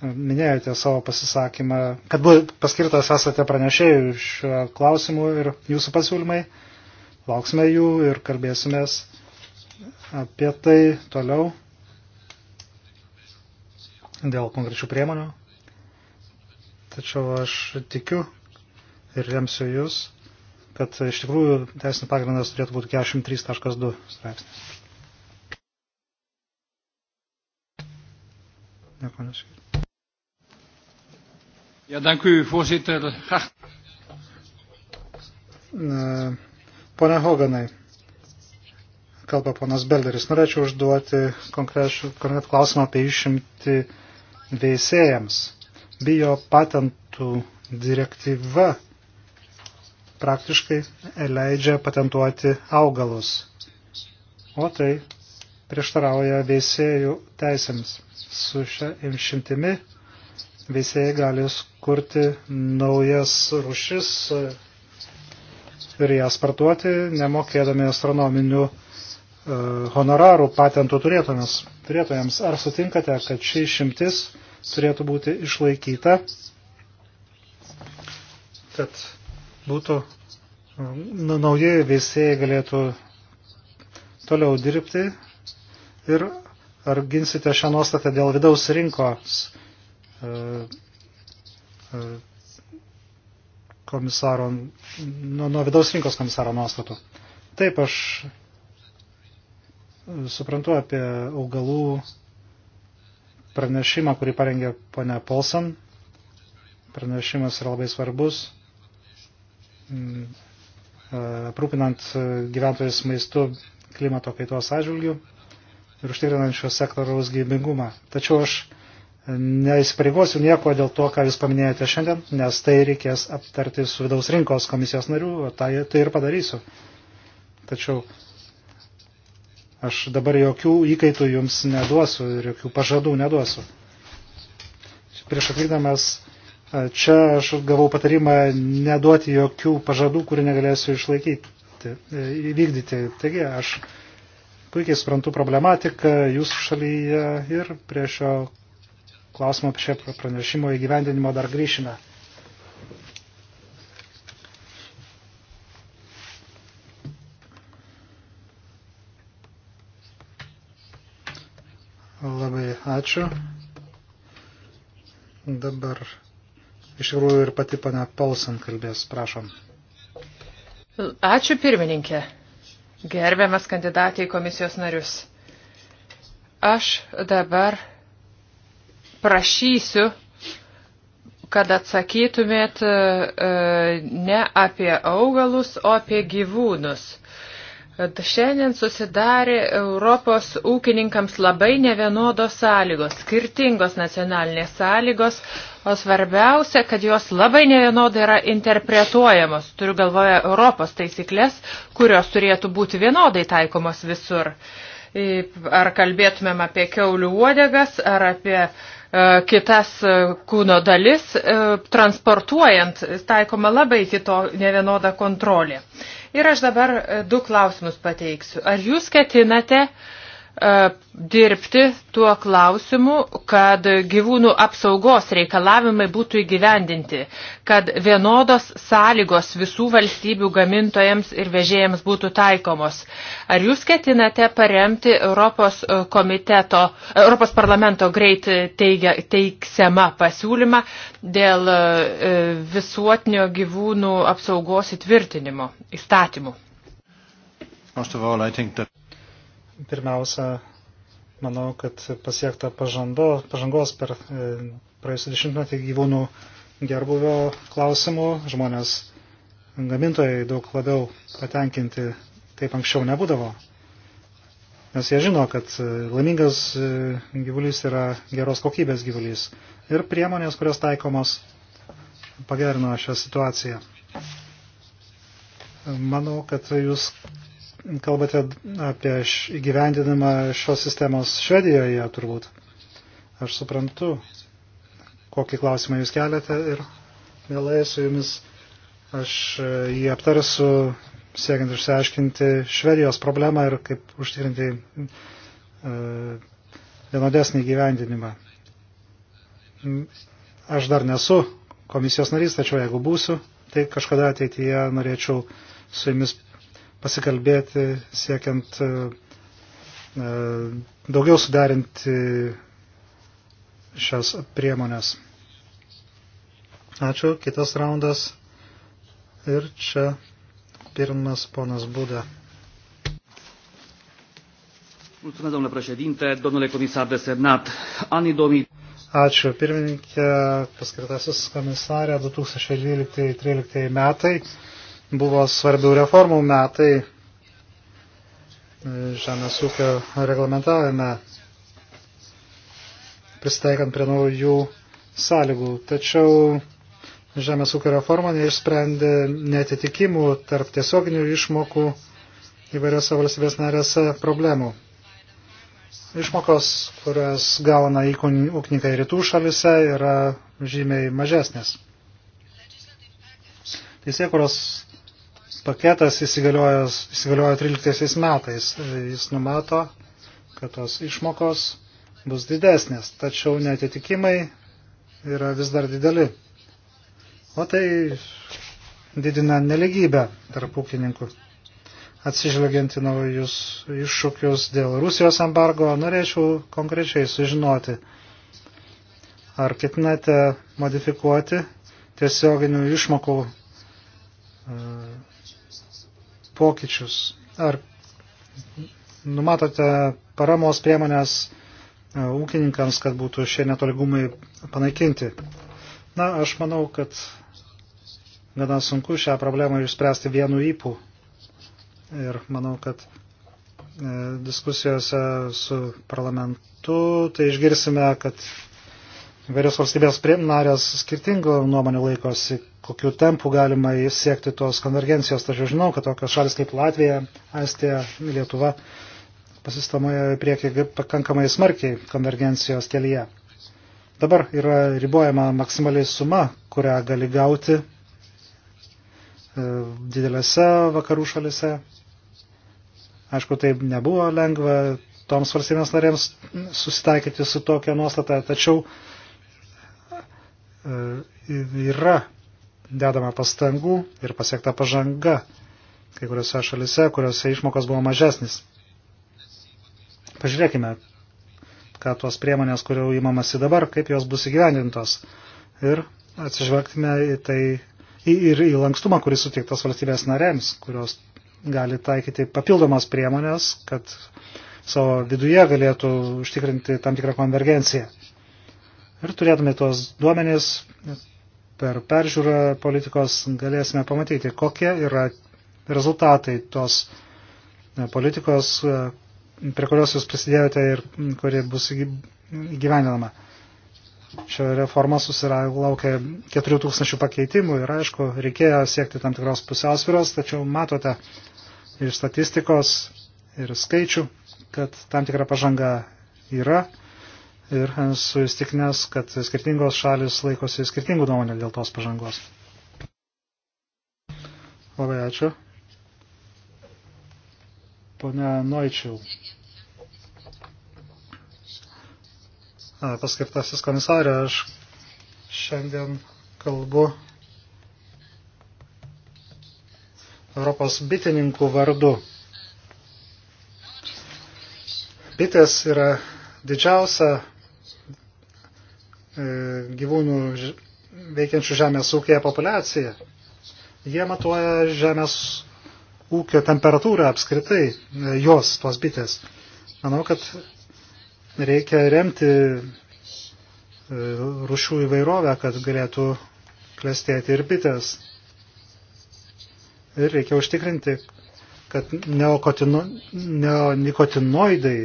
minėjote savo pasisakymą, kad paskirtas esate pranešėjų šiuo klausimu ir jūsų pasiūlymai. Lauksime jų ir kalbėsimės apie tai toliau dėl konkrečių priemonių. Tačiau aš tikiu ir remsiu jūs, kad iš tikrųjų teisinį pagrindas turėtų būti 43.2 straipsnis. Nepanašiai. Ja, dank u, voorzitter. Graag. Pone Hoganai, kalba ponas Belderis, norėčiau užduoti konkretų klausimą apie išimti veisėjams. Bio patentų direktyva praktiškai leidžia patentuoti augalus, o tai prieštarauja veisėjų teisėms. Su šia išimtimi veisėjai gali kurti naujas rušis ir jas parduoti, nemokėdami astronominių e, honorarų patentų turėtojams. Ar sutinkate, kad ši išimtis turėtų būti išlaikyta, kad būtų nauji veisėjai galėtų toliau dirbti ir ar ginsite šią nuostatą dėl vidaus rinkos komisaro, nuo, nuo vidaus rinkos komisaro nuostatų. Taip, aš suprantu apie augalų pranešimą, kurį parengė ponia Polson. Pranešimas yra labai svarbus, mm, e, aprūpinant gyventojus maistu klimato kaitos atžvilgių ir užtikrinant šio sektoriaus gyvybingumą. Tačiau aš neįsipareigosiu nieko dėl to, ką Jūs paminėjote šiandien, nes tai reikės aptarti su vidaus rinkos komisijos narių, o tai, tai ir padarysiu. Tačiau aš dabar jokių įkaitų Jums neduosiu ir jokių pažadų neduosiu. Prieš atvykdamas Čia aš gavau patarimą neduoti jokių pažadų, kurių negalėsiu išlaikyti, e, įvykdyti. Taigi aš puikiai suprantu problematiką jūsų šalyje ir prie šio klausimą apie šio pranešimo įgyvendinimo dar grįšime. Labai ačiū. Dabar iš tikrųjų ir pati pana Paulsen kalbės, prašom. Ačiū pirmininkė. Gerbiamas kandidatai į komisijos narius. Aš dabar prašysiu, kad atsakytumėt e, e, ne apie augalus, o apie gyvūnus. Šiandien susidarė Europos ūkininkams labai nevienodos sąlygos, skirtingos nacionalinės sąlygos, o svarbiausia, kad jos labai nevienodai yra interpretuojamos. Turiu galvoje Europos taisyklės, kurios turėtų būti vienodai taikomos visur. Ar kalbėtumėm apie keulių uodegas, ar apie uh, E, kitas e, kūno dalis, e, transportuojant taikoma labai kito nevienoda kontrolė. Ir aš dabar du klausimus pateiksiu. Ar jūs ketinate uh, E, dirbti tuo klausimu, kad gyvūnų apsaugos reikalavimai būtų įgyvendinti, kad vienodos sąlygos visų valstybių gamintojams ir vežėjams būtų taikomos. Ar jūs ketinate paremti Europos, komiteto, Europos parlamento greit teigia, teiksiamą pasiūlymą dėl e, visuotinio gyvūnų apsaugos įtvirtinimo įstatymų? First of all, I think that Pirmiausia, manau, kad pasiekta pažando, pažangos per e, praėjusią dešimtmetį gyvūnų gerbuvio klausimų. Žmonės, gamintojai daug labiau patenkinti taip anksčiau nebūdavo. Nes jie žino, kad e, laimingas e, gyvulys yra geros kokybės gyvulys. Ir priemonės, kurios taikomos, pagerino šią situaciją. Manau, kad jūs kalbate apie įgyvendinimą šios sistemos Švedijoje turbūt. Aš suprantu, kokį klausimą jūs keliate ir mielai su jumis aš e, jį aptarsiu, siekiant išsiaiškinti Švedijos problemą ir kaip užtikrinti e, vienodesnį gyvendinimą. Aš dar nesu komisijos narys, tačiau jeigu būsiu, tai kažkada ateityje norėčiau su jumis pasikalbėti siekiant e, e, daugiau sudarinti šias priemonės. Ačiū, kitas raundas. Ir čia pirmas ponas Būda. Mulțumesc, domnule președinte, domnule comisar desemnat. Anii 2000. Ačiū, pirmininkė, paskirtasis komisarė 2012-2013 metai buvo svarbių reformų metai žemės ūkio reglamentavime, pristaikant prie naujų sąlygų. Tačiau žemės ūkio reforma neišsprendė netitikimų tarp tiesioginių išmokų įvairiose valstybės narėse problemų. Išmokos, kurias gauna ūkininkai rytų šalise, yra žymiai mažesnės. Teisėkuros paketas įsigaliojo 13 metais. Jis numato, kad tos išmokos bus didesnės, tačiau netitikimai yra vis dar dideli. O tai didina neligybę tarp ūkininkų. Atsižvelgiant į naujus iššūkius dėl Rusijos embargo, norėčiau konkrečiai sužinoti, ar ketinate modifikuoti tiesioginių išmokų pokyčius. Ar numatote paramos priemonės e, ūkininkams, kad būtų šie netoligumai panaikinti? Na, aš manau, kad gana sunku šią problemą išspręsti vienu įpū. Ir manau, kad e, diskusijose su parlamentu tai išgirsime, kad Vėrios valstybės narės skirtingų nuomonių laikosi, kokiu tempu galima siekti tos konvergencijos. Tačiau žinau, kad tokios šalis kaip Latvija, Estija, Lietuva pasistamoja į priekį pakankamai smarkiai konvergencijos kelyje. Dabar yra ribojama maksimaliai suma, kurią gali gauti e, didelėse vakarų šalise. Aišku, tai nebuvo lengva toms valstybėms narėms susitaikyti su tokia nuostata, tačiau E, yra dedama pastangų ir pasiekta pažanga kai kuriuose šalise, kuriuose išmokos buvo mažesnis. Pažiūrėkime, ką tuos priemonės, kurių įmamasi dabar, kaip jos bus įgyvendintos. Ir atsižvelgtume į tai į, ir į lankstumą, kuris suteiktas valstybės narėms, kurios gali taikyti papildomas priemonės, kad savo viduje galėtų užtikrinti tam tikrą konvergenciją. Ir turėdami tuos duomenys per peržiūrą politikos galėsime pamatyti, kokie yra rezultatai tos e, politikos, e, prie kurios jūs prisidėjote ir kuri bus įgyvendinama. Šio reforma susilaukia 4000 pakeitimų ir aišku, reikėjo siekti tam tikros pusiausviros, tačiau matote ir statistikos, ir skaičių, kad tam tikra pažanga yra ir esu įstikinęs, kad skirtingos šalis laikosi skirtingų nuomonė dėl tos pažangos. Labai ačiū. Pone Noičiau. Paskirtasis komisarė, aš šiandien kalbu Europos bitininkų vardu. Bitės yra didžiausia E, gyvūnų veikiančių žemės ūkėje populiaciją. Jie matuoja žemės ūkio temperatūrą apskritai, e, jos, tos bitės. Manau, kad reikia remti e, rušių įvairovę, kad galėtų klestėti ir bitės. Ir reikia užtikrinti, kad neonikotinoidai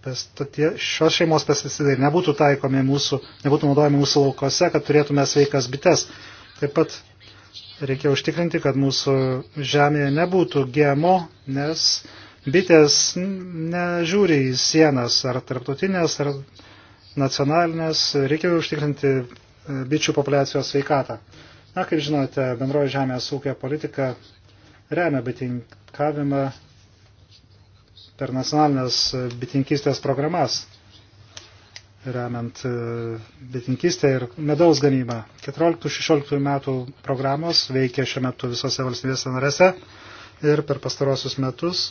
Pes, tie, šios šeimos pesticidai nebūtų taikomi mūsų, nebūtų naudojami mūsų laukose, kad turėtume sveikas bites. Taip pat reikia užtikrinti, kad mūsų žemėje nebūtų GMO, nes bitės nežiūri į sienas ar tarptautinės, ar nacionalinės. Reikia užtikrinti e, bičių populiacijos sveikatą. Na, kaip žinote, bendroji žemės ūkio politika remia bitininkavimą per nacionalinės e, bitinkystės programas, remiant e, bitinkystę ir medaus gamybą. 14-16 metų programos veikia šiuo metu visose valstybėse narėse ir per pastarosius metus,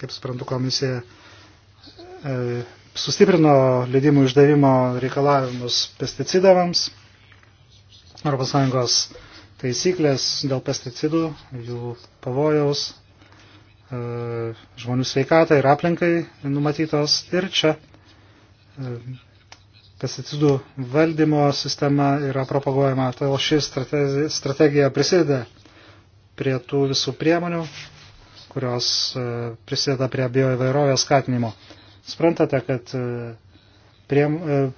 kaip suprantu, komisija e, sustiprino leidimų išdavimo reikalavimus pesticidavams, ES taisyklės dėl pesticidų, jų pavojaus E, žmonių sveikatai ir aplinkai numatytos. Ir čia e, pesticidų valdymo sistema yra propaguojama. Todėl ši strategija prisideda prie tų visų priemonių, kurios e, prisideda prie bioįvairovės skatinimo. Suprantate, kad prie,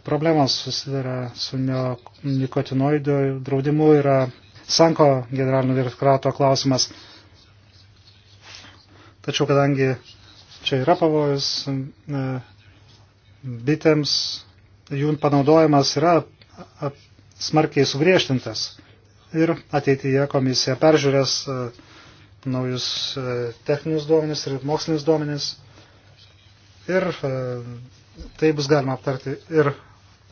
problemas susidara su nikotinoidų draudimu yra Sanko generalinio direktorato klausimas. Tačiau kadangi čia yra pavojus e, bitėms, jų panaudojimas yra smarkiai sugriežtintas. Ir ateityje komisija peržiūrės e, naujus e, techninius duomenis ir mokslinius duomenis. Ir tai bus galima aptarti ir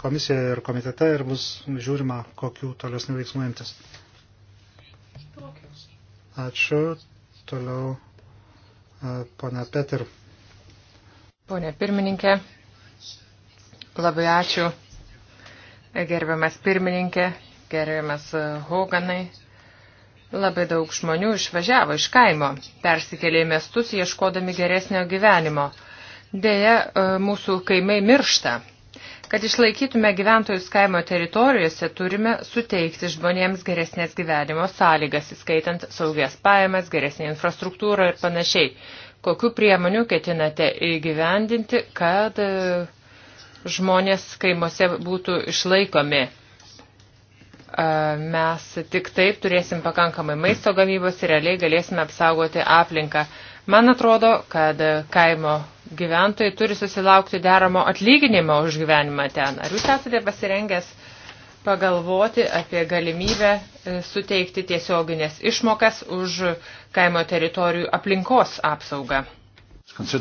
komisijoje, ir komitete, ir bus žiūrima, kokių tolesnių veiksmų imtis. Ačiū. Toliau Pone Petir. Pone pirmininkė, labai ačiū. Gerbiamas pirmininkė, gerbiamas e, Hoganai. Labai daug žmonių išvažiavo iš kaimo, persikėlė į miestus ieškodami geresnio gyvenimo. Deja, e, mūsų kaimai miršta. Kad išlaikytume gyventojus kaimo teritorijose, turime suteikti žmonėms geresnės gyvenimo sąlygas, įskaitant saugias pajamas, geresnį infrastruktūrą ir panašiai. Kokiu priemonių ketinate įgyvendinti, kad e, žmonės kaimuose būtų išlaikomi? E, mes tik taip turėsim pakankamai maisto gamybos ir realiai galėsime apsaugoti aplinką Man atrodo, kad kaimo gyventojai turi susilaukti deramo atlyginimo už gyvenimą ten. Ar jūs esate pasirengęs pagalvoti apie galimybę e, suteikti tiesioginės išmokas už kaimo teritorijų aplinkos apsaugą? Uh,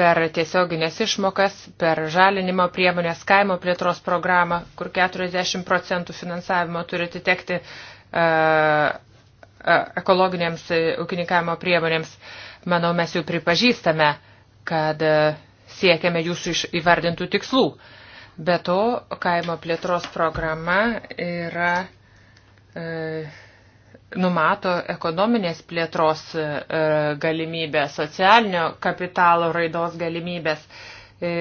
per tiesioginės išmokas, per žalinimo priemonės kaimo plėtros programą, kur 40 procentų finansavimo turi atitekti uh, E, ekologinėms e, ūkininkavimo priemonėms, manau, mes jau pripažįstame, kad e, siekiame jūsų įvardintų tikslų. Be to, kaimo plėtros programa yra e, numato ekonominės plėtros e, galimybę, socialinio kapitalo raidos galimybės. E,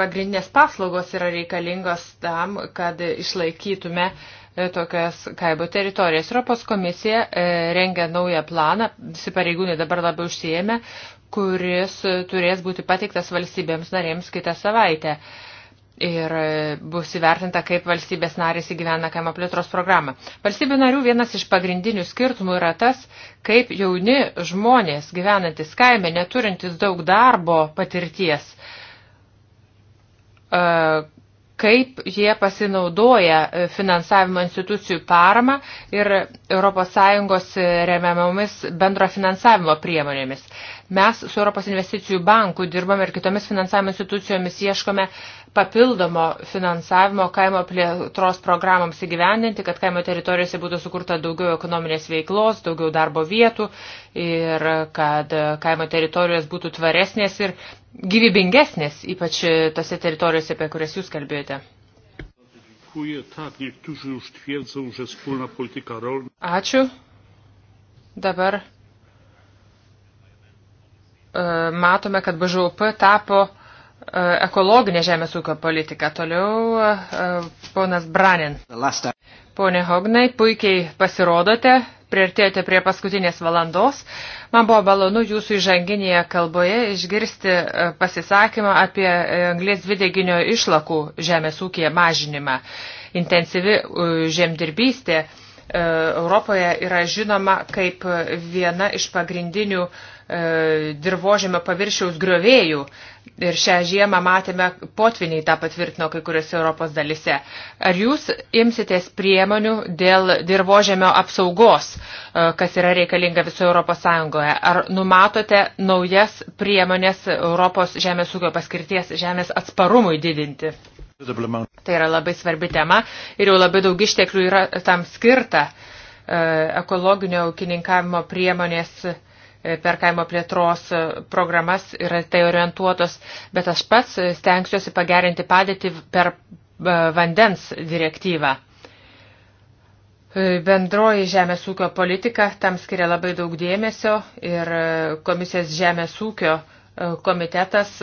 pagrindinės paslaugos yra reikalingos tam, kad išlaikytume e, E, tokias kaimo teritorijas. Europos komisija e, rengia naują planą, visi pareigūnai dabar labiau užsijėmė, kuris turės būti pateiktas valstybėms narėms kitą savaitę ir e, bus įvertinta, kaip valstybės narės įgyvena kaimo plėtros programą. Valstybių narių vienas iš pagrindinių skirtumų yra tas, kaip jauni žmonės gyvenantis kaime, neturintis daug darbo patirties, kaip jie pasinaudoja e, finansavimo institucijų paramą ir ES remiamomis bendro finansavimo priemonėmis. Mes su Europos investicijų banku dirbame ir kitomis finansavimo institucijomis ieškome papildomo finansavimo kaimo plėtros programams įgyvendinti, kad kaimo teritorijose būtų sukurta daugiau ekonominės veiklos, daugiau darbo vietų ir kad kaimo teritorijos būtų tvaresnės ir gyvybingesnės, ypač tose teritorijose, apie kurias jūs kalbėjote. Ačiū. Dabar e, matome, kad BŽUP tapo e, ekologinė žemės ūkio politika. Toliau e, ponas Branin. Pone Hognai, puikiai pasirodote, priartėjote prie paskutinės valandos. Man buvo malonu jūsų įžanginėje kalboje išgirsti e, pasisakymą apie e, anglės dvideginio išlakų žemės ūkėje mažinimą. Intensyvi žemdirbystė e, Europoje yra žinoma kaip viena iš pagrindinių uh, E, dirbožėmio paviršiaus griovėjų. Ir šią žiemą matėme potviniai tą patvirtino kai kuriuose Europos dalise. Ar jūs imsitės priemonių dėl dirbožėmio apsaugos, e, kas yra reikalinga visoje Europos Sąjungoje? Ar numatote naujas priemonės Europos žemės ūkio paskirties žemės atsparumui didinti? Tai yra labai svarbi tema ir jau labai daug išteklių yra tam skirta e, ekologinio ūkininkavimo priemonės uh, E, per kaimo plėtros e, programas yra tai orientuotos, bet aš pats stengsiuosi pagerinti padėtį per e, vandens direktyvą. Bendroji žemės ūkio politika tam skiria labai daug dėmesio ir komisijos žemės ūkio komitetas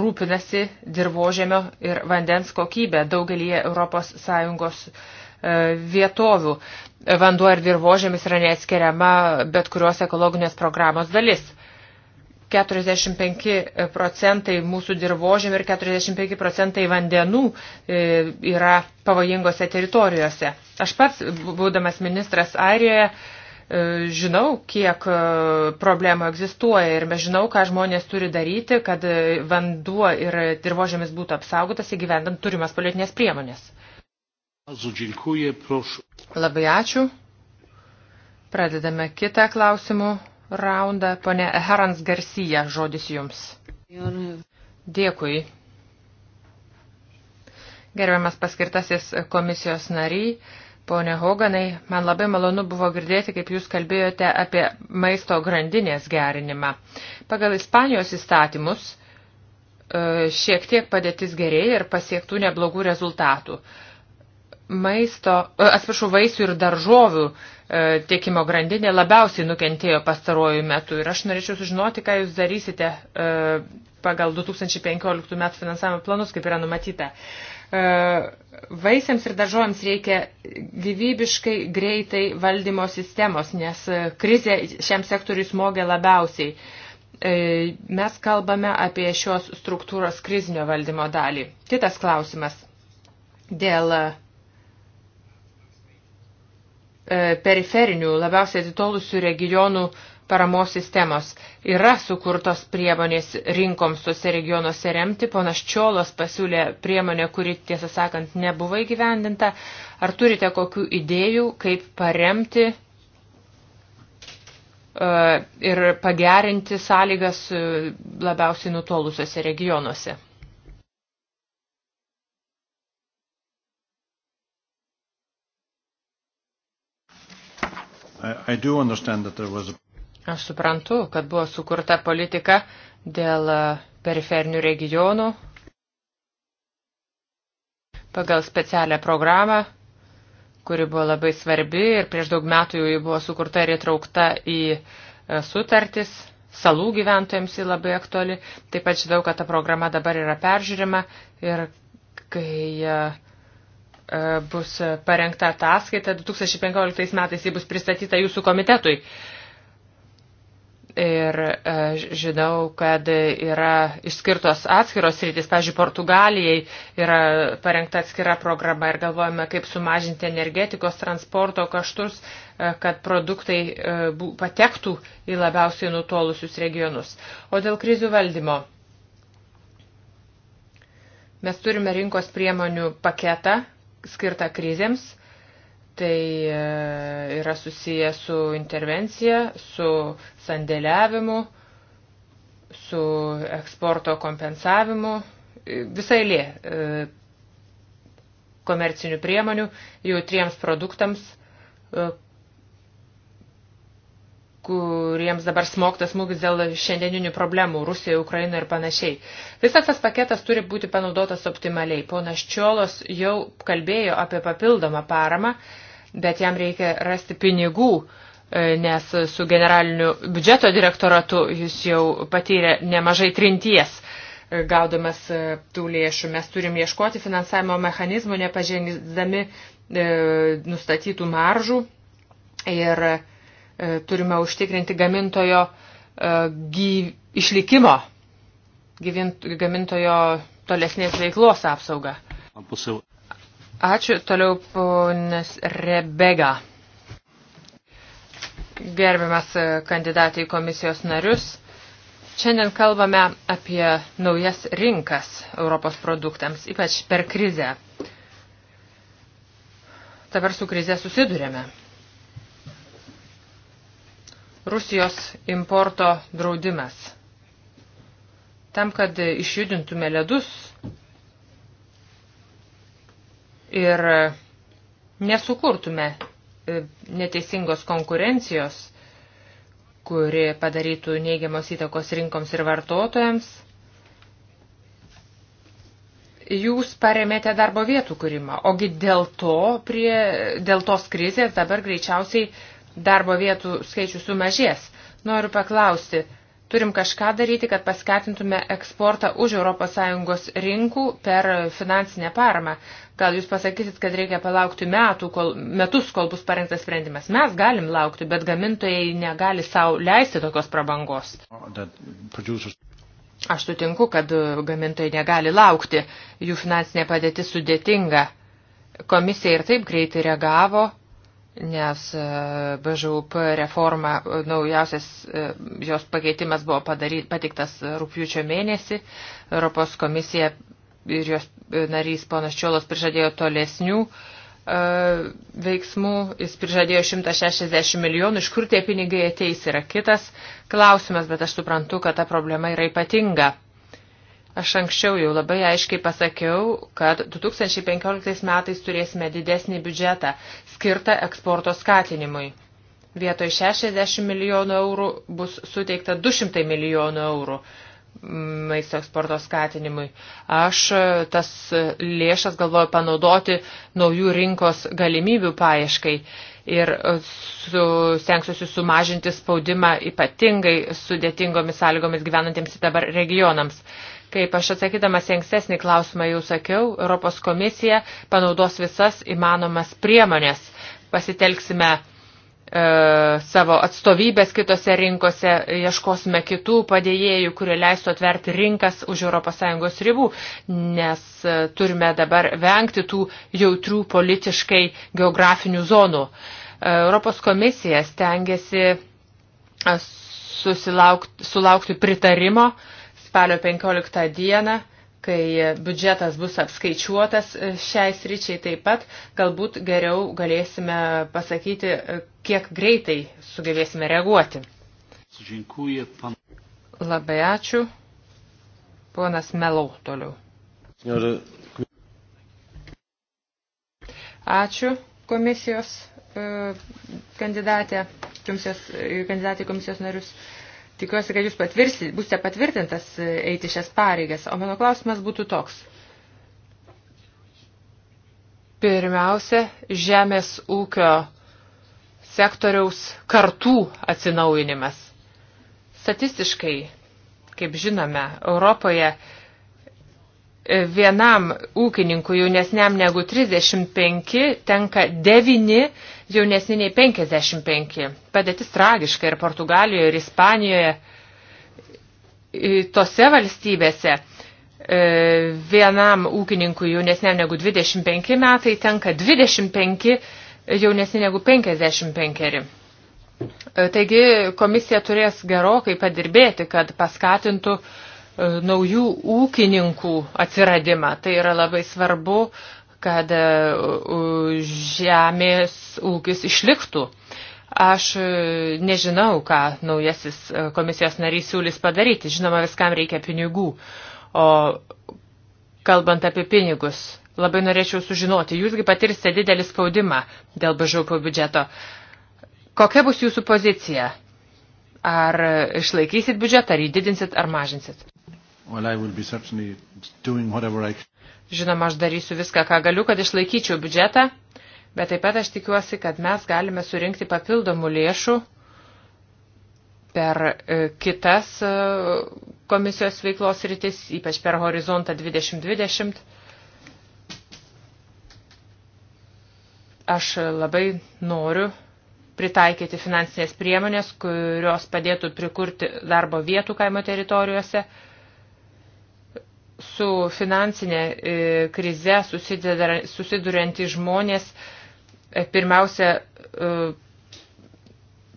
rūpinasi dirbožėmio ir vandens kokybę daugelį ES E, vietovių. Vanduo ir dirbožėmis yra neatskiriama bet kurios ekologinės programos dalis. 45 procentai mūsų dirbožėm ir 45 procentai vandenų e, yra pavojingose teritorijose. Aš pats, būdamas ministras Airijoje, e, žinau, kiek problemų egzistuoja ir mes žinau, ką žmonės turi daryti, kad vanduo ir dirbožėmis būtų apsaugotas įgyvendant turimas politinės priemonės. Labai ačiū. Pradedame kitą klausimų raundą. Pone Herans Garcia, žodis jums. Dėkui. Gerbiamas paskirtasis komisijos nariai, Pone Hoganai, man labai malonu buvo girdėti, kaip jūs kalbėjote apie maisto grandinės gerinimą. Pagal Ispanijos įstatymus e, šiek tiek padėtis gerėja ir pasiektų neblogų rezultatų maisto, e, atsiprašau, vaisių ir daržovių e, tiekimo grandinė labiausiai nukentėjo pastarojų metų. Ir aš norėčiau sužinoti, ką jūs darysite e, pagal 2015 metų finansavimo planus, kaip yra numatyta. Vaisiams ir daržovėms reikia gyvybiškai greitai valdymo sistemos, nes krizė šiam sektoriui smogė labiausiai. Mes kalbame apie šios struktūros krizinio valdymo dalį. Kitas klausimas dėl uh, E, periferinių, labiausiai atitolusių regionų paramos sistemos. Yra sukurtos priemonės rinkoms tuose regionuose remti. Ponas Čiolos pasiūlė priemonę, kuri, tiesą sakant, nebuvo įgyvendinta. Ar turite kokių idėjų, kaip paremti e, ir pagerinti sąlygas e, labiausiai nutolusiuose regionuose? I, I a... Aš suprantu, kad buvo sukurta politika dėl e, periferinių regionų pagal specialią programą, kuri buvo labai svarbi ir prieš daug metų jau buvo sukurta ir įtraukta į e, sutartis. Salų gyventojams ji labai aktuali. Taip pat žinau, kad ta programa dabar yra peržiūrima ir kai uh, E, bus parengta ataskaita, 2015 metais ji bus pristatyta jūsų komitetui. Ir e, žinau, kad yra išskirtos atskiros rytis, pavyzdžiui, Portugalijai yra parengta atskira programa ir galvojame, kaip sumažinti energetikos transporto kaštus, e, kad produktai patektų į labiausiai nutolusius regionus. O dėl krizių valdymo. Mes turime rinkos priemonių paketą, skirta krizėms, tai e, yra susiję su intervencija, su sandėliavimu, su eksporto kompensavimu, e, visai lė e, komercinių priemonių jautriems produktams, kuriems dabar smoktas smūgis dėl šiandieninių problemų Rusijoje, Ukrainoje ir panašiai. Visas tas paketas turi būti panaudotas optimaliai. Ponas Čiolos jau kalbėjo apie papildomą paramą, bet jam reikia rasti pinigų, e, nes su generaliniu biudžeto direktoratu jis jau patyrė nemažai trinties e, gaudamas e, tų lėšų. Mes turim ieškoti finansavimo mechanizmų, nepažengdami nustatytų maržų ir E, turime užtikrinti gamintojo e, gy, išlikimo, gyvint, gamintojo tolesnės veiklos apsaugą. Ačiū. Toliau ponas Rebega. Gerbiamas e, kandidatai komisijos narius. Šiandien kalbame apie naujas rinkas Europos produktams, ypač per krizę. Dabar su krize susidurėme. Rusijos importo draudimas. Tam, kad išjudintume ledus ir nesukurtume e, neteisingos konkurencijos, kuri padarytų neigiamos įtakos rinkoms ir vartotojams, jūs paremėte darbo vietų kūrimą. Ogi dėl to, prie, dėl tos krizės dabar greičiausiai darbo vietų skaičius sumažės. Noriu paklausti, turim kažką daryti, kad paskatintume eksportą už ES rinkų per finansinę paramą. Gal jūs pasakysit, kad reikia palaukti metų, kol, metus, kol bus parengtas sprendimas. Mes galim laukti, bet gamintojai negali savo leisti tokios prabangos. Aš sutinku, kad gamintojai negali laukti, jų finansinė padėtis sudėtinga. Komisija ir taip greitai reagavo, nes e, BŽUP reforma, e, naujausias e, jos pakeitimas buvo padaryt, patiktas rūpjūčio mėnesį. Europos komisija ir jos narys ponas Čiolos prižadėjo tolesnių veiksmų, jis prižadėjo 160 milijonų, iš kur tie pinigai ateis yra kitas klausimas, bet aš suprantu, kad ta problema yra ypatinga. Aš anksčiau jau labai aiškiai pasakiau, kad 2015 metais turėsime didesnį biudžetą skirtą eksporto skatinimui. Vietoj 60 milijonų eurų bus suteikta 200 milijonų eurų maisto eksporto skatinimui. Aš tas lėšas galvoju panaudoti naujų rinkos galimybių paaiškai ir su, stengsiuosi sumažinti spaudimą ypatingai sudėtingomis sąlygomis gyvenantiems dabar regionams Kaip aš atsakydamas į ankstesnį klausimą jau sakiau, Europos komisija panaudos visas įmanomas priemonės. Pasitelksime e, savo atstovybės kitose rinkose, ieškosime kitų padėjėjų, kurie leistų atverti rinkas už ES ribų, nes e, turime dabar vengti tų jautrių politiškai geografinių zonų. E, Europos komisija stengiasi e, susilaukti, sulaukti pritarimo uh, spalio 15 dieną, kai biudžetas bus apskaičiuotas e, šiai sričiai taip pat, galbūt geriau galėsime pasakyti, e, kiek greitai sugebėsime reaguoti. Labai ačiū. Ponas Melau toliau. Ačiū komisijos e, kandidatė, komisijos, kandidatė komisijos narius. Tikiuosi, kad jūs patvirsi, būsite patvirtintas e, eiti šias pareigas. O mano klausimas būtų toks. Pirmiausia, žemės ūkio sektoriaus kartų atsinaujinimas. Statistiškai, kaip žinome, Europoje e, vienam ūkininkui jaunesniam negu 35 tenka 9 jaunesniniai 55. Padėtis tragiška ir Portugalijoje, ir Ispanijoje, tose valstybėse e, vienam ūkininkui jaunesniam negu 25 metai tenka 25 jaunesni negu 55. E, taigi komisija turės gerokai padirbėti, kad paskatintų e, naujų ūkininkų atsiradimą. Tai yra labai svarbu uh, kad e, žemės ūkis išliktų. Aš e, nežinau, ką naujasis e, komisijos narys siūlys padaryti. Žinoma, viskam reikia pinigų. O kalbant apie pinigus, labai norėčiau sužinoti, jūsgi patirsite didelį spaudimą dėl BŽP biudžeto. Kokia bus jūsų pozicija? Ar išlaikysit biudžetą, ar jį didinsit, ar mažinsit? Well, I will be certainly doing whatever I can. Žinoma, aš darysiu viską, ką galiu, kad išlaikyčiau biudžetą, bet taip pat aš tikiuosi, kad mes galime surinkti papildomų lėšų per e, kitas e, komisijos veiklos rytis, ypač per horizontą 2020. Aš labai noriu pritaikyti finansinės priemonės, kurios padėtų prikurti darbo vietų kaimo teritorijuose su finansinė e, krize susiduriantys žmonės e, pirmiausia e,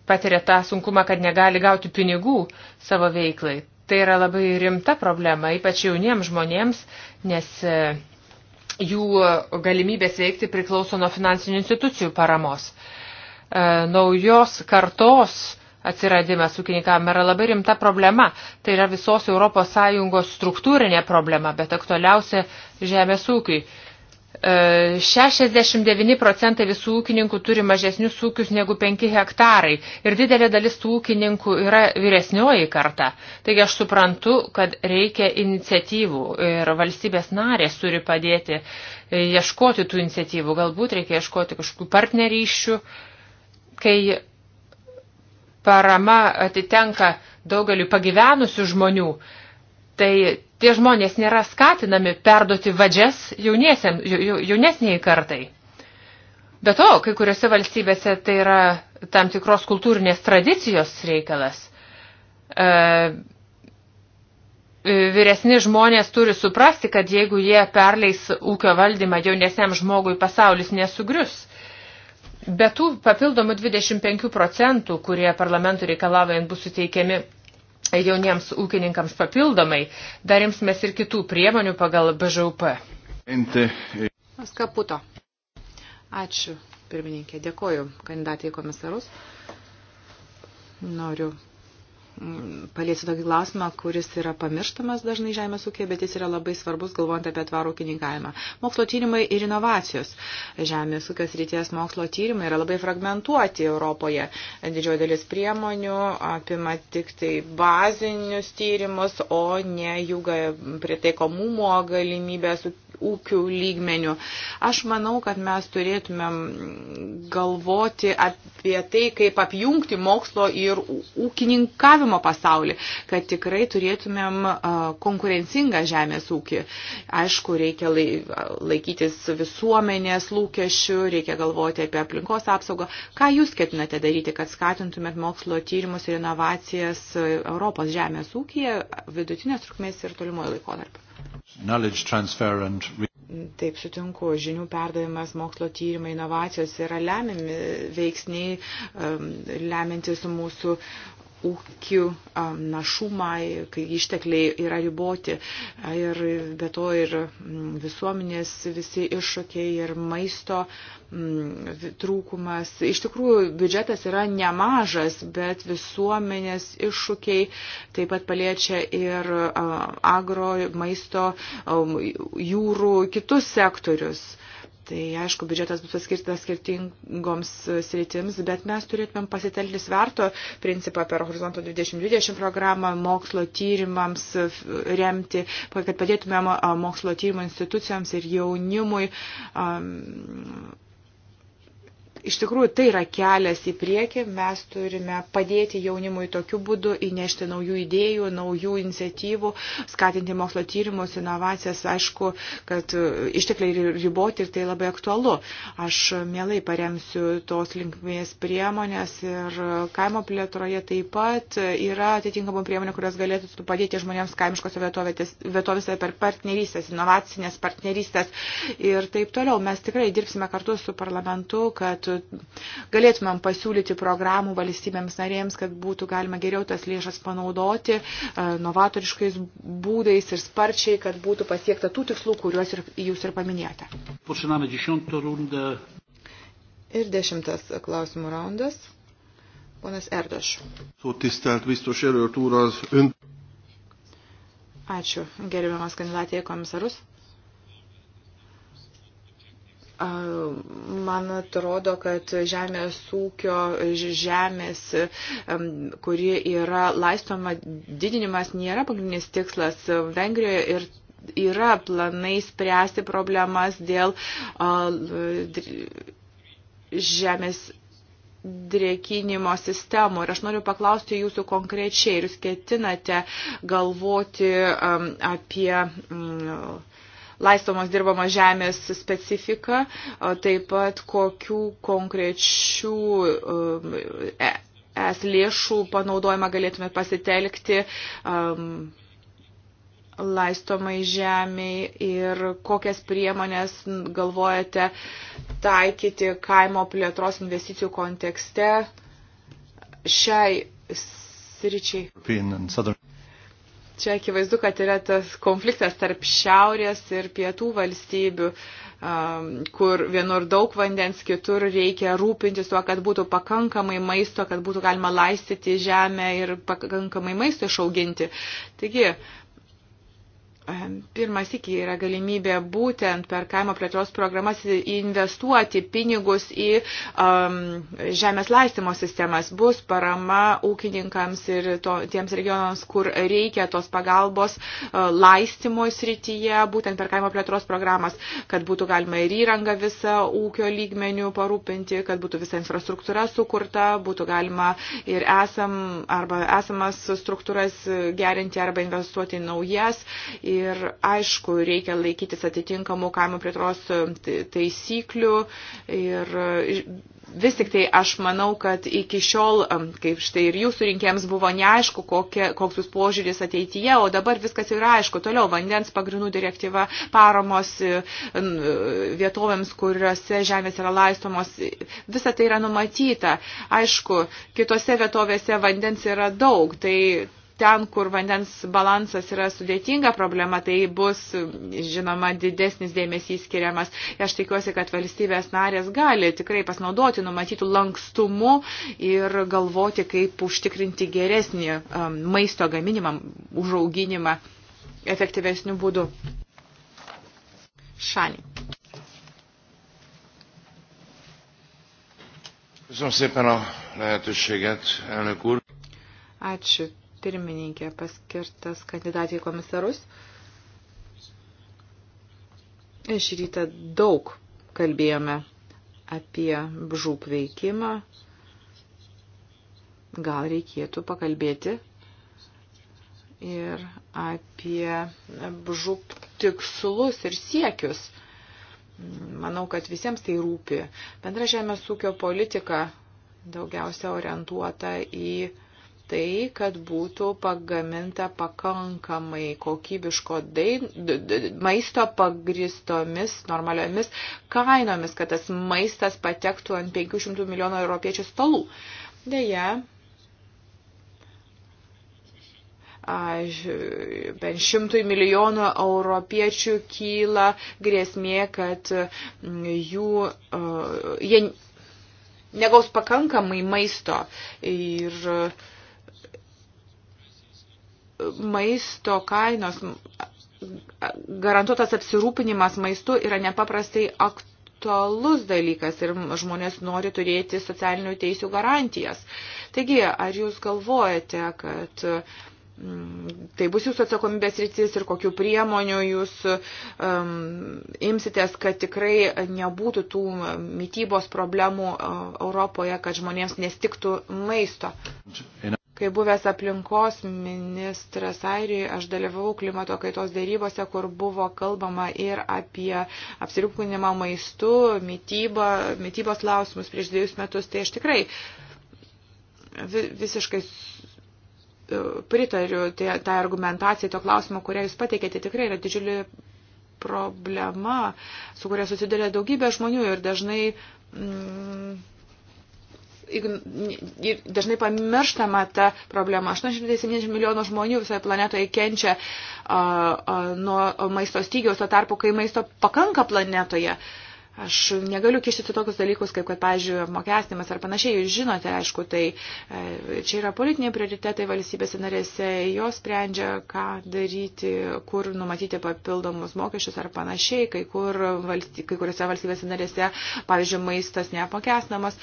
patiria tą sunkumą, kad negali gauti pinigų savo veiklai. Tai yra labai rimta problema, ypač jauniems žmonėms, nes jų galimybės veikti priklauso nuo finansinių institucijų paramos. Naujos kartos atsiradimas ūkininkam yra labai rimta problema. Tai yra visos ES struktūrinė problema, bet aktualiausia žemės ūkiui. 69 e, procentai visų ūkininkų turi mažesnius ūkius negu 5 hektarai ir didelė dalis tų ūkininkų yra vyresnioji karta. Taigi aš suprantu, kad reikia iniciatyvų ir valstybės narės turi padėti e, ieškoti tų iniciatyvų. Galbūt reikia ieškoti kažkokių partnerysčių, kai parama atitenka daugeliu pagyvenusių žmonių, tai tie žmonės nėra skatinami perduoti vadžias jaunesniai kartai. Be to, kai kuriuose valstybėse tai yra tam tikros kultūrinės tradicijos reikalas. E, vyresni žmonės turi suprasti, kad jeigu jie perleis ūkio valdymą jaunesniam žmogui, pasaulis nesugrius. Be tų papildomų 25 procentų, kurie parlamentų reikalaujant bus suteikiami jauniems ūkininkams papildomai, dar imsimės ir kitų priemonių pagal BŽUP. Skaputo. E- Ačiū, pirmininkė. Dėkoju kandidatai į komisarus. Noriu paliesiu tokį klausimą, kuris yra pamirštamas dažnai žemės ūkėje, bet jis yra labai svarbus, galvojant apie tvarų ūkininkavimą. Mokslo tyrimai ir inovacijos. Žemės ūkės ryties mokslo tyrimai yra labai fragmentuoti Europoje. Didžioji dalis priemonių apima tik tai bazinius tyrimus, o ne jų pritaikomumo galimybę su ūkių lygmenių. Aš manau, kad mes turėtumėm galvoti apie tai, kaip apjungti mokslo ir ūkininkavimo pasaulį, kad tikrai turėtumėm konkurencingą žemės ūkį. Aišku, reikia laikytis visuomenės lūkesčių, reikia galvoti apie aplinkos apsaugą. Ką jūs ketinate daryti, kad skatintumėt mokslo tyrimus ir inovacijas Europos žemės ūkyje vidutinės trukmės ir tolimojo laikotarpio? And... Taip sutinku, žinių perdavimas, mokslo tyrimai, inovacijos yra lemiami veiksniai, um, lemiantis mūsų ūkių našumą, kai ištekliai yra riboti. Ir be to ir visuomenės visi iššūkiai ir maisto trūkumas. Iš tikrųjų, biudžetas yra nemažas, bet visuomenės iššūkiai taip pat paliečia ir agro, maisto, jūrų, kitus sektorius. Tai aišku, biudžetas bus paskirtas skirtingoms e, sritims, bet mes turėtumėm pasitelkti sverto principą per Horizonto 2020 programą mokslo tyrimams e, remti, kad padėtumėm e, mokslo tyrimo institucijoms ir jaunimui um, Iš tikrųjų, tai yra kelias į priekį, mes turime padėti jaunimui tokiu būdu įnešti naujų idėjų, naujų iniciatyvų, skatinti mokslo tyrimus, inovacijas, aišku, kad e, ištekliai riboti ir tai labai aktualu. Aš mielai paremsiu tos linkmės priemonės ir kaimo plėtroje taip pat yra atitinkamų priemonių, kurios galėtų padėti žmonėms kaimiškose vietovėse per partnerystės, inovacinės partnerystės ir taip toliau. Mes tikrai dirbsime kartu su parlamentu, kad galėtumėm pasiūlyti programų valstybėms narėms, kad būtų galima geriau tas lėšas panaudoti e, novatoriškais būdais ir sparčiai, kad būtų pasiekta tų tikslų, kuriuos ir, jūs ir paminėjote. Ir dešimtas klausimų raundas. Ponas Erdoš. Ačiū, gerbiamas kandidatė į komisarus. Man atrodo, kad žemės ūkio žemės, kuri yra laistoma didinimas, nėra pagrindinis tikslas Vengrijoje ir yra planai spręsti problemas dėl žemės drėkinimo sistemų. Ir aš noriu paklausti jūsų konkrečiai, jūs ketinate galvoti um, apie um, laistomos dirbamos žemės specifiką, taip pat kokių konkrečių um, e, es lėšų panaudojimą galėtume pasitelkti um, laistomai žemiai ir kokias priemonės galvojate taikyti kaimo plėtros investicijų kontekste šiai sričiai. Čia akivaizdu, kad yra tas konfliktas tarp šiaurės ir pietų valstybių, um, kur vienur daug vandens, kitur reikia rūpintis tuo, kad būtų pakankamai maisto, kad būtų galima laistyti žemę ir pakankamai maisto išauginti. Taigi, Pirmas iki yra galimybė būtent per kaimo plėtros programas investuoti pinigus į um, žemės laistymo sistemas. Bus parama ūkininkams ir to, tiems regionams, kur reikia tos pagalbos uh, laistymo srityje, būtent per kaimo plėtros programas, kad būtų galima ir įrangą visą ūkio lygmenių parūpinti, kad būtų visa infrastruktūra sukurta, būtų galima ir esam, arba esamas struktūras gerinti arba investuoti naujas. Ir Ir aišku, reikia laikytis atitinkamų kaimo plėtros e, taisyklių. Ir e, vis tik tai aš manau, kad iki šiol, e, kaip štai ir jūsų rinkėjams buvo neaišku, kokie, koks bus požiūris ateityje, o dabar viskas yra aišku. Toliau vandens pagrindų direktyva, paramos vietovėms, kuriuose žemės yra laistomos, visa tai yra numatyta. Aišku, kitose vietovėse vandens yra daug. Tai ten, kur vandens balansas yra sudėtinga problema, tai bus, žinoma, didesnis dėmesys skiriamas. Aš tikiuosi, kad valstybės narės gali tikrai pasinaudoti numatytų lankstumu ir galvoti, kaip užtikrinti geresnį um, maisto gaminimą, užauginimą efektyvesnių būdų. Šalį. Köszönöm szépen a lehetőséget, elnök úr. Ačiū pirmininkė paskirtas kandidatė į komisarus. Iš ryta daug kalbėjome apie žūp veikimą. Gal reikėtų pakalbėti ir apie žūp tikslus ir siekius. Manau, kad visiems tai rūpi. Bendra žemės ūkio politika daugiausia orientuota į tai, kad būtų pagaminta pakankamai kokybiško dain, maisto pagristomis normaliomis kainomis, kad tas maistas patektų ant 500 milijonų europiečių stalų. Deja, aš, bent šimtui milijonų europiečių kyla grėsmė, kad jų, uh, jie negaus pakankamai maisto ir uh, maisto kainos, garantuotas apsirūpinimas maistu yra nepaprastai aktualus dalykas ir žmonės nori turėti socialinių teisių garantijas. Taigi, ar jūs galvojate, kad mm, tai bus jūsų atsakomybės rytis ir kokiu priemoniu jūs um, imsitės, kad tikrai nebūtų tų mytybos problemų e, Europoje, kad žmonėms nestiktų maisto. Kai buvęs aplinkos ministras Airijoje, aš dalyvau klimato kaitos dėrybose, kur buvo kalbama ir apie apsirūpinimą maistu, mytybą, mytybos klausimus prieš dviejus metus. Tai aš tikrai visiškai e, pritariu tą tai, tai argumentaciją, to klausimo, kurią jūs pateikėte, tikrai yra didžiulė problema, su kuria susiduria daugybė žmonių ir dažnai. Mm, ir dažnai pamirštama ta problema. 870 milijonų žmonių visoje planetoje kenčia a, a, nuo maisto stygiaus, tuo tarpu, kai maisto pakanka planetoje. Aš negaliu kištis į tokius dalykus, kaip, kad, pavyzdžiui, mokestimas ar panašiai, jūs žinote, aišku, tai e, čia yra politiniai prioritetai valstybėse narėse, jos sprendžia, ką daryti, kur numatyti papildomus mokesčius ar panašiai, kai, kur, valsty, kai kuriuose valstybėse narėse, pavyzdžiui, maistas neapmokestinamas.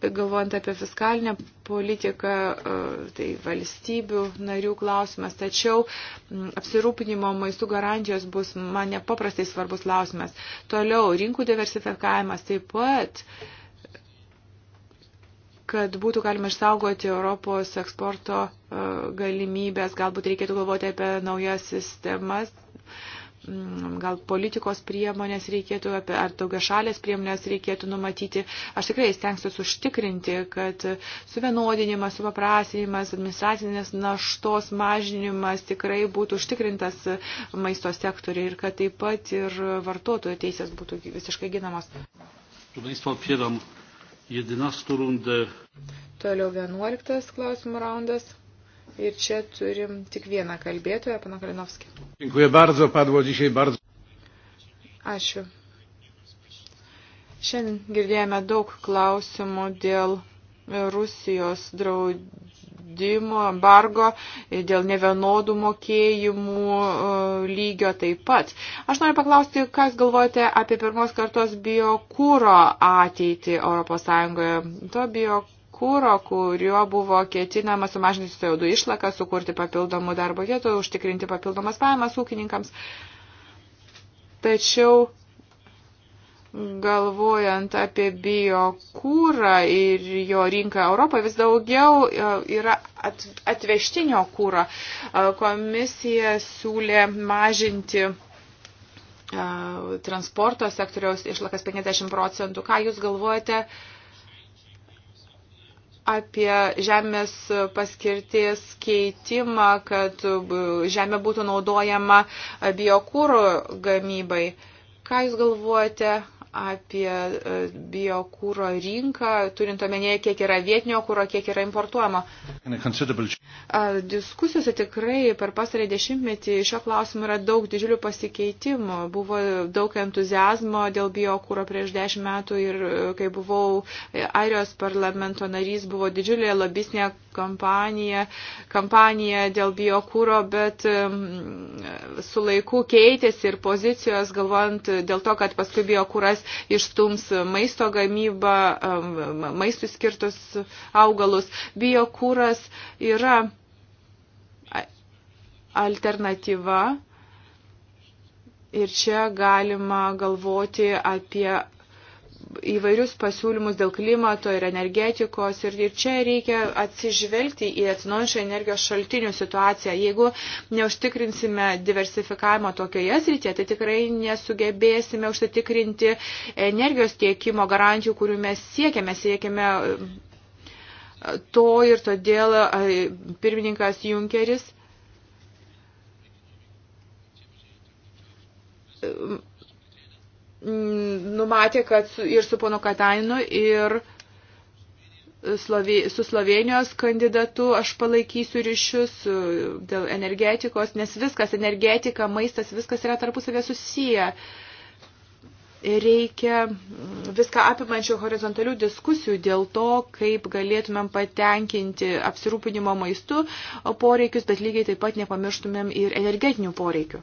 galvojant apie fiskalinę politiką, e, tai valstybių narių klausimas, tačiau apsirūpinimo maistų garantijos bus man nepaprastai svarbus klausimas. Toliau, rinkų diversifikavimas taip pat kad būtų galima išsaugoti Europos eksporto e, galimybės, galbūt reikėtų galvoti apie naujas sistemas, Mm, gal politikos priemonės reikėtų, ar daugia šalės priemonės reikėtų numatyti. Aš tikrai stengsiuosi užtikrinti, kad suvienodinimas, supaprasinimas, administracinės naštos mažinimas tikrai būtų užtikrintas maisto sektoriai ir kad taip pat ir vartotojų teisės būtų visiškai ginamos. Toliau 11 klausimų raundas. Ir čia turim tik vieną kalbėtoją, pana Kalinovskį. Dziękuję bardzo, padło dzisiaj bardzo. Ačiū. Šiandien girdėjome daug klausimų dėl Rusijos draudimo, embargo, dėl nevienodų mokėjimų e, lygio taip pat. Aš noriu paklausti, kas galvojate apie pirmos kartos biokūro ateitį ES. To biokūro kūro, kuriuo buvo ketinama sumažinti CO2 išlaką, sukurti papildomų darbo vietų, užtikrinti papildomas pajamas ūkininkams. Tačiau galvojant apie biokūrą ir jo rinką Europoje, vis daugiau e, yra atvežtinio kūro. E, komisija siūlė mažinti e, transporto sektoriaus išlakas 50 procentų. Ką Jūs galvojate apie žemės paskirties keitimą, kad žemė būtų naudojama biokūro gamybai. Ką Jūs galvojate apie e, biokūro rinką, turint omenyje, kiek yra vietinio kūro, kiek yra importuojama. Diskusijose tikrai per pasarį dešimtmetį šio klausimu yra daug didžiulių pasikeitimų. Buvo daug entuzijazmo dėl biokūro prieš dešimt metų ir e, kai buvau Airijos parlamento narys, buvo didžiulė lobisnė kampanija, kampanija dėl biokūro, bet su laiku keitėsi ir pozicijos, galvojant dėl to, kad paskui biokūras išstums maisto gamybą, um, maistui skirtus augalus. Biokūras yra alternatyva ir čia galima galvoti apie įvairius pasiūlymus dėl klimato ir energetikos ir, ir čia reikia atsižvelgti į atsinaujančią energijos šaltinių situaciją. Jeigu neužtikrinsime diversifikavimo tokioje srityje, tai tikrai nesugebėsime užsitikrinti energijos tiekimo garantijų, kurių mes siekiame, siekiame e, to ir todėl e, pirmininkas Junkeris e, Mm, numatė, kad su, ir su pono Katainu, ir Slovė, su Slovenijos kandidatu aš palaikysiu ryšius dėl energetikos, nes viskas, energetika, maistas, viskas yra tarpusavė susiję. Reikia viską apimančių horizontalių diskusijų dėl to, kaip galėtumėm patenkinti apsirūpinimo maistu poreikius, bet lygiai taip pat nepamirštumėm ir energetinių poreikių.